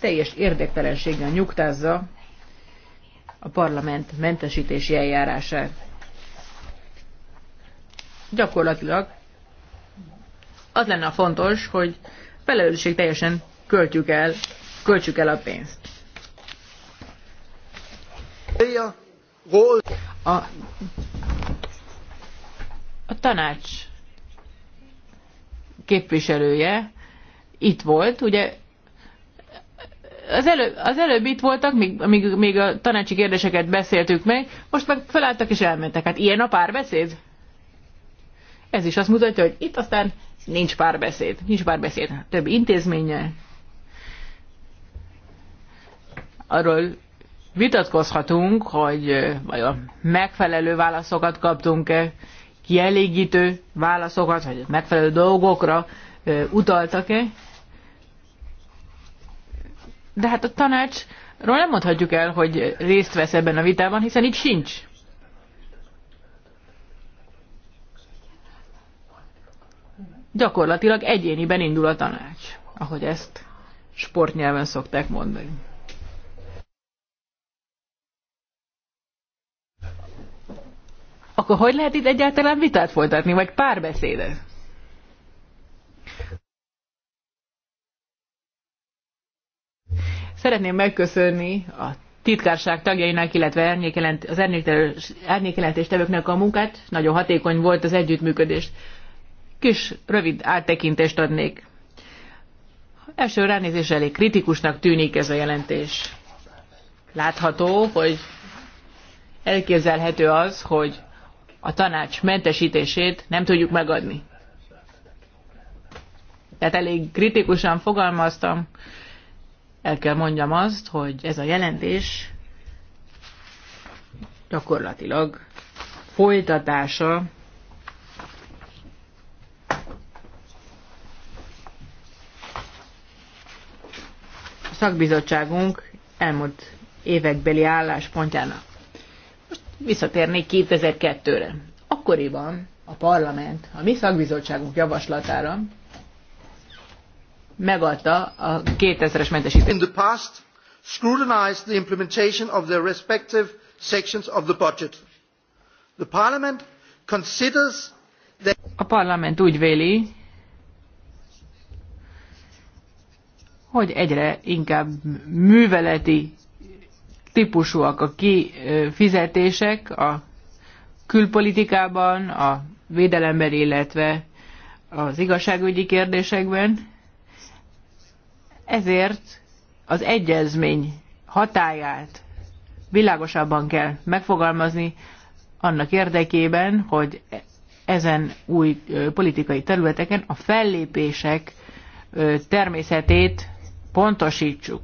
teljes érdektelenséggel nyugtázza a parlament mentesítési eljárása. Gyakorlatilag az lenne a fontos, hogy felelősség teljesen költjük el, költsük el a pénzt. A, a tanács képviselője itt volt, ugye az, elő, az előbb itt voltak, míg, míg, míg a tanácsi kérdéseket beszéltük meg, most meg felálltak és elmentek. Hát ilyen a párbeszéd? Ez is azt mutatja, hogy itt aztán nincs párbeszéd. Nincs párbeszéd több intézménye. Arról vitatkozhatunk, hogy vajon megfelelő válaszokat kaptunk-e, kielégítő válaszokat, vagy megfelelő dolgokra utaltak-e, de hát a tanácsról nem mondhatjuk el, hogy részt vesz ebben a vitában, hiszen itt sincs. Gyakorlatilag egyéniben indul a tanács, ahogy ezt sportnyelven szokták mondani. Akkor hogy lehet itt egyáltalán vitát folytatni, vagy párbeszédet? Szeretném megköszönni a titkárság tagjainak, illetve az árnyékjelentéstevőknek a munkát. Nagyon hatékony volt az együttműködés. Kis, rövid áttekintést adnék. Első ránézés elég kritikusnak tűnik ez a jelentés. Látható, hogy elképzelhető az, hogy a tanács mentesítését nem tudjuk megadni. Tehát elég kritikusan fogalmaztam. El kell mondjam azt, hogy ez a jelentés gyakorlatilag folytatása a szakbizottságunk elmúlt évekbeli álláspontjának. Most visszatérnék 2002-re. Akkoriban a parlament a mi szakbizottságunk javaslatára megadta a 2000-es mentesítést. In the past, scrutinized the implementation of their respective sections of the budget. The parliament considers that a parlament úgy véli, hogy egyre inkább műveleti típusúak a kifizetések a külpolitikában, a védelemben, illetve az igazságügyi kérdésekben. Ezért az egyezmény hatáját világosabban kell megfogalmazni annak érdekében, hogy ezen új politikai területeken a fellépések természetét pontosítsuk.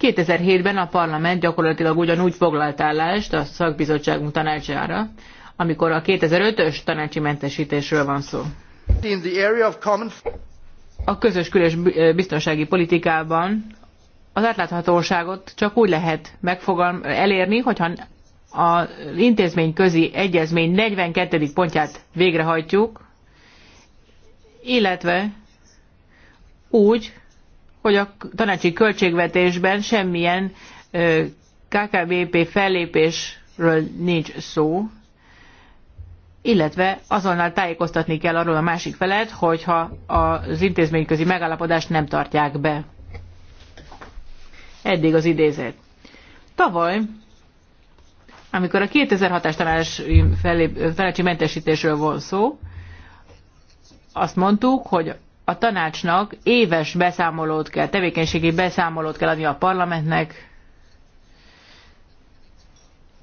...2007-ben a parlament gyakorlatilag ugyanúgy foglalt állást a szakbizottságunk tanácsára, amikor a 2005-ös tanácsi mentesítésről van szó. A közös külös biztonsági politikában az átláthatóságot csak úgy lehet megfogalm elérni, hogyha az közi egyezmény 42. pontját végrehajtjuk, illetve úgy, hogy a tanácsi költségvetésben semmilyen KKVP fellépésről nincs szó illetve azonnal tájékoztatni kell arról a másik felet, hogyha az intézményközi megállapodást nem tartják be. Eddig az idézet. Tavaly, amikor a 2006-as tanácsi mentesítésről volt szó, azt mondtuk, hogy a tanácsnak éves beszámolót kell, tevékenységi beszámolót kell adni a parlamentnek.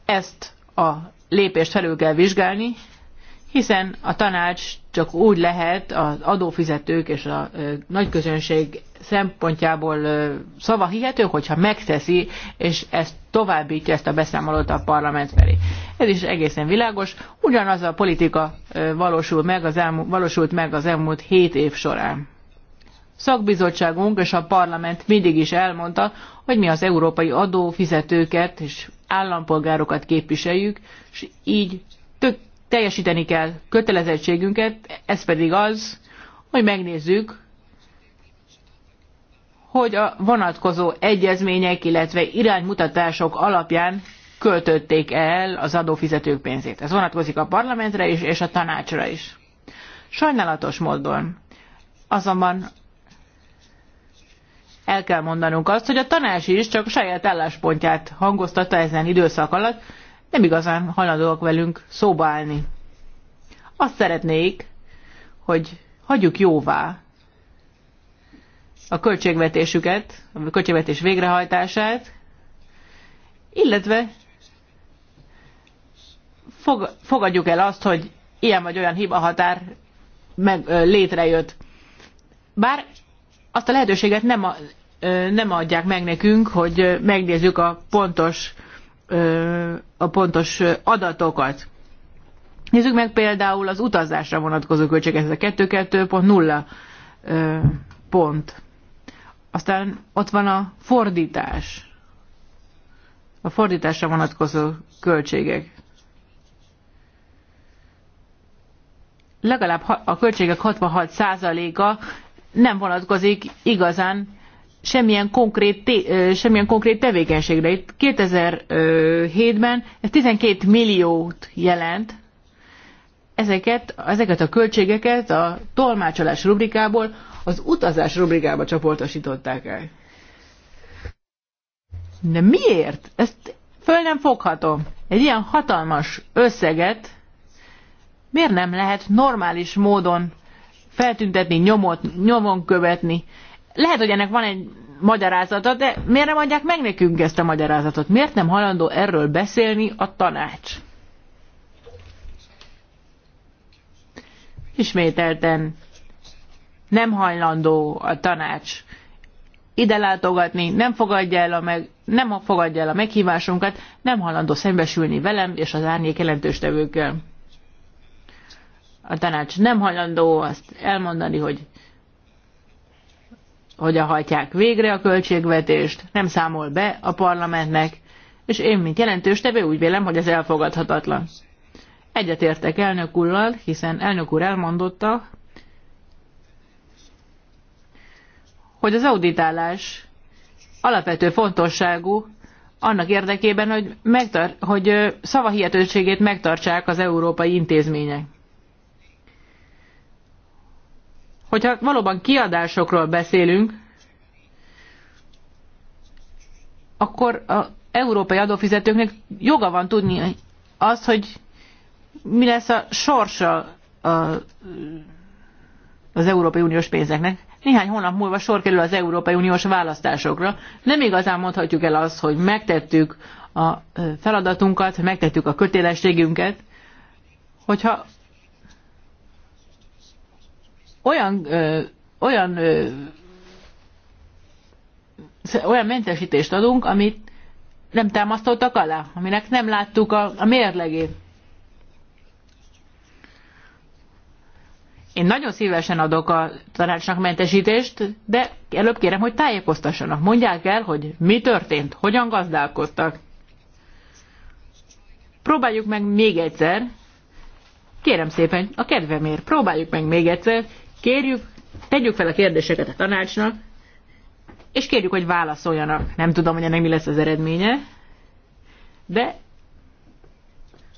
Ezt a lépést felül kell vizsgálni, hiszen a tanács csak úgy lehet az adófizetők és a nagyközönség szempontjából szava hihető, hogyha megteszi, és ezt továbbítja ezt a beszámolót a parlament felé. Ez is egészen világos. Ugyanaz a politika valósul meg az elmú, valósult meg az elmúlt hét év során. Szakbizottságunk és a parlament mindig is elmondta, hogy mi az európai adófizetőket és állampolgárokat képviseljük, és így tök teljesíteni kell kötelezettségünket, ez pedig az, hogy megnézzük, hogy a vonatkozó egyezmények, illetve iránymutatások alapján költötték el az adófizetők pénzét. Ez vonatkozik a parlamentre is, és a tanácsra is. Sajnálatos módon. Azonban el kell mondanunk azt, hogy a tanács is csak saját álláspontját hangoztatta ezen időszak alatt, nem igazán hajlandóak velünk szóba állni. Azt szeretnék, hogy hagyjuk jóvá a költségvetésüket, a költségvetés végrehajtását, illetve fogadjuk el azt, hogy ilyen vagy olyan hiba határ meg, ö, létrejött. Bár azt a lehetőséget nem, a, ö, nem adják meg nekünk, hogy megnézzük a pontos a pontos adatokat. Nézzük meg például az utazásra vonatkozó költséget, ez a 2.2.0 pont. Aztán ott van a fordítás. A fordításra vonatkozó költségek. Legalább a költségek 66%-a nem vonatkozik igazán semmilyen konkrét, té, semmilyen konkrét tevékenységre. Itt 2007-ben ez 12 milliót jelent, ezeket, ezeket a költségeket a tolmácsolás rubrikából az utazás rubrikába csoportosították el. De miért? Ezt föl nem foghatom. Egy ilyen hatalmas összeget miért nem lehet normális módon feltüntetni, nyomot, nyomon követni? Lehet, hogy ennek van egy magyarázata, de miért nem adják meg nekünk ezt a magyarázatot? Miért nem hajlandó erről beszélni a tanács? Ismételten nem hajlandó a tanács ide látogatni, nem fogadja el a, meg, nem fogadja el a meghívásunkat, nem hajlandó szembesülni velem és az árnyék jelentőstevőkkel. A tanács nem hajlandó azt elmondani, hogy hogy a hajtják végre a költségvetést, nem számol be a parlamentnek, és én, mint jelentős tevő, úgy vélem, hogy ez elfogadhatatlan. Egyetértek elnök úrral, hiszen elnök úr elmondotta, hogy az auditálás alapvető fontosságú annak érdekében, hogy, megtar- hogy szavahihetőségét megtartsák az európai intézmények. hogyha valóban kiadásokról beszélünk, akkor az európai adófizetőknek joga van tudni azt, hogy mi lesz a sorsa a, az Európai Uniós pénzeknek. Néhány hónap múlva sor kerül az Európai Uniós választásokra. Nem igazán mondhatjuk el azt, hogy megtettük a feladatunkat, megtettük a kötelességünket, hogyha olyan, ö, olyan, ö, olyan mentesítést adunk, amit nem támasztottak alá, aminek nem láttuk a, a mérlegét. Én nagyon szívesen adok a tanácsnak mentesítést, de előbb kérem, hogy tájékoztassanak. Mondják el, hogy mi történt, hogyan gazdálkodtak. Próbáljuk meg még egyszer. Kérem szépen, a kedvemért, próbáljuk meg még egyszer, Kérjük, tegyük fel a kérdéseket a tanácsnak, és kérjük, hogy válaszoljanak. Nem tudom, hogy ennek mi lesz az eredménye, de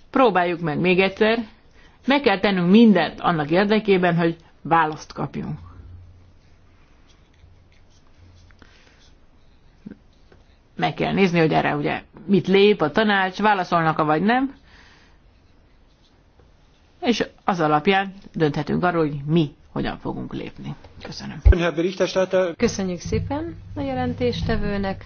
próbáljuk meg még egyszer. Meg kell tennünk mindent annak érdekében, hogy választ kapjunk. Meg kell nézni, hogy erre ugye mit lép a tanács, válaszolnak-a vagy nem, és az alapján dönthetünk arról, hogy mi hogyan fogunk lépni. Köszönöm. Köszönjük szépen a jelentéstevőnek.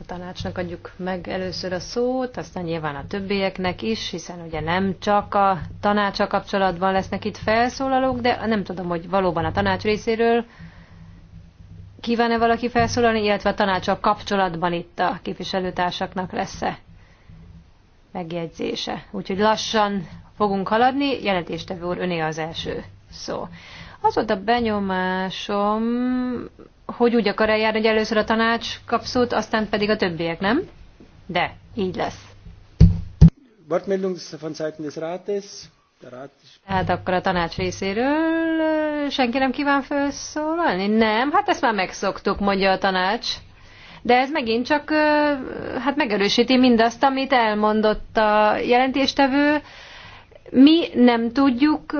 A tanácsnak adjuk meg először a szót, aztán nyilván a többieknek is, hiszen ugye nem csak a tanácsa kapcsolatban lesznek itt felszólalók, de nem tudom, hogy valóban a tanács részéről kíván-e valaki felszólalni, illetve a tanácsa kapcsolatban itt a képviselőtársaknak lesz-e megjegyzése. Úgyhogy lassan fogunk haladni. Jelentéstevő úr, öné az első szó. Az volt a benyomásom, hogy úgy akar eljárni, hogy először a tanács kap aztán pedig a többiek, nem? De, így lesz. Wortmeldung von Seiten des Rates. Hát akkor a tanács részéről senki nem kíván felszólalni? Nem, hát ezt már megszoktuk, mondja a tanács. De ez megint csak hát megerősíti mindazt, amit elmondott a jelentéstevő, mi nem tudjuk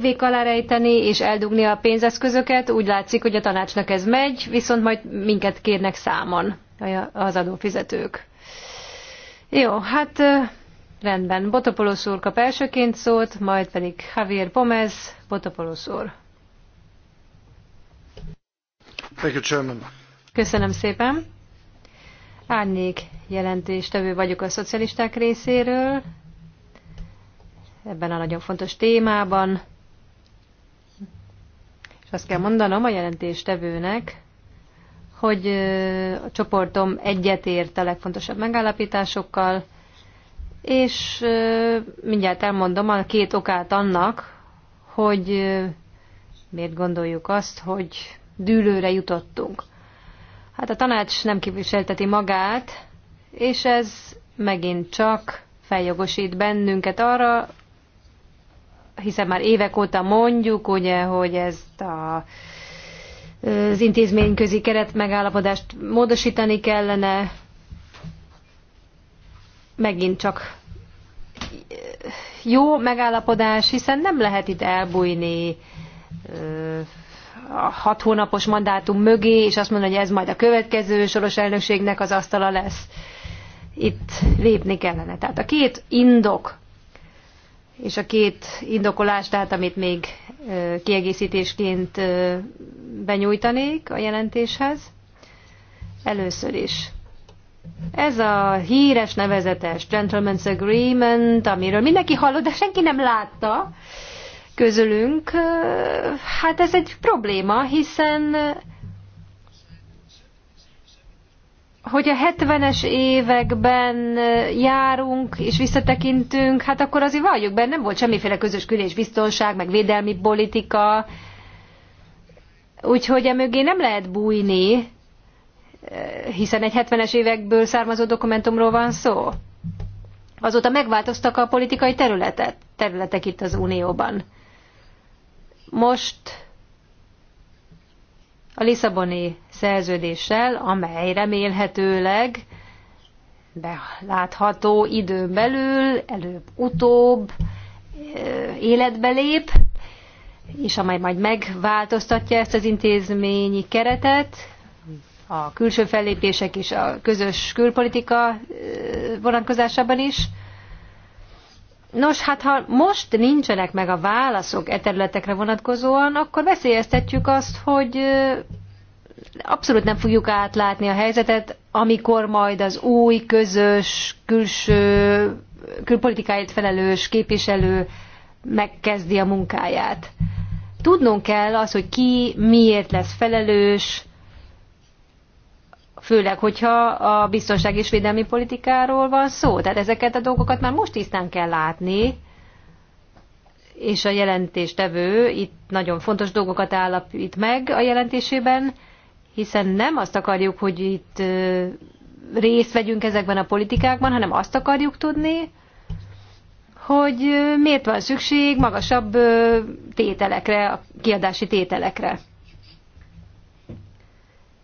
vék alá rejteni és eldugni a pénzeszközöket, úgy látszik, hogy a tanácsnak ez megy, viszont majd minket kérnek számon az adófizetők. Jó, hát rendben. Botopolos úr kap elsőként szót, majd pedig Javier Pomez, Botopolos úr. Köszönöm szépen. Árnyék jelentéstevő vagyok a szocialisták részéről, ebben a nagyon fontos témában. És azt kell mondanom a jelentéstevőnek, hogy a csoportom egyetért a legfontosabb megállapításokkal, és mindjárt elmondom a két okát annak, hogy miért gondoljuk azt, hogy dűlőre jutottunk. Hát a tanács nem képviselteti magát, és ez megint csak feljogosít bennünket arra, hiszen már évek óta mondjuk, ugye, hogy ezt a az intézményközi keretmegállapodást módosítani kellene. Megint csak jó megállapodás, hiszen nem lehet itt elbújni a hat hónapos mandátum mögé, és azt mondani, hogy ez majd a következő soros elnökségnek az asztala lesz. Itt lépni kellene. Tehát a két indok és a két indokolás, tehát amit még kiegészítésként benyújtanék a jelentéshez. Először is. Ez a híres nevezetes Gentleman's Agreement, amiről mindenki hallott, de senki nem látta közülünk, hát ez egy probléma, hiszen hogy a 70-es években járunk és visszatekintünk, hát akkor azért valljuk be, nem volt semmiféle közös külés biztonság, meg védelmi politika, úgyhogy emögé nem lehet bújni, hiszen egy 70-es évekből származó dokumentumról van szó. Azóta megváltoztak a politikai területet, területek itt az Unióban. Most a Lisszaboni szerződéssel, amely remélhetőleg belátható időn belül, előbb-utóbb eh, életbe lép, és amely majd megváltoztatja ezt az intézményi keretet, a külső fellépések és a közös külpolitika eh, vonatkozásában is. Nos, hát ha most nincsenek meg a válaszok e területekre vonatkozóan, akkor veszélyeztetjük azt, hogy abszolút nem fogjuk átlátni a helyzetet, amikor majd az új, közös, külső, külpolitikáért felelős képviselő megkezdi a munkáját. Tudnunk kell az, hogy ki miért lesz felelős, főleg, hogyha a biztonság és védelmi politikáról van szó. Tehát ezeket a dolgokat már most tisztán kell látni, és a jelentéstevő itt nagyon fontos dolgokat állapít meg a jelentésében, hiszen nem azt akarjuk, hogy itt részt vegyünk ezekben a politikákban, hanem azt akarjuk tudni, hogy miért van szükség magasabb tételekre, a kiadási tételekre.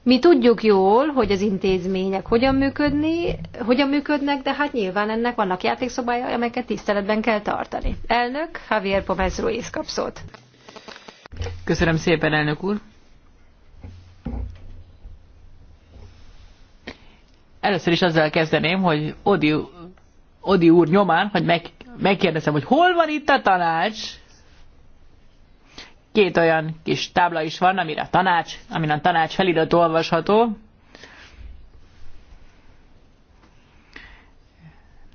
Mi tudjuk jól, hogy az intézmények hogyan, működni, hogyan működnek, de hát nyilván ennek vannak játékszobája, amelyeket tiszteletben kell tartani. Elnök Javier Pomez Ruiz kap szót. Köszönöm szépen, elnök úr. Először is azzal kezdeném, hogy Odi, Odi úr nyomán, hogy meg, megkérdezem, hogy hol van itt a tanács, két olyan kis tábla is van, amire a tanács, amin a tanács felirat olvasható.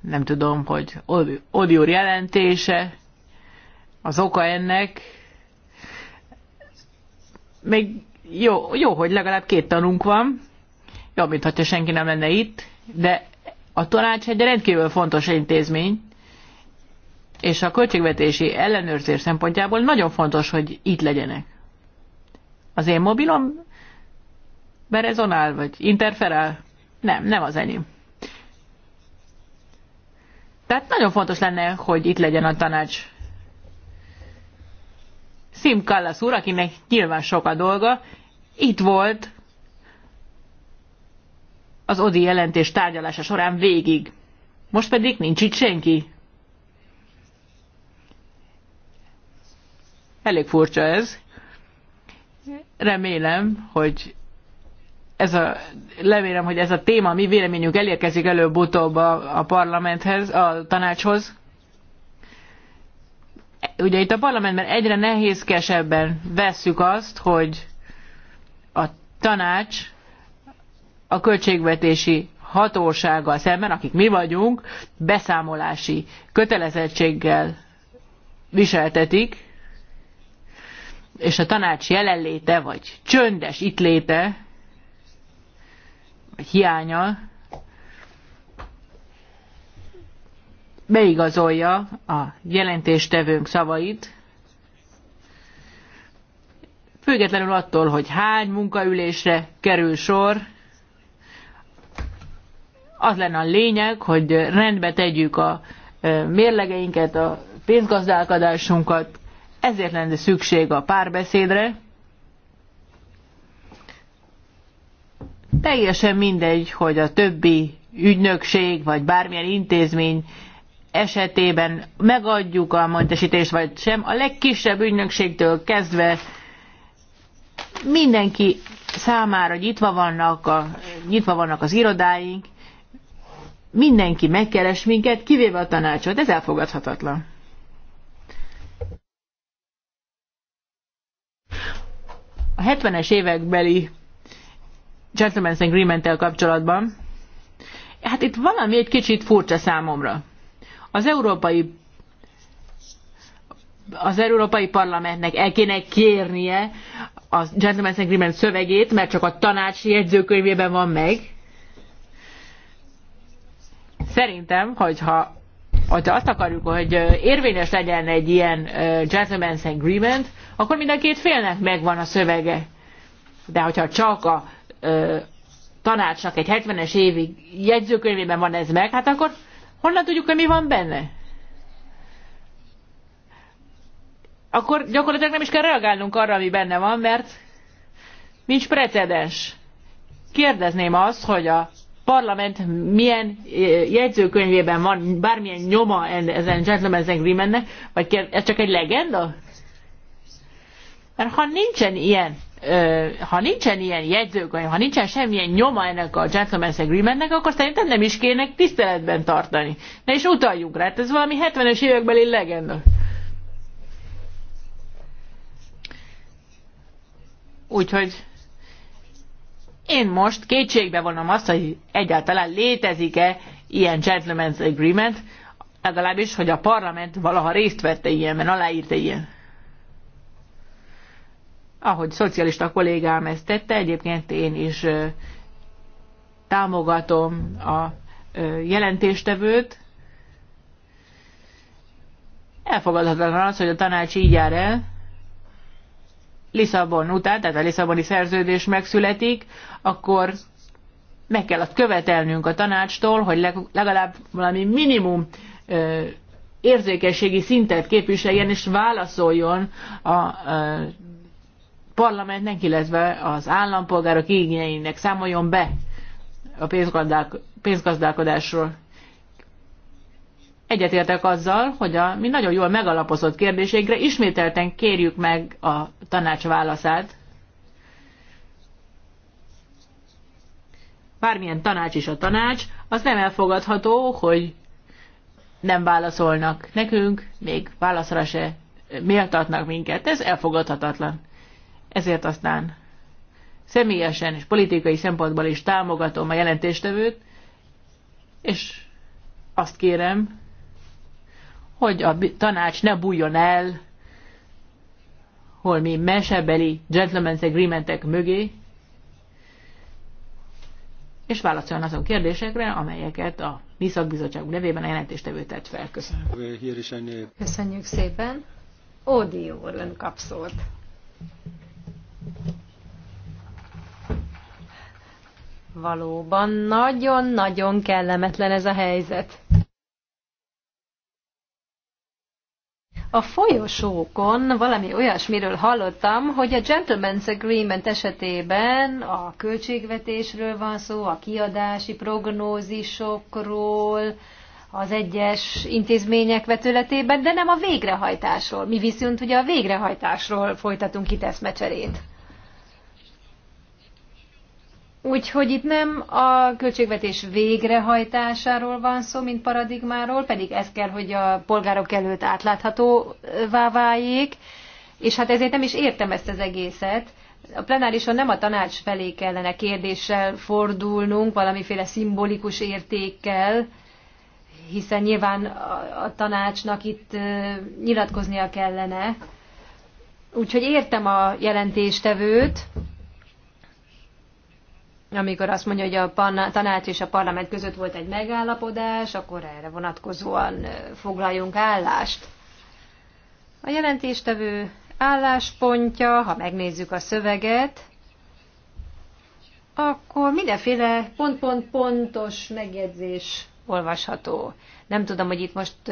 Nem tudom, hogy Odior jelentése, az oka ennek. Még jó, jó, hogy legalább két tanunk van. Jobb, mintha senki nem lenne itt, de a tanács egy rendkívül fontos intézmény, és a költségvetési ellenőrzés szempontjából nagyon fontos, hogy itt legyenek. Az én mobilom berezonál, vagy interferál? Nem, nem az enyém. Tehát nagyon fontos lenne, hogy itt legyen a tanács. Sim Kallas úr, akinek nyilván sok a dolga, itt volt az ODI jelentés tárgyalása során végig. Most pedig nincs itt senki. Elég furcsa ez. Remélem, hogy ez a, levélem, hogy ez a téma, mi véleményünk elérkezik előbb-utóbb a, a parlamenthez, a tanácshoz. Ugye itt a parlamentben egyre nehézkesebben vesszük azt, hogy a tanács a költségvetési hatósággal szemben, akik mi vagyunk, beszámolási kötelezettséggel viseltetik, és a tanács jelenléte, vagy csöndes ittléte, vagy hiánya beigazolja a jelentéstevőnk szavait, függetlenül attól, hogy hány munkaülésre kerül sor, az lenne a lényeg, hogy rendbe tegyük a mérlegeinket, a pénzgazdálkodásunkat, ezért lenne szükség a párbeszédre. Teljesen mindegy, hogy a többi ügynökség vagy bármilyen intézmény esetében megadjuk a mentesítést vagy sem, a legkisebb ügynökségtől kezdve mindenki számára nyitva vannak, a, nyitva vannak az irodáink, mindenki megkeres minket, kivéve a tanácsot, ez elfogadhatatlan. A 70-es évekbeli Gentleman's agreement kapcsolatban, hát itt valami egy kicsit furcsa számomra. Az európai az Európai Parlamentnek el kéne kérnie a Gentleman's Agreement szövegét, mert csak a tanács jegyzőkönyvében van meg. Szerintem, hogyha hogyha azt akarjuk, hogy érvényes legyen egy ilyen Gentleman's Agreement, akkor mind a két félnek megvan a szövege. De hogyha csak a ö, tanácsnak egy 70-es évi jegyzőkönyvében van ez meg, hát akkor honnan tudjuk, hogy mi van benne? Akkor gyakorlatilag nem is kell reagálnunk arra, ami benne van, mert nincs precedens. Kérdezném azt, hogy a parlament milyen jegyzőkönyvében van bármilyen nyoma ezen Gentleman's Agreementnek, vagy ez csak egy legenda? Mert ha nincsen ilyen ha nincsen ilyen jegyzőkönyv, ha nincsen semmilyen nyoma ennek a Gentleman's Agreementnek, akkor szerintem nem is kéne tiszteletben tartani. Na és utaljunk rá, hát ez valami 70-es évekbeli legenda. Úgyhogy én most kétségbe vonom azt, hogy egyáltalán létezik-e ilyen Gentleman's Agreement, legalábbis, hogy a parlament valaha részt vette ilyenben, aláírta ilyen ahogy szocialista kollégám ezt tette, egyébként én is támogatom a jelentéstevőt. Elfogadhatatlan az, hogy a tanács így jár el, Lisszabon után, tehát a Lisszaboni szerződés megszületik, akkor meg kell azt követelnünk a tanácstól, hogy legalább valami minimum érzékenységi szintet képviseljen és válaszoljon a parlamentnek, illetve az állampolgárok igényeinek számoljon be a pénzgazdálkodásról. Egyetértek azzal, hogy a mi nagyon jól megalapozott kérdésekre ismételten kérjük meg a tanács válaszát. Bármilyen tanács is a tanács, az nem elfogadható, hogy nem válaszolnak nekünk, még válaszra se méltatnak minket. Ez elfogadhatatlan. Ezért aztán személyesen és politikai szempontból is támogatom a jelentéstevőt, és azt kérem, hogy a tanács ne bújjon el holmi mesebeli gentleman's agreementek mögé, és válaszoljon azon kérdésekre, amelyeket a mi szakbizottságunk nevében a jelentéstevő tett fel. Köszönöm. Köszönjük szépen. Ódi úr, ön kap Valóban nagyon-nagyon kellemetlen ez a helyzet. A folyosókon valami olyasmiről hallottam, hogy a Gentleman's Agreement esetében a költségvetésről van szó, a kiadási prognózisokról, az egyes intézmények vetületében, de nem a végrehajtásról. Mi viszont ugye a végrehajtásról folytatunk itt eszmecserét. Úgyhogy itt nem a költségvetés végrehajtásáról van szó, mint paradigmáról, pedig ez kell, hogy a polgárok előtt átláthatóvá váljék, és hát ezért nem is értem ezt az egészet. A plenárison nem a tanács felé kellene kérdéssel fordulnunk, valamiféle szimbolikus értékkel, hiszen nyilván a tanácsnak itt nyilatkoznia kellene. Úgyhogy értem a jelentéstevőt, amikor azt mondja, hogy a tanács és a parlament között volt egy megállapodás, akkor erre vonatkozóan foglaljunk állást. A jelentéstevő álláspontja, ha megnézzük a szöveget, akkor mindenféle pont-pont-pontos megjegyzés olvasható. Nem tudom, hogy itt most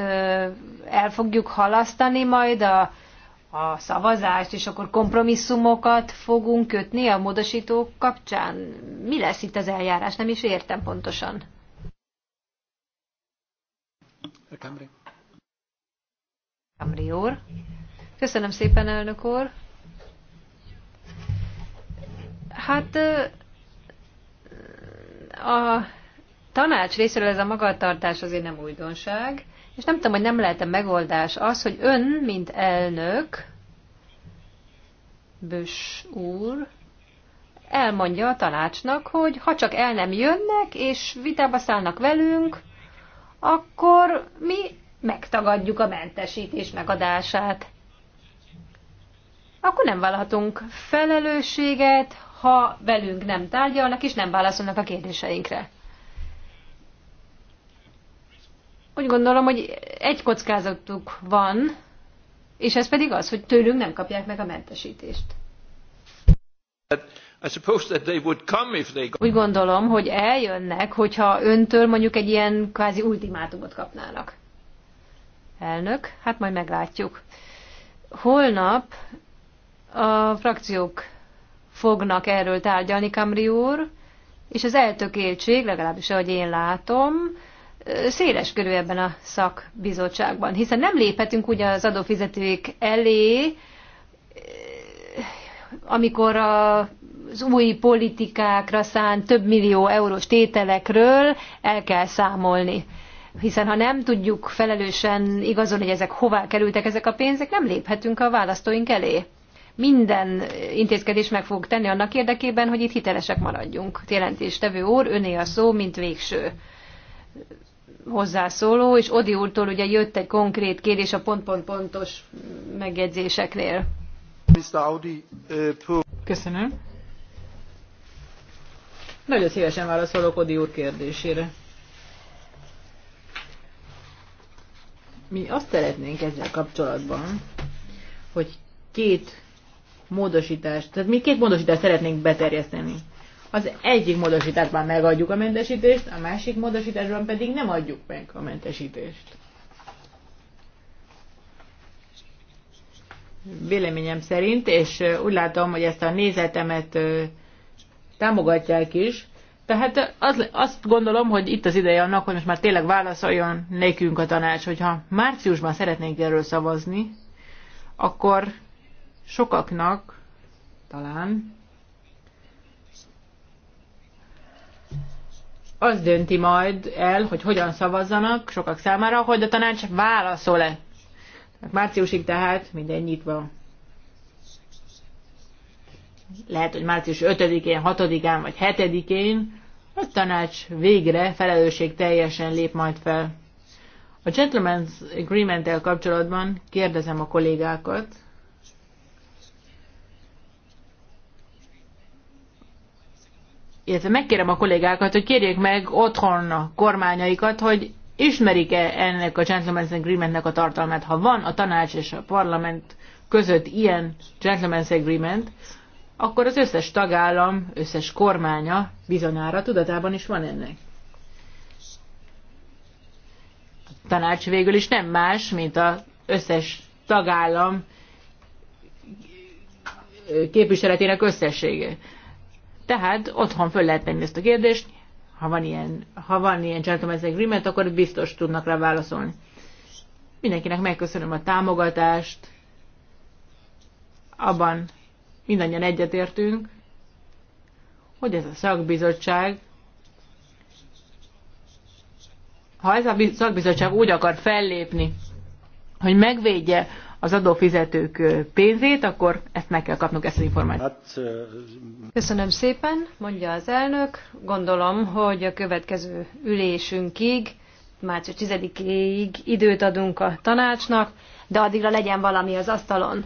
el fogjuk halasztani majd a a szavazást, és akkor kompromisszumokat fogunk kötni a módosítók kapcsán? Mi lesz itt az eljárás? Nem is értem pontosan. Kamri. Kamri úr. Köszönöm szépen, elnök úr. Hát a tanács részéről ez a magatartás azért nem újdonság. És nem tudom, hogy nem lehet-e megoldás az, hogy ön, mint elnök, Bös úr, elmondja a tanácsnak, hogy ha csak el nem jönnek, és vitába szállnak velünk, akkor mi megtagadjuk a mentesítés megadását. Akkor nem vállalhatunk felelősséget, ha velünk nem tárgyalnak és nem válaszolnak a kérdéseinkre. úgy gondolom, hogy egy kockázatuk van, és ez pedig az, hogy tőlünk nem kapják meg a mentesítést. Úgy gondolom, hogy eljönnek, hogyha öntől mondjuk egy ilyen kvázi ultimátumot kapnának. Elnök, hát majd meglátjuk. Holnap a frakciók fognak erről tárgyalni, Kamri úr, és az eltökéltség, legalábbis ahogy én látom, széles körül ebben a szakbizottságban, hiszen nem léphetünk ugye az adófizetők elé, amikor a az új politikákra szánt több millió eurós tételekről el kell számolni. Hiszen ha nem tudjuk felelősen igazolni, hogy ezek hová kerültek ezek a pénzek, nem léphetünk a választóink elé. Minden intézkedés meg fogunk tenni annak érdekében, hogy itt hitelesek maradjunk. Jelentéstevő úr, öné a szó, mint végső hozzászóló, és Odi úrtól ugye jött egy konkrét kérdés a pont-pont-pontos megjegyzéseknél. Eh, Köszönöm. Nagyon szívesen válaszolok Odi úr kérdésére. Mi azt szeretnénk ezzel kapcsolatban, hogy két módosítást, tehát mi két módosítást szeretnénk beterjeszteni. Az egyik módosításban megadjuk a mentesítést, a másik módosításban pedig nem adjuk meg a mentesítést. Véleményem szerint, és úgy látom, hogy ezt a nézetemet támogatják is, tehát az, azt gondolom, hogy itt az ideje annak, hogy most már tényleg válaszoljon nekünk a tanács, hogyha márciusban szeretnénk erről szavazni, akkor sokaknak talán az dönti majd el, hogy hogyan szavazzanak sokak számára, hogy a tanács válaszol-e. Márciusig tehát minden nyitva. Lehet, hogy március 5-én, 6-án vagy 7-én a tanács végre felelősség teljesen lép majd fel. A Gentleman's Agreement-tel kapcsolatban kérdezem a kollégákat, illetve megkérem a kollégákat, hogy kérjék meg otthon a kormányaikat, hogy ismerik-e ennek a Gentleman's Agreementnek a tartalmát. Ha van a tanács és a parlament között ilyen Gentleman's Agreement, akkor az összes tagállam, összes kormánya bizonyára tudatában is van ennek. A tanács végül is nem más, mint az összes tagállam képviseletének összessége. Tehát otthon föl lehet tenni ezt a kérdést, ha van ilyen, ha van ilyen gentleman's agreement, akkor biztos tudnak rá válaszolni. Mindenkinek megköszönöm a támogatást, abban mindannyian egyetértünk, hogy ez a szakbizottság, ha ez a szakbizottság úgy akar fellépni, hogy megvédje az adófizetők pénzét, akkor ezt meg kell kapnunk, ezt az információt. Hát, Köszönöm szépen, mondja az elnök. Gondolom, hogy a következő ülésünkig, március 10-ig időt adunk a tanácsnak, de addigra legyen valami az asztalon.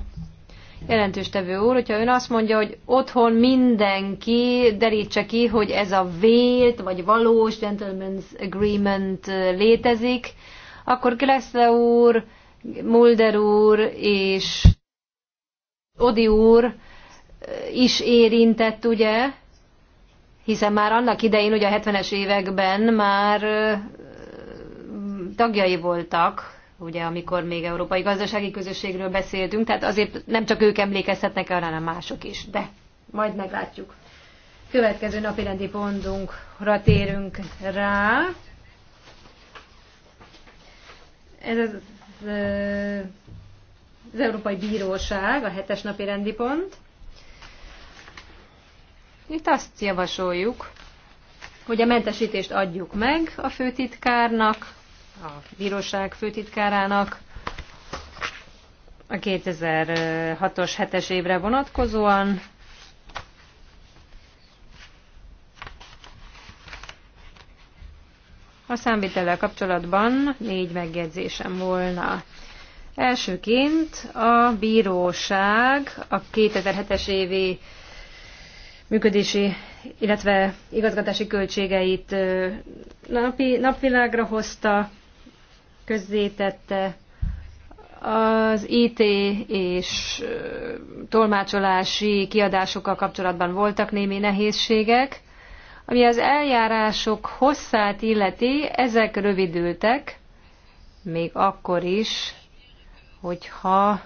Jelentős tevő úr, hogyha ön azt mondja, hogy otthon mindenki derítse ki, hogy ez a vélt vagy valós gentleman's agreement létezik, akkor Gressle úr Mulder úr és Odi úr eh, is érintett, ugye? Hiszen már annak idején, ugye a 70-es években már eh, tagjai voltak, ugye, amikor még Európai Gazdasági Közösségről beszéltünk, tehát azért nem csak ők emlékezhetnek arra, hanem mások is, de majd meglátjuk. Következő napi rendi pontunkra térünk rá. Ez az az Európai Bíróság, a hetes napi rendi pont. Itt azt javasoljuk, hogy a mentesítést adjuk meg a főtitkárnak, a bíróság főtitkárának a 2006-os hetes évre vonatkozóan, A számvétellel kapcsolatban négy megjegyzésem volna. Elsőként a bíróság a 2007-es évi működési, illetve igazgatási költségeit napi, napvilágra hozta, közzétette az IT és tolmácsolási kiadásokkal kapcsolatban voltak némi nehézségek, ami az eljárások hosszát illeti, ezek rövidültek, még akkor is, hogyha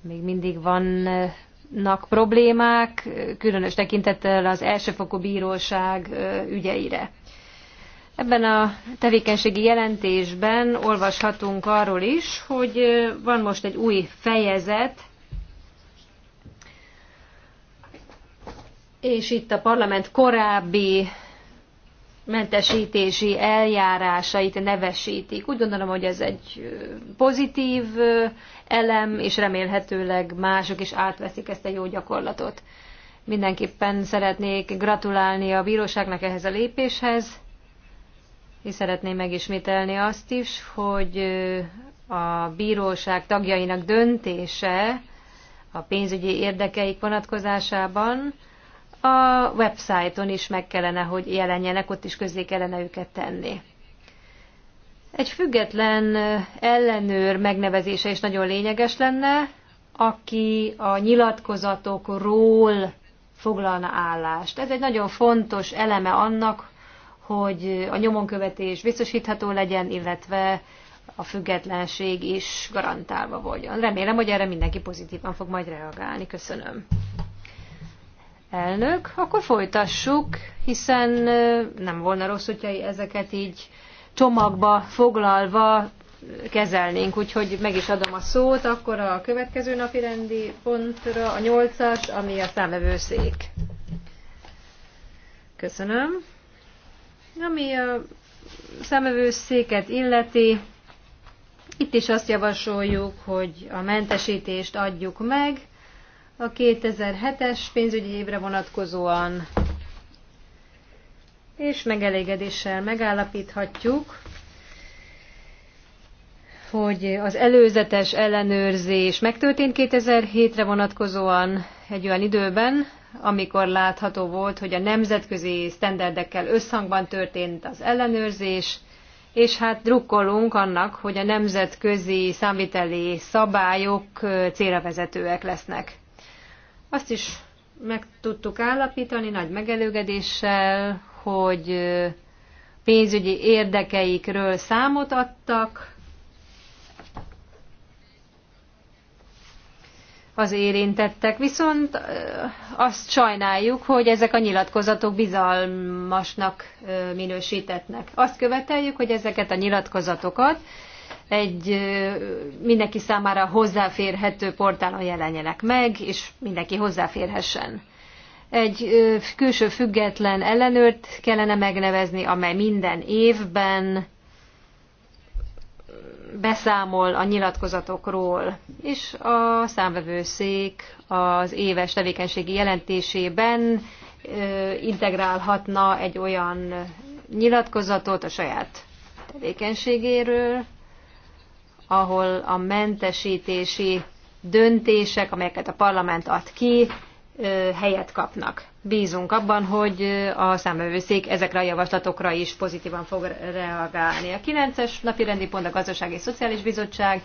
még mindig vannak problémák, különös tekintettel az elsőfokú bíróság ügyeire. Ebben a tevékenységi jelentésben olvashatunk arról is, hogy van most egy új fejezet, és itt a parlament korábbi mentesítési eljárásait nevesítik. Úgy gondolom, hogy ez egy pozitív elem, és remélhetőleg mások is átveszik ezt a jó gyakorlatot. Mindenképpen szeretnék gratulálni a bíróságnak ehhez a lépéshez, és szeretném megismételni azt is, hogy a bíróság tagjainak döntése a pénzügyi érdekeik vonatkozásában a websájton is meg kellene, hogy jelenjenek, ott is közé kellene őket tenni. Egy független ellenőr megnevezése is nagyon lényeges lenne, aki a nyilatkozatokról foglalna állást. Ez egy nagyon fontos eleme annak, hogy a nyomonkövetés biztosítható legyen, illetve a függetlenség is garantálva voljon. Remélem, hogy erre mindenki pozitívan fog majd reagálni. Köszönöm. Elnök, akkor folytassuk, hiszen nem volna rossz, hogyha ezeket így csomagba foglalva kezelnénk, úgyhogy meg is adom a szót, akkor a következő napi rendi pontra, a nyolcas, ami a számvevőszék. Köszönöm. Ami a számvevőszéket illeti, itt is azt javasoljuk, hogy a mentesítést adjuk meg, a 2007-es pénzügyi évre vonatkozóan, és megelégedéssel megállapíthatjuk, hogy az előzetes ellenőrzés megtörtént 2007-re vonatkozóan egy olyan időben, amikor látható volt, hogy a nemzetközi sztenderdekkel összhangban történt az ellenőrzés, és hát drukkolunk annak, hogy a nemzetközi számviteli szabályok célra vezetőek lesznek. Azt is meg tudtuk állapítani nagy megelőgedéssel, hogy pénzügyi érdekeikről számot adtak az érintettek. Viszont azt sajnáljuk, hogy ezek a nyilatkozatok bizalmasnak minősítetnek. Azt követeljük, hogy ezeket a nyilatkozatokat egy mindenki számára hozzáférhető portálon jelenjenek meg, és mindenki hozzáférhessen. Egy külső független ellenőrt kellene megnevezni, amely minden évben beszámol a nyilatkozatokról, és a számvevőszék az éves tevékenységi jelentésében integrálhatna egy olyan nyilatkozatot a saját tevékenységéről, ahol a mentesítési döntések, amelyeket a parlament ad ki, helyet kapnak. Bízunk abban, hogy a számövőszék ezekre a javaslatokra is pozitívan fog reagálni. A 9-es napi rendi pont a Gazdasági és Szociális Bizottság.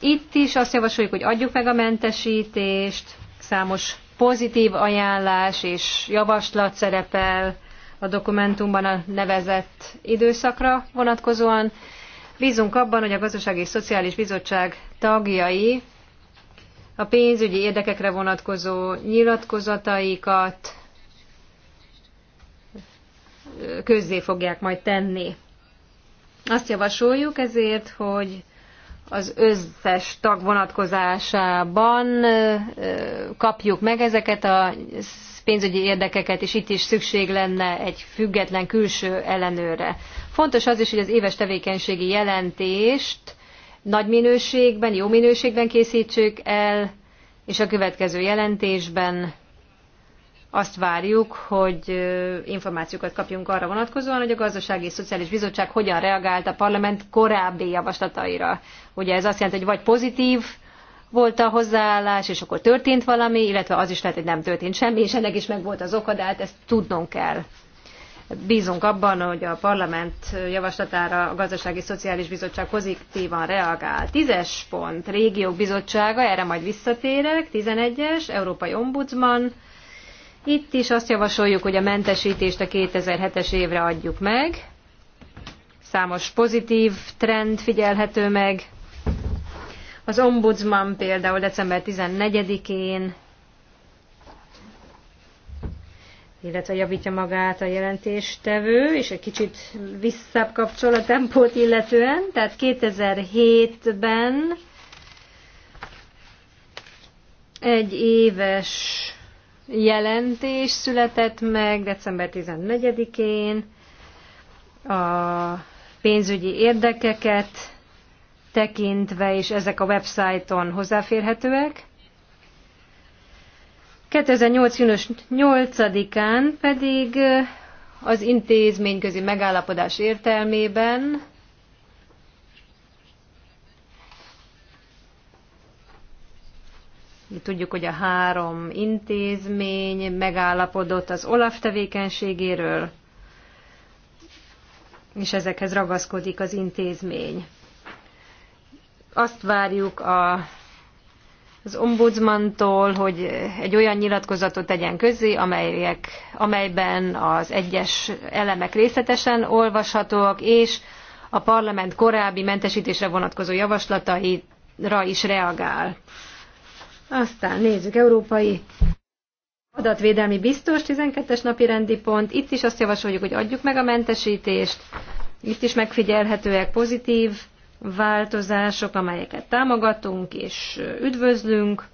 Itt is azt javasoljuk, hogy adjuk meg a mentesítést, számos pozitív ajánlás és javaslat szerepel a dokumentumban a nevezett időszakra vonatkozóan. Bízunk abban, hogy a Gazdasági és Szociális Bizottság tagjai a pénzügyi érdekekre vonatkozó nyilatkozataikat közzé fogják majd tenni. Azt javasoljuk ezért, hogy az összes tag vonatkozásában kapjuk meg ezeket a pénzügyi érdekeket, és itt is szükség lenne egy független külső ellenőre. Fontos az is, hogy az éves tevékenységi jelentést nagy minőségben, jó minőségben készítsük el, és a következő jelentésben azt várjuk, hogy információkat kapjunk arra vonatkozóan, hogy a Gazdasági és Szociális Bizottság hogyan reagált a parlament korábbi javaslataira. Ugye ez azt jelenti, hogy vagy pozitív volt a hozzáállás, és akkor történt valami, illetve az is lehet, hogy nem történt semmi, és ennek is volt az oka, de hát ezt tudnunk kell. Bízunk abban, hogy a parlament javaslatára a Gazdasági Szociális Bizottság pozitívan reagál. Tízes pont, Régiók Bizottsága, erre majd visszatérek. 11-es, Európai Ombudsman. Itt is azt javasoljuk, hogy a mentesítést a 2007-es évre adjuk meg. Számos pozitív trend figyelhető meg. Az ombudsman például december 14-én illetve javítja magát a jelentéstevő, és egy kicsit visszább kapcsol a tempót illetően. Tehát 2007-ben egy éves jelentés született meg december 14-én a pénzügyi érdekeket tekintve, és ezek a websájton hozzáférhetőek. 2008. június 8-án pedig az intézményközi megállapodás értelmében Tudjuk, hogy a három intézmény megállapodott az OLAF tevékenységéről, és ezekhez ragaszkodik az intézmény. Azt várjuk a az ombudsmantól, hogy egy olyan nyilatkozatot tegyen közzé, amelyek, amelyben az egyes elemek részletesen olvashatóak, és a parlament korábbi mentesítésre vonatkozó javaslataira is reagál. Aztán nézzük, európai adatvédelmi biztos 12-es napi rendi pont. Itt is azt javasoljuk, hogy adjuk meg a mentesítést. Itt is megfigyelhetőek pozitív változások, amelyeket támogatunk és üdvözlünk,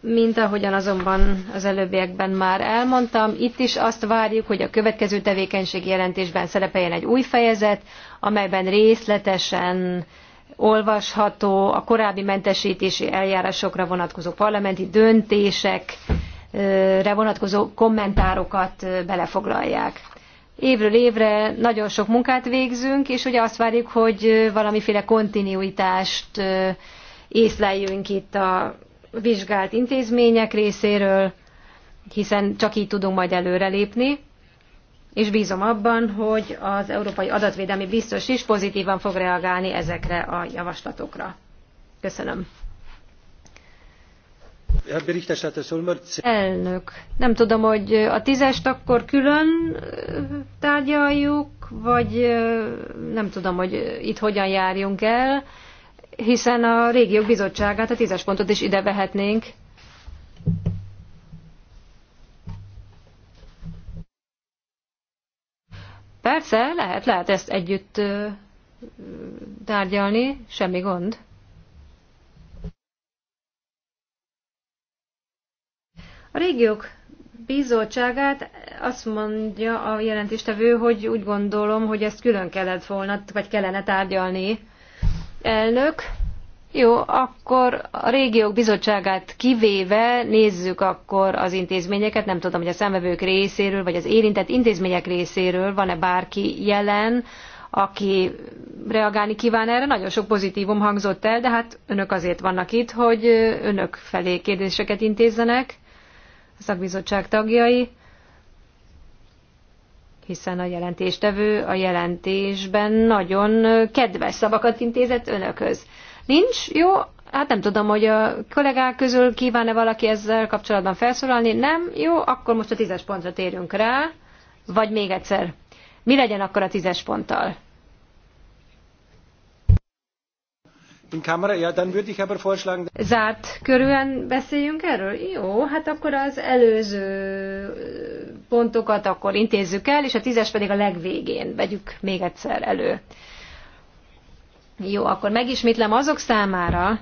mint ahogyan azonban az előbbiekben már elmondtam, itt is azt várjuk, hogy a következő tevékenységi jelentésben szerepeljen egy új fejezet, amelyben részletesen olvasható a korábbi mentesítési eljárásokra vonatkozó parlamenti döntésekre vonatkozó kommentárokat belefoglalják évről évre nagyon sok munkát végzünk, és ugye azt várjuk, hogy valamiféle kontinuitást észleljünk itt a vizsgált intézmények részéről, hiszen csak így tudunk majd előrelépni, és bízom abban, hogy az Európai Adatvédelmi Biztos is pozitívan fog reagálni ezekre a javaslatokra. Köszönöm. Elnök, nem tudom, hogy a tízest akkor külön tárgyaljuk, vagy nem tudom, hogy itt hogyan járjunk el, hiszen a régiók bizottságát, a tízes pontot is ide vehetnénk. Persze, lehet, lehet ezt együtt tárgyalni, semmi gond. A régiók bizottságát azt mondja a jelentéstevő, hogy úgy gondolom, hogy ezt külön kellett volna, vagy kellene tárgyalni. Elnök, jó, akkor a régiók bizottságát kivéve nézzük akkor az intézményeket. Nem tudom, hogy a szemvevők részéről, vagy az érintett intézmények részéről van-e bárki jelen, aki reagálni kíván erre. Nagyon sok pozitívum hangzott el, de hát önök azért vannak itt, hogy önök felé kérdéseket intézzenek a szakbizottság tagjai, hiszen a jelentéstevő a jelentésben nagyon kedves szavakat intézett önökhöz. Nincs? Jó, hát nem tudom, hogy a kollégák közül kíván-e valaki ezzel kapcsolatban felszólalni. Nem? Jó, akkor most a tízes pontra térjünk rá. Vagy még egyszer, mi legyen akkor a tízes ponttal? In camera? Ja, dann würde ich aber vorschlagen... Zárt körülön beszéljünk erről? Jó, hát akkor az előző pontokat akkor intézzük el, és a tízes pedig a legvégén vegyük még egyszer elő. Jó, akkor megismétlem azok számára,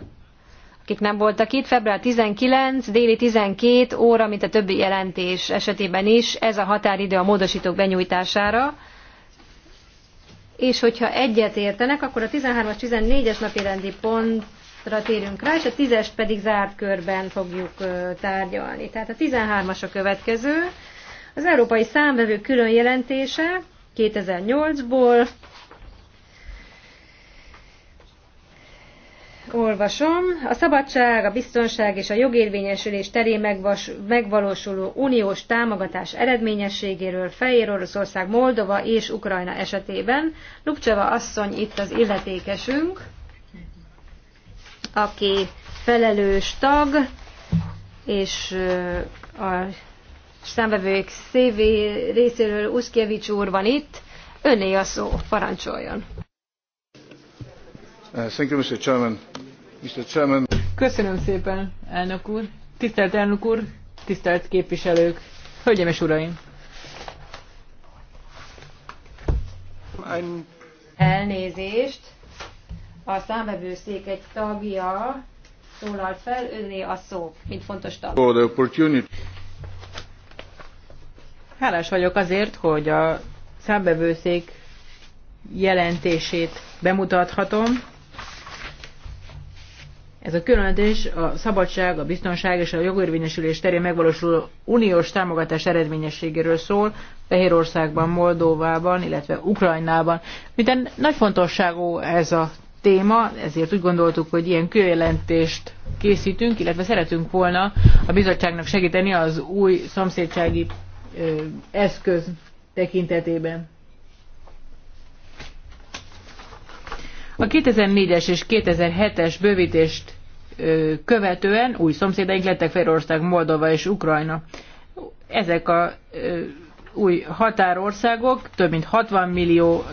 akik nem voltak itt, február 19, déli 12 óra, mint a többi jelentés esetében is, ez a határidő a módosítók benyújtására és hogyha egyet értenek, akkor a 13-as, 14-es napi rendi pontra térünk rá, és a 10 est pedig zárt körben fogjuk tárgyalni. Tehát a 13-as a következő, az Európai Számvevő külön jelentése 2008-ból, olvasom. A szabadság, a biztonság és a jogérvényesülés terén megvas, megvalósuló uniós támogatás eredményességéről Fehér Oroszország, Moldova és Ukrajna esetében. Lupcseva asszony itt az illetékesünk, aki felelős tag, és a számbevők CV részéről Uszkievics úr van itt. Öné a szó, parancsoljon. Uh, thank you, Mr. Chairman. Köszönöm szépen, elnök úr. Tisztelt elnök úr, tisztelt képviselők, hölgyeim és uraim. Elnézést. A számvevőszék egy tagja szólalt fel, önné a szó, mint fontos tag. Hálás vagyok azért, hogy a számbevőszék jelentését bemutathatom. Ez a különletes a szabadság, a biztonság és a jogérvényesülés terén megvalósuló uniós támogatás eredményességéről szól, Fehérországban, Moldovában, illetve Ukrajnában. Minden nagy fontosságú ez a téma, ezért úgy gondoltuk, hogy ilyen kijelentést készítünk, illetve szeretünk volna a bizottságnak segíteni az új szomszédsági eszköz tekintetében. A 2004-es és 2007-es bővítést követően új szomszédaink lettek Félország, Moldova és Ukrajna. Ezek a új határországok, több mint 60 millió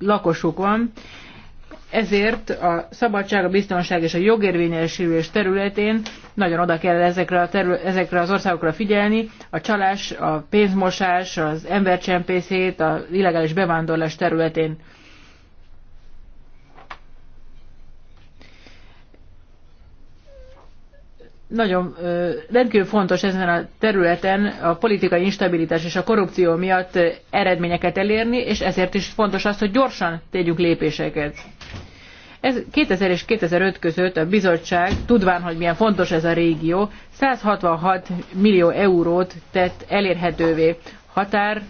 lakosuk van, ezért a szabadság, a biztonság és a jogérvényesülés területén nagyon oda kell ezekre, a terület, ezekre az országokra figyelni. A csalás, a pénzmosás, az embercsempészét, a illegális bevándorlás területén nagyon rendkívül fontos ezen a területen a politikai instabilitás és a korrupció miatt eredményeket elérni, és ezért is fontos az, hogy gyorsan tegyünk lépéseket. Ez 2000 és 2005 között a bizottság, tudván, hogy milyen fontos ez a régió, 166 millió eurót tett elérhetővé határ,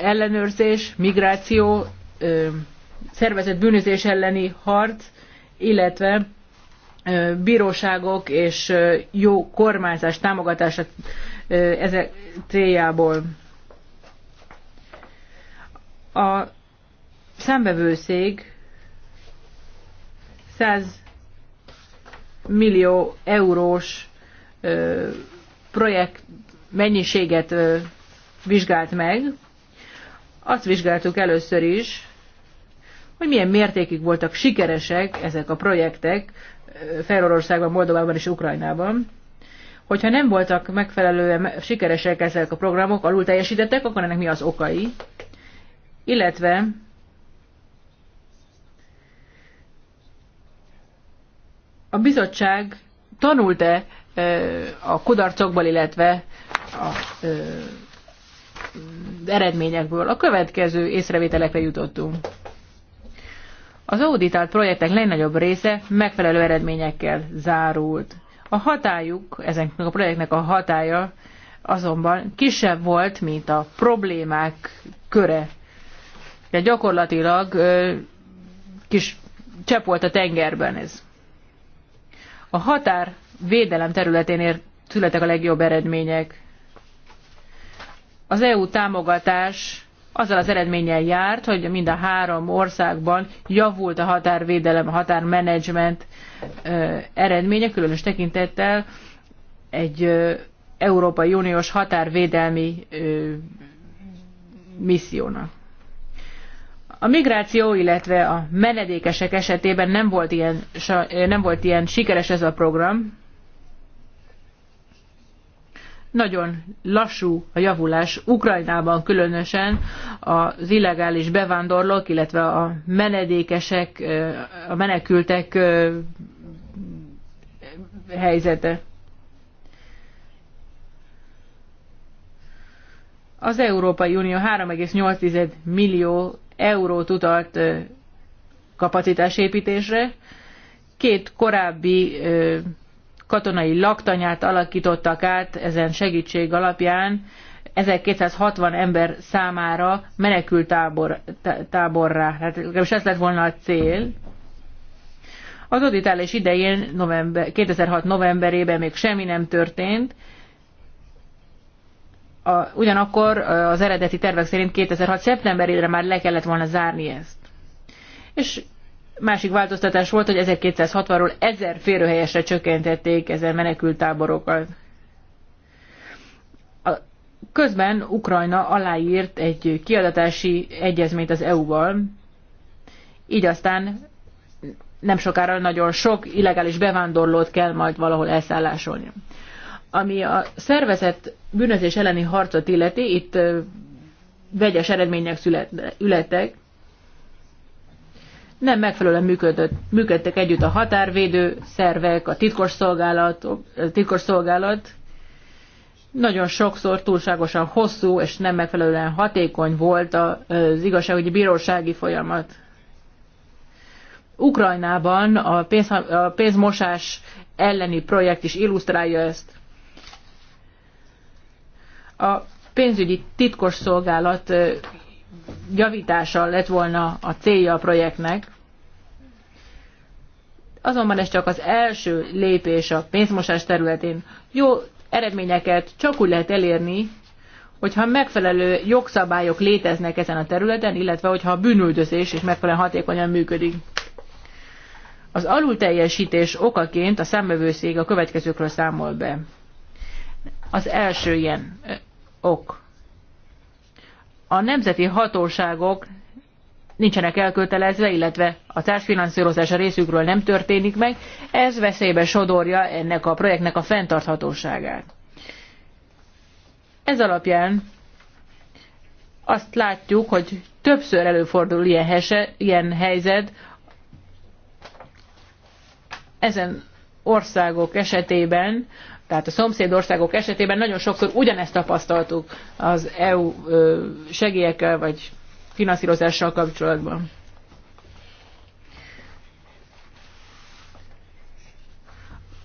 ellenőrzés, migráció, szervezett bűnözés elleni harc, illetve bíróságok és jó kormányzás támogatása ezek céljából. A számbevőszék 100 millió eurós projekt mennyiséget vizsgált meg. Azt vizsgáltuk először is, hogy milyen mértékig voltak sikeresek ezek a projektek Felorországban, Moldovában és Ukrajnában. Hogyha nem voltak megfelelően sikeresek ezek a programok, alul teljesítettek, akkor ennek mi az okai? Illetve a bizottság tanult-e e, a kudarcokból, illetve a e, eredményekből. A következő észrevételekre jutottunk. Az auditált projektek legnagyobb része megfelelő eredményekkel zárult. A hatájuk, ezeknek a projektnek a hatája azonban kisebb volt, mint a problémák köre. De gyakorlatilag ö, kis csepp volt a tengerben ez. A határ védelem területén ér, születek a legjobb eredmények. Az EU támogatás azzal az eredménnyel járt, hogy mind a három országban javult a határvédelem, a határmenedzsment eredménye, különös tekintettel egy Európai Uniós határvédelmi missziónak. A migráció, illetve a menedékesek esetében nem volt ilyen, nem volt ilyen sikeres ez a program, nagyon lassú a javulás Ukrajnában különösen az illegális bevándorlók, illetve a menedékesek, a menekültek helyzete. Az Európai Unió 3,8 millió eurót utalt kapacitásépítésre. Két korábbi katonai laktanyát alakítottak át ezen segítség alapján 1260 ember számára menekült tábor, táborra. Hát legalábbis ez lett volna a cél. Az auditálás idején november, 2006 novemberében még semmi nem történt, a, ugyanakkor az eredeti tervek szerint 2006. szeptemberére már le kellett volna zárni ezt. És Másik változtatás volt, hogy 1260-ról 1000 férőhelyesre csökkentették ezen menekültáborokat. Közben Ukrajna aláírt egy kiadatási egyezményt az EU-val, így aztán nem sokára nagyon sok illegális bevándorlót kell majd valahol elszállásolni. Ami a szervezet bűnözés elleni harcot illeti, itt vegyes eredmények születtek nem megfelelően működött, működtek együtt a határvédő szervek, a titkos szolgálat, a nagyon sokszor túlságosan hosszú és nem megfelelően hatékony volt az igazságügyi bírósági folyamat. Ukrajnában a, pénz, a pénzmosás elleni projekt is illusztrálja ezt. A pénzügyi titkos szolgálat javítása lett volna a célja a projektnek, azonban ez csak az első lépés a pénzmosás területén. Jó eredményeket csak úgy lehet elérni, hogyha megfelelő jogszabályok léteznek ezen a területen, illetve hogyha a bűnüldözés is megfelelően hatékonyan működik. Az alulteljesítés okaként a számövőszég a következőkről számol be. Az első ilyen ok a nemzeti hatóságok nincsenek elkötelezve, illetve a társfinanszírozás a részükről nem történik meg, ez veszélybe sodorja ennek a projektnek a fenntarthatóságát. Ez alapján azt látjuk, hogy többször előfordul ilyen, hese, ilyen helyzet ezen országok esetében, tehát a szomszédországok esetében nagyon sokszor ugyanezt tapasztaltuk az EU segélyekkel vagy finanszírozással kapcsolatban.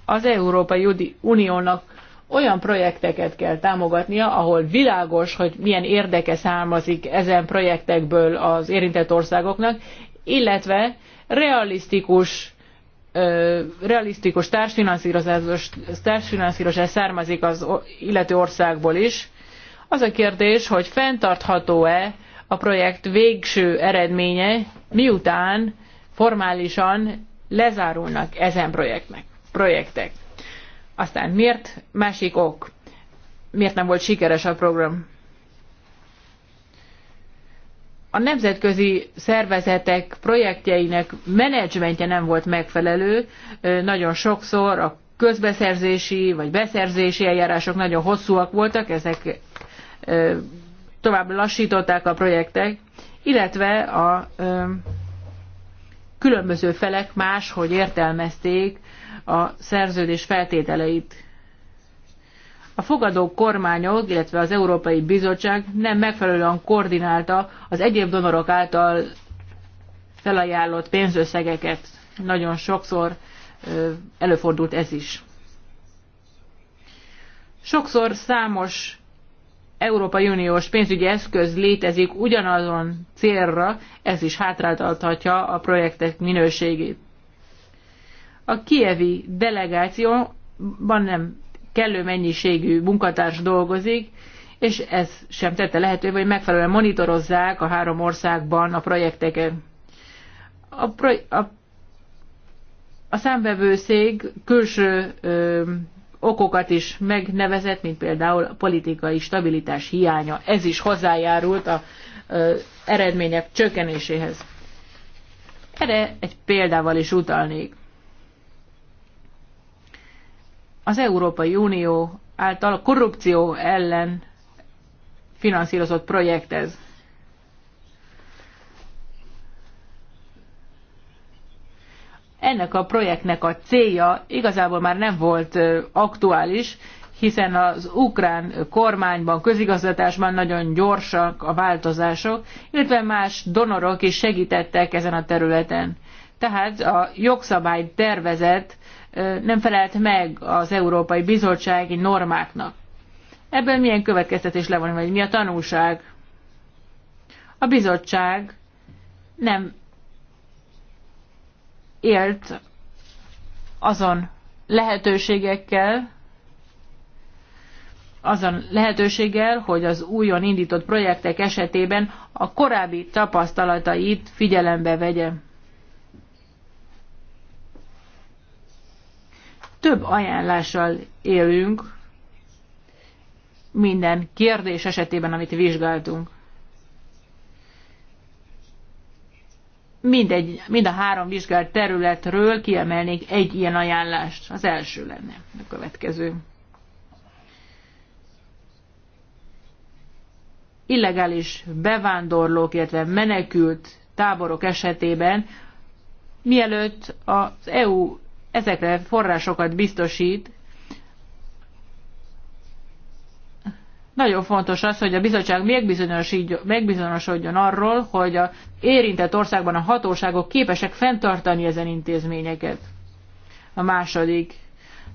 Az Európai Uniónak olyan projekteket kell támogatnia, ahol világos, hogy milyen érdeke származik ezen projektekből az érintett országoknak, illetve realisztikus realisztikus társfinanszírozás, társfinanszírozás származik az illető országból is. Az a kérdés, hogy fenntartható-e a projekt végső eredménye, miután formálisan lezárulnak ezen projektnek, projektek. Aztán miért? Másik ok. Miért nem volt sikeres a program? a nemzetközi szervezetek projektjeinek menedzsmentje nem volt megfelelő, nagyon sokszor a közbeszerzési vagy beszerzési eljárások nagyon hosszúak voltak, ezek tovább lassították a projektek, illetve a különböző felek máshogy értelmezték a szerződés feltételeit a fogadó kormányok, illetve az Európai Bizottság nem megfelelően koordinálta az egyéb donorok által felajánlott pénzösszegeket. Nagyon sokszor előfordult ez is. Sokszor számos Európai Uniós pénzügyi eszköz létezik ugyanazon célra, ez is hátráltathatja a projektek minőségét. A kievi delegációban nem kellő mennyiségű munkatárs dolgozik, és ez sem tette lehetővé, hogy megfelelően monitorozzák a három országban a projekteket. A, pro, a, a számvevőszék külső ö, okokat is megnevezett, mint például a politikai stabilitás hiánya. Ez is hozzájárult a ö, eredmények csökkenéséhez. Erre egy példával is utalnék az Európai Unió által a korrupció ellen finanszírozott projekt ez. Ennek a projektnek a célja igazából már nem volt aktuális, hiszen az ukrán kormányban, közigazgatásban nagyon gyorsak a változások, illetve más donorok is segítettek ezen a területen. Tehát a jogszabály tervezet nem felelt meg az Európai Bizottsági normáknak. Ebből milyen következtetés levon, vagy mi a tanulság? A bizottság nem élt azon lehetőségekkel, azon lehetőséggel, hogy az újon indított projektek esetében a korábbi tapasztalatait figyelembe vegye. több ajánlással élünk minden kérdés esetében, amit vizsgáltunk. Mindegy, mind a három vizsgált területről kiemelnék egy ilyen ajánlást. Az első lenne a következő. illegális bevándorlók, illetve menekült táborok esetében, mielőtt az EU ezekre forrásokat biztosít. Nagyon fontos az, hogy a bizottság megbizonyosodjon arról, hogy a érintett országban a hatóságok képesek fenntartani ezen intézményeket. A második.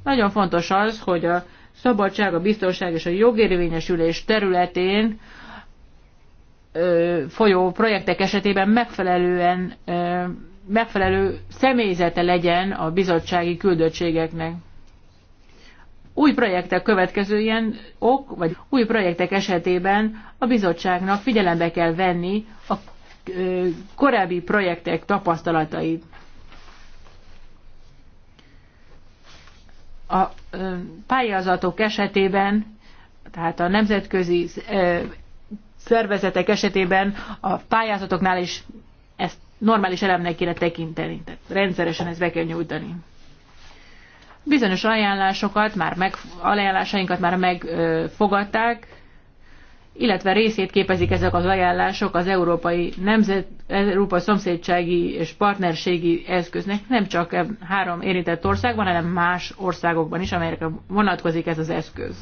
Nagyon fontos az, hogy a szabadság, a biztonság és a jogérvényesülés területén folyó projektek esetében megfelelően megfelelő személyzete legyen a bizottsági küldöttségeknek. Új projektek következő ilyen ok, vagy új projektek esetében a bizottságnak figyelembe kell venni a korábbi projektek tapasztalatait. A pályázatok esetében, tehát a nemzetközi szervezetek esetében a pályázatoknál is ezt normális elemnek kéne tekinteni, tehát rendszeresen ezt be kell nyújtani. Bizonyos ajánlásokat már meg, ajánlásainkat már megfogadták, illetve részét képezik ezek az ajánlások az európai nemzet, Európa szomszédsági és partnerségi eszköznek nem csak három érintett országban, hanem más országokban is, amelyekre vonatkozik ez az eszköz.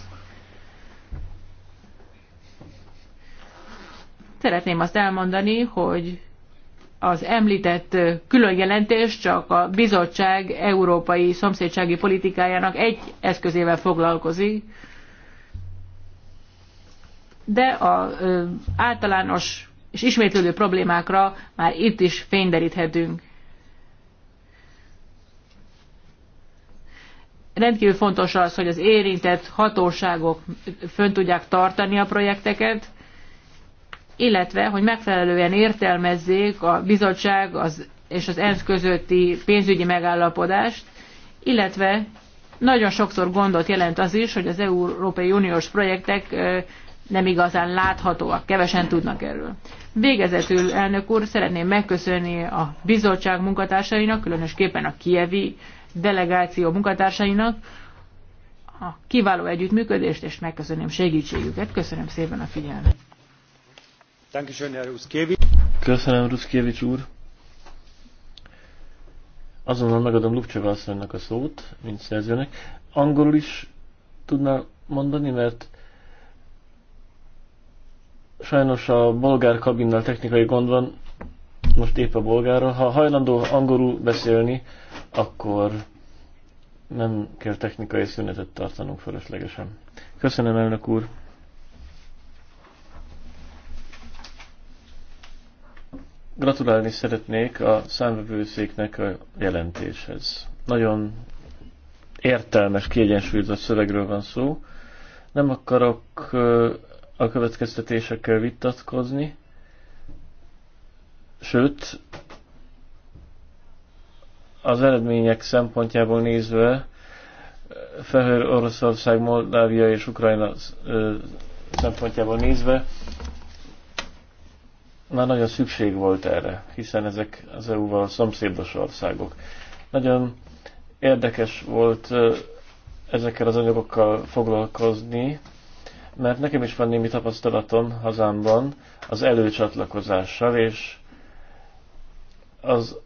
Szeretném azt elmondani, hogy az említett külön jelentés csak a bizottság európai szomszédsági politikájának egy eszközével foglalkozik, de az általános és ismétlődő problémákra már itt is fényderíthetünk. Rendkívül fontos az, hogy az érintett hatóságok fönn tudják tartani a projekteket, illetve hogy megfelelően értelmezzék a bizottság az, és az ENSZ közötti pénzügyi megállapodást, illetve nagyon sokszor gondot jelent az is, hogy az Európai Uniós projektek nem igazán láthatóak, kevesen tudnak erről. Végezetül, elnök úr, szeretném megköszönni a bizottság munkatársainak, különösképpen a kievi delegáció munkatársainak a kiváló együttműködést, és megköszönöm segítségüket. Köszönöm szépen a figyelmet. Köszönöm, Ruszkiewicz úr. Azonnal megadom Lupcseva asszonynak a szót, mint szerzőnek. Angolul is tudná mondani, mert sajnos a bolgár kabinnal technikai gond van, most épp a bolgárral. Ha hajlandó angolul beszélni, akkor nem kell technikai szünetet tartanunk fölöslegesen. Köszönöm, elnök úr! Gratulálni szeretnék a számvevőszéknek a jelentéshez. Nagyon értelmes, kiegyensúlyozott szövegről van szó. Nem akarok a következtetésekkel vitatkozni, sőt, az eredmények szempontjából nézve Fehér Oroszország, Moldávia és Ukrajna szempontjából nézve már nagyon szükség volt erre, hiszen ezek az EU-val szomszédos országok. Nagyon érdekes volt ezekkel az anyagokkal foglalkozni, mert nekem is van némi tapasztalatom hazámban az előcsatlakozással, és az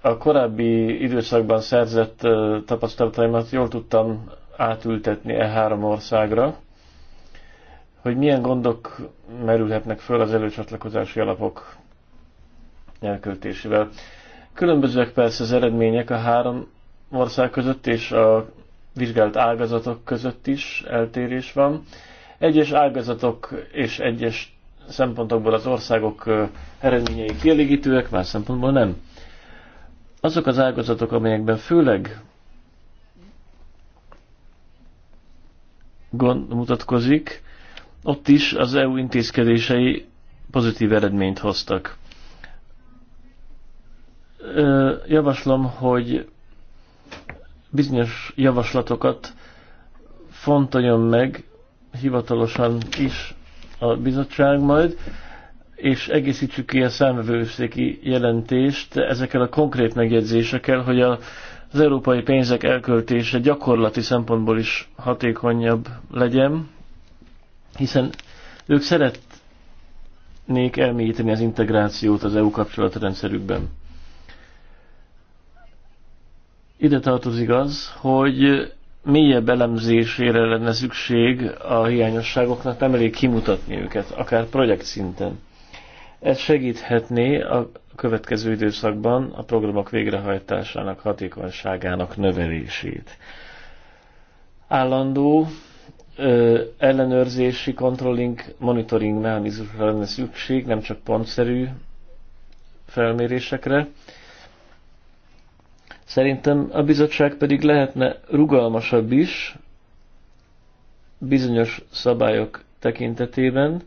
a korábbi időszakban szerzett tapasztalataimat jól tudtam átültetni e három országra, hogy milyen gondok merülhetnek föl az előcsatlakozási alapok elköltésével. Különbözőek persze az eredmények a három ország között és a vizsgált ágazatok között is eltérés van. Egyes ágazatok és egyes szempontokból az országok eredményei kielégítőek, más szempontból nem. Azok az ágazatok, amelyekben főleg gond mutatkozik, ott is az EU intézkedései pozitív eredményt hoztak. Javaslom, hogy bizonyos javaslatokat fontoljon meg hivatalosan is a bizottság majd, és egészítsük ki a számvevőszéki jelentést ezekkel a konkrét megjegyzésekkel, hogy a, az európai pénzek elköltése gyakorlati szempontból is hatékonyabb legyen, hiszen ők szeretnék elmélyíteni az integrációt az EU kapcsolatrendszerükben. Ide tartozik az, hogy mélyebb elemzésére lenne szükség a hiányosságoknak, nem elég kimutatni őket, akár projekt szinten. Ez segíthetné a következő időszakban a programok végrehajtásának hatékonyságának növelését. Állandó ö, ellenőrzési, controlling, monitoring mechanizmusra lenne szükség, nem csak pontszerű felmérésekre. Szerintem a bizottság pedig lehetne rugalmasabb is bizonyos szabályok tekintetében,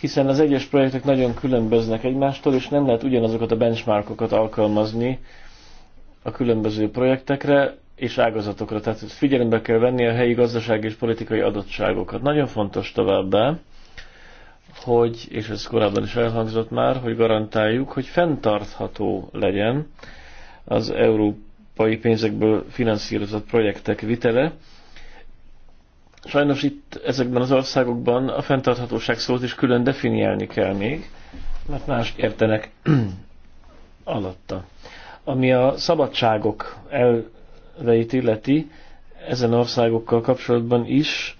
hiszen az egyes projektek nagyon különböznek egymástól, és nem lehet ugyanazokat a benchmarkokat alkalmazni a különböző projektekre és ágazatokra. Tehát figyelembe kell venni a helyi gazdasági és politikai adottságokat. Nagyon fontos továbbá, hogy, és ez korábban is elhangzott már, hogy garantáljuk, hogy fenntartható legyen az európai pénzekből finanszírozott projektek vitele. Sajnos itt ezekben az országokban a fenntarthatóság szót is külön definiálni kell még, mert más értenek [clears throat] alatta. Ami a szabadságok el rendszereit illeti, ezen országokkal kapcsolatban is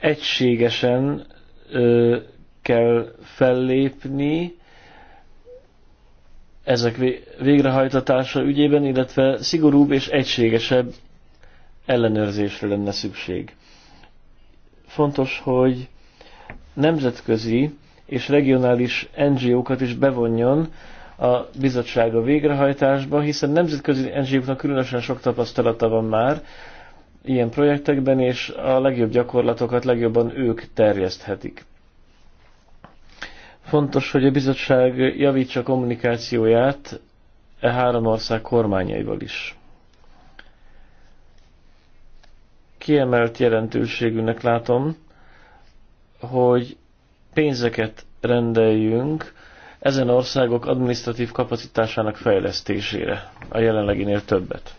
egységesen ö, kell fellépni ezek végrehajtatása ügyében, illetve szigorúbb és egységesebb ellenőrzésre lenne szükség. Fontos, hogy nemzetközi és regionális NGO-kat is bevonjon, a bizottság a végrehajtásba, hiszen nemzetközi NGO-knak különösen sok tapasztalata van már ilyen projektekben, és a legjobb gyakorlatokat legjobban ők terjeszthetik. Fontos, hogy a bizottság javítsa kommunikációját e három ország kormányaival is. Kiemelt jelentőségűnek látom, hogy pénzeket rendeljünk ezen országok adminisztratív kapacitásának fejlesztésére, a jelenleginél többet.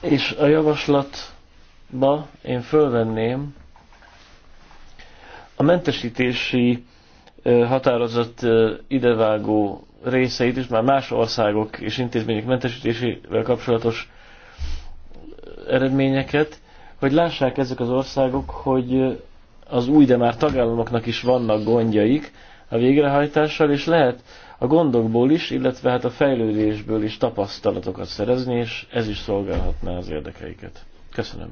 És a javaslatba én fölvenném a mentesítési határozat idevágó részeit is, már más országok és intézmények mentesítésével kapcsolatos eredményeket, hogy lássák ezek az országok, hogy az új, de már tagállamoknak is vannak gondjaik a végrehajtással, és lehet a gondokból is, illetve hát a fejlődésből is tapasztalatokat szerezni, és ez is szolgálhatná az érdekeiket. Köszönöm.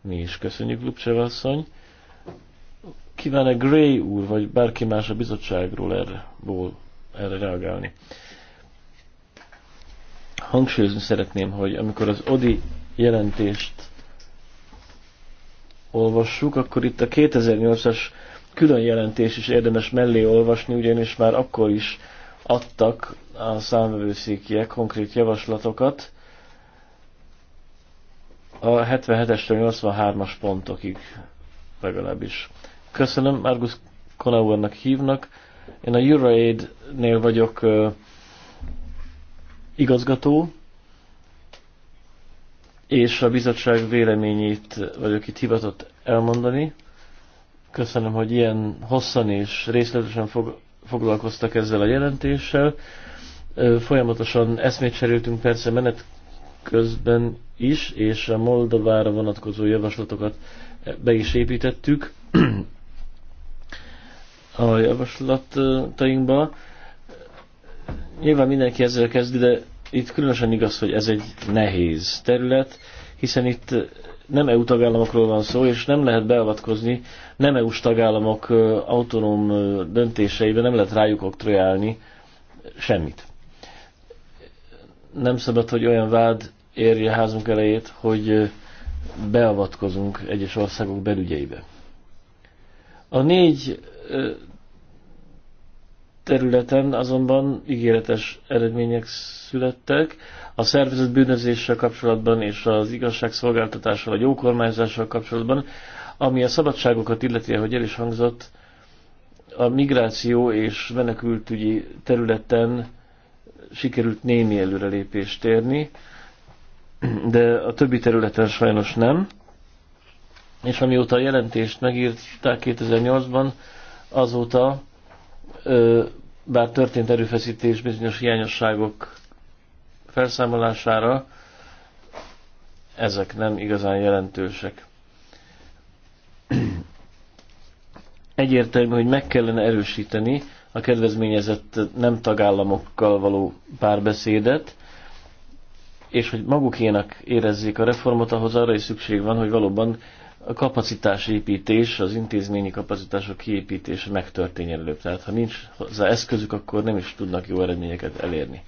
Mi is köszönjük, Lupcsev asszony. Kíván-e Gray úr, vagy bárki más a bizottságról erre, ból, erre reagálni? Hangsúlyozni szeretném, hogy amikor az ODI jelentést olvassuk, akkor itt a 2008-as külön jelentés is érdemes mellé olvasni, ugyanis már akkor is adtak a számvevőszékiek konkrét javaslatokat a 77-estől 83-as pontokig legalábbis. Köszönöm, Margus Konauernak hívnak. Én a EuroAid-nél vagyok uh, igazgató, és a bizottság véleményét vagyok itt hivatott elmondani. Köszönöm, hogy ilyen hosszan és részletesen fog, foglalkoztak ezzel a jelentéssel. Folyamatosan eszmét cseréltünk persze menet közben is, és a Moldovára vonatkozó javaslatokat be is építettük a javaslatainkba. Nyilván mindenki ezzel kezdi, de itt különösen igaz, hogy ez egy nehéz terület, hiszen itt nem EU tagállamokról van szó, és nem lehet beavatkozni nem EU-s tagállamok autonóm döntéseibe, nem lehet rájuk oktrojálni semmit. Nem szabad, hogy olyan vád érje házunk elejét, hogy beavatkozunk egyes országok belügyeibe. A négy területen azonban ígéretes eredmények születtek. A szervezet bűnözéssel kapcsolatban és az igazságszolgáltatással, a jókormányzással kapcsolatban, ami a szabadságokat illeti, hogy el is hangzott, a migráció és menekültügyi területen sikerült némi előrelépést érni, de a többi területen sajnos nem. És amióta a jelentést megírták 2008-ban, azóta bár történt erőfeszítés bizonyos hiányosságok felszámolására, ezek nem igazán jelentősek. Egyértelmű, hogy meg kellene erősíteni a kedvezményezett nem tagállamokkal való párbeszédet, és hogy magukénak érezzék a reformot, ahhoz arra is szükség van, hogy valóban a kapacitásépítés, az intézményi kapacitások kiépítése megtörténjen előbb. Tehát ha nincs hozzá eszközük, akkor nem is tudnak jó eredményeket elérni.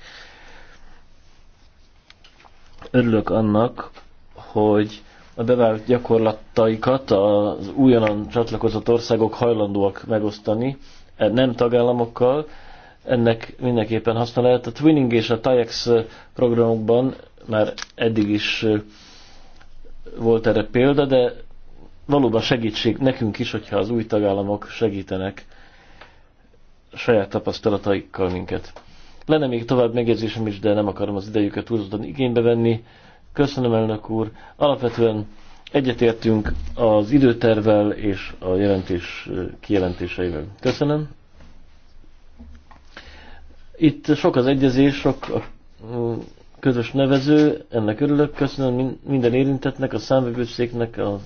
Örülök annak, hogy a bevált gyakorlataikat az újonnan csatlakozott országok hajlandóak megosztani, e nem tagállamokkal, ennek mindenképpen haszna lehet. A Twinning és a TAIEX programokban már eddig is volt erre példa, de valóban segítség nekünk is, hogyha az új tagállamok segítenek saját tapasztalataikkal minket. Lenne még tovább megjegyzésem is, de nem akarom az idejüket túlzottan igénybe venni. Köszönöm, elnök úr. Alapvetően egyetértünk az időtervel és a jelentés kijelentéseivel. Köszönöm. Itt sok az egyezés, sok a mm, közös nevező, ennek örülök, köszönöm minden érintetnek, a számvevőszéknek, a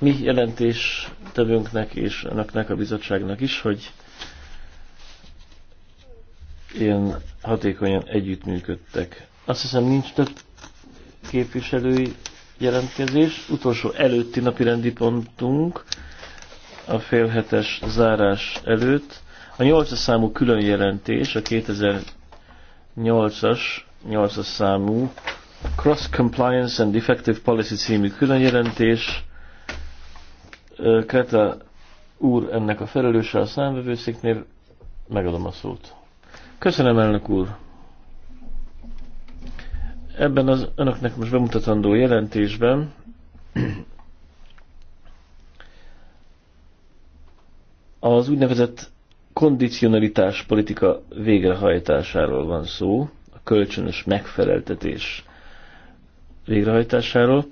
mi jelentés tevőnknek és önöknek a bizottságnak is, hogy ilyen hatékonyan együttműködtek. Azt hiszem nincs több képviselői jelentkezés. Utolsó előtti napi rendi pontunk a félhetes zárás előtt. A 8 számú külön jelentés, a 2008-as 8 számú Cross Compliance and Effective Policy című külön jelentés Kreta úr ennek a felelőse a számvevőszéknél, megadom a szót. Köszönöm, elnök úr! Ebben az önöknek most bemutatandó jelentésben az úgynevezett kondicionalitás politika végrehajtásáról van szó, a kölcsönös megfeleltetés végrehajtásáról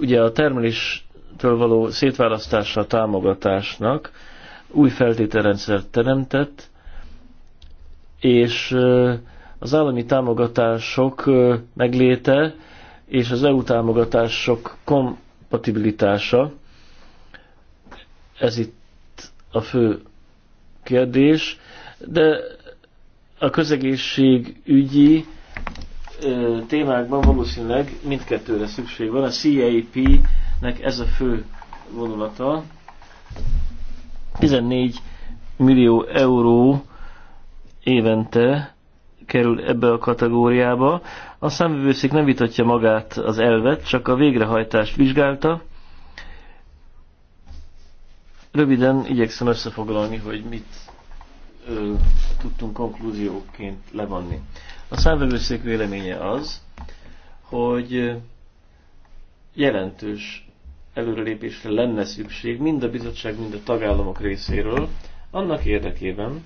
ugye a termeléstől való szétválasztása a támogatásnak új feltételrendszert teremtett, és az állami támogatások megléte és az EU támogatások kompatibilitása, ez itt a fő kérdés, de a közegészségügyi témákban valószínűleg mindkettőre szükség van. A CAP-nek ez a fő vonulata. 14 millió euró évente kerül ebbe a kategóriába. A számvevőszék nem vitatja magát az elvet, csak a végrehajtást vizsgálta. Röviden igyekszem összefoglalni, hogy mit ö, tudtunk konklúzióként levonni. A számvevőszék véleménye az, hogy jelentős előrelépésre lenne szükség mind a bizottság, mind a tagállamok részéről, annak érdekében,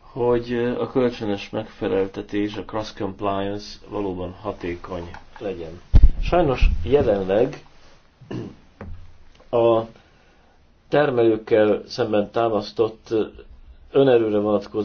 hogy a kölcsönös megfeleltetés, a cross compliance valóban hatékony legyen. Sajnos jelenleg a termelőkkel szemben támasztott önerőre vonatkozó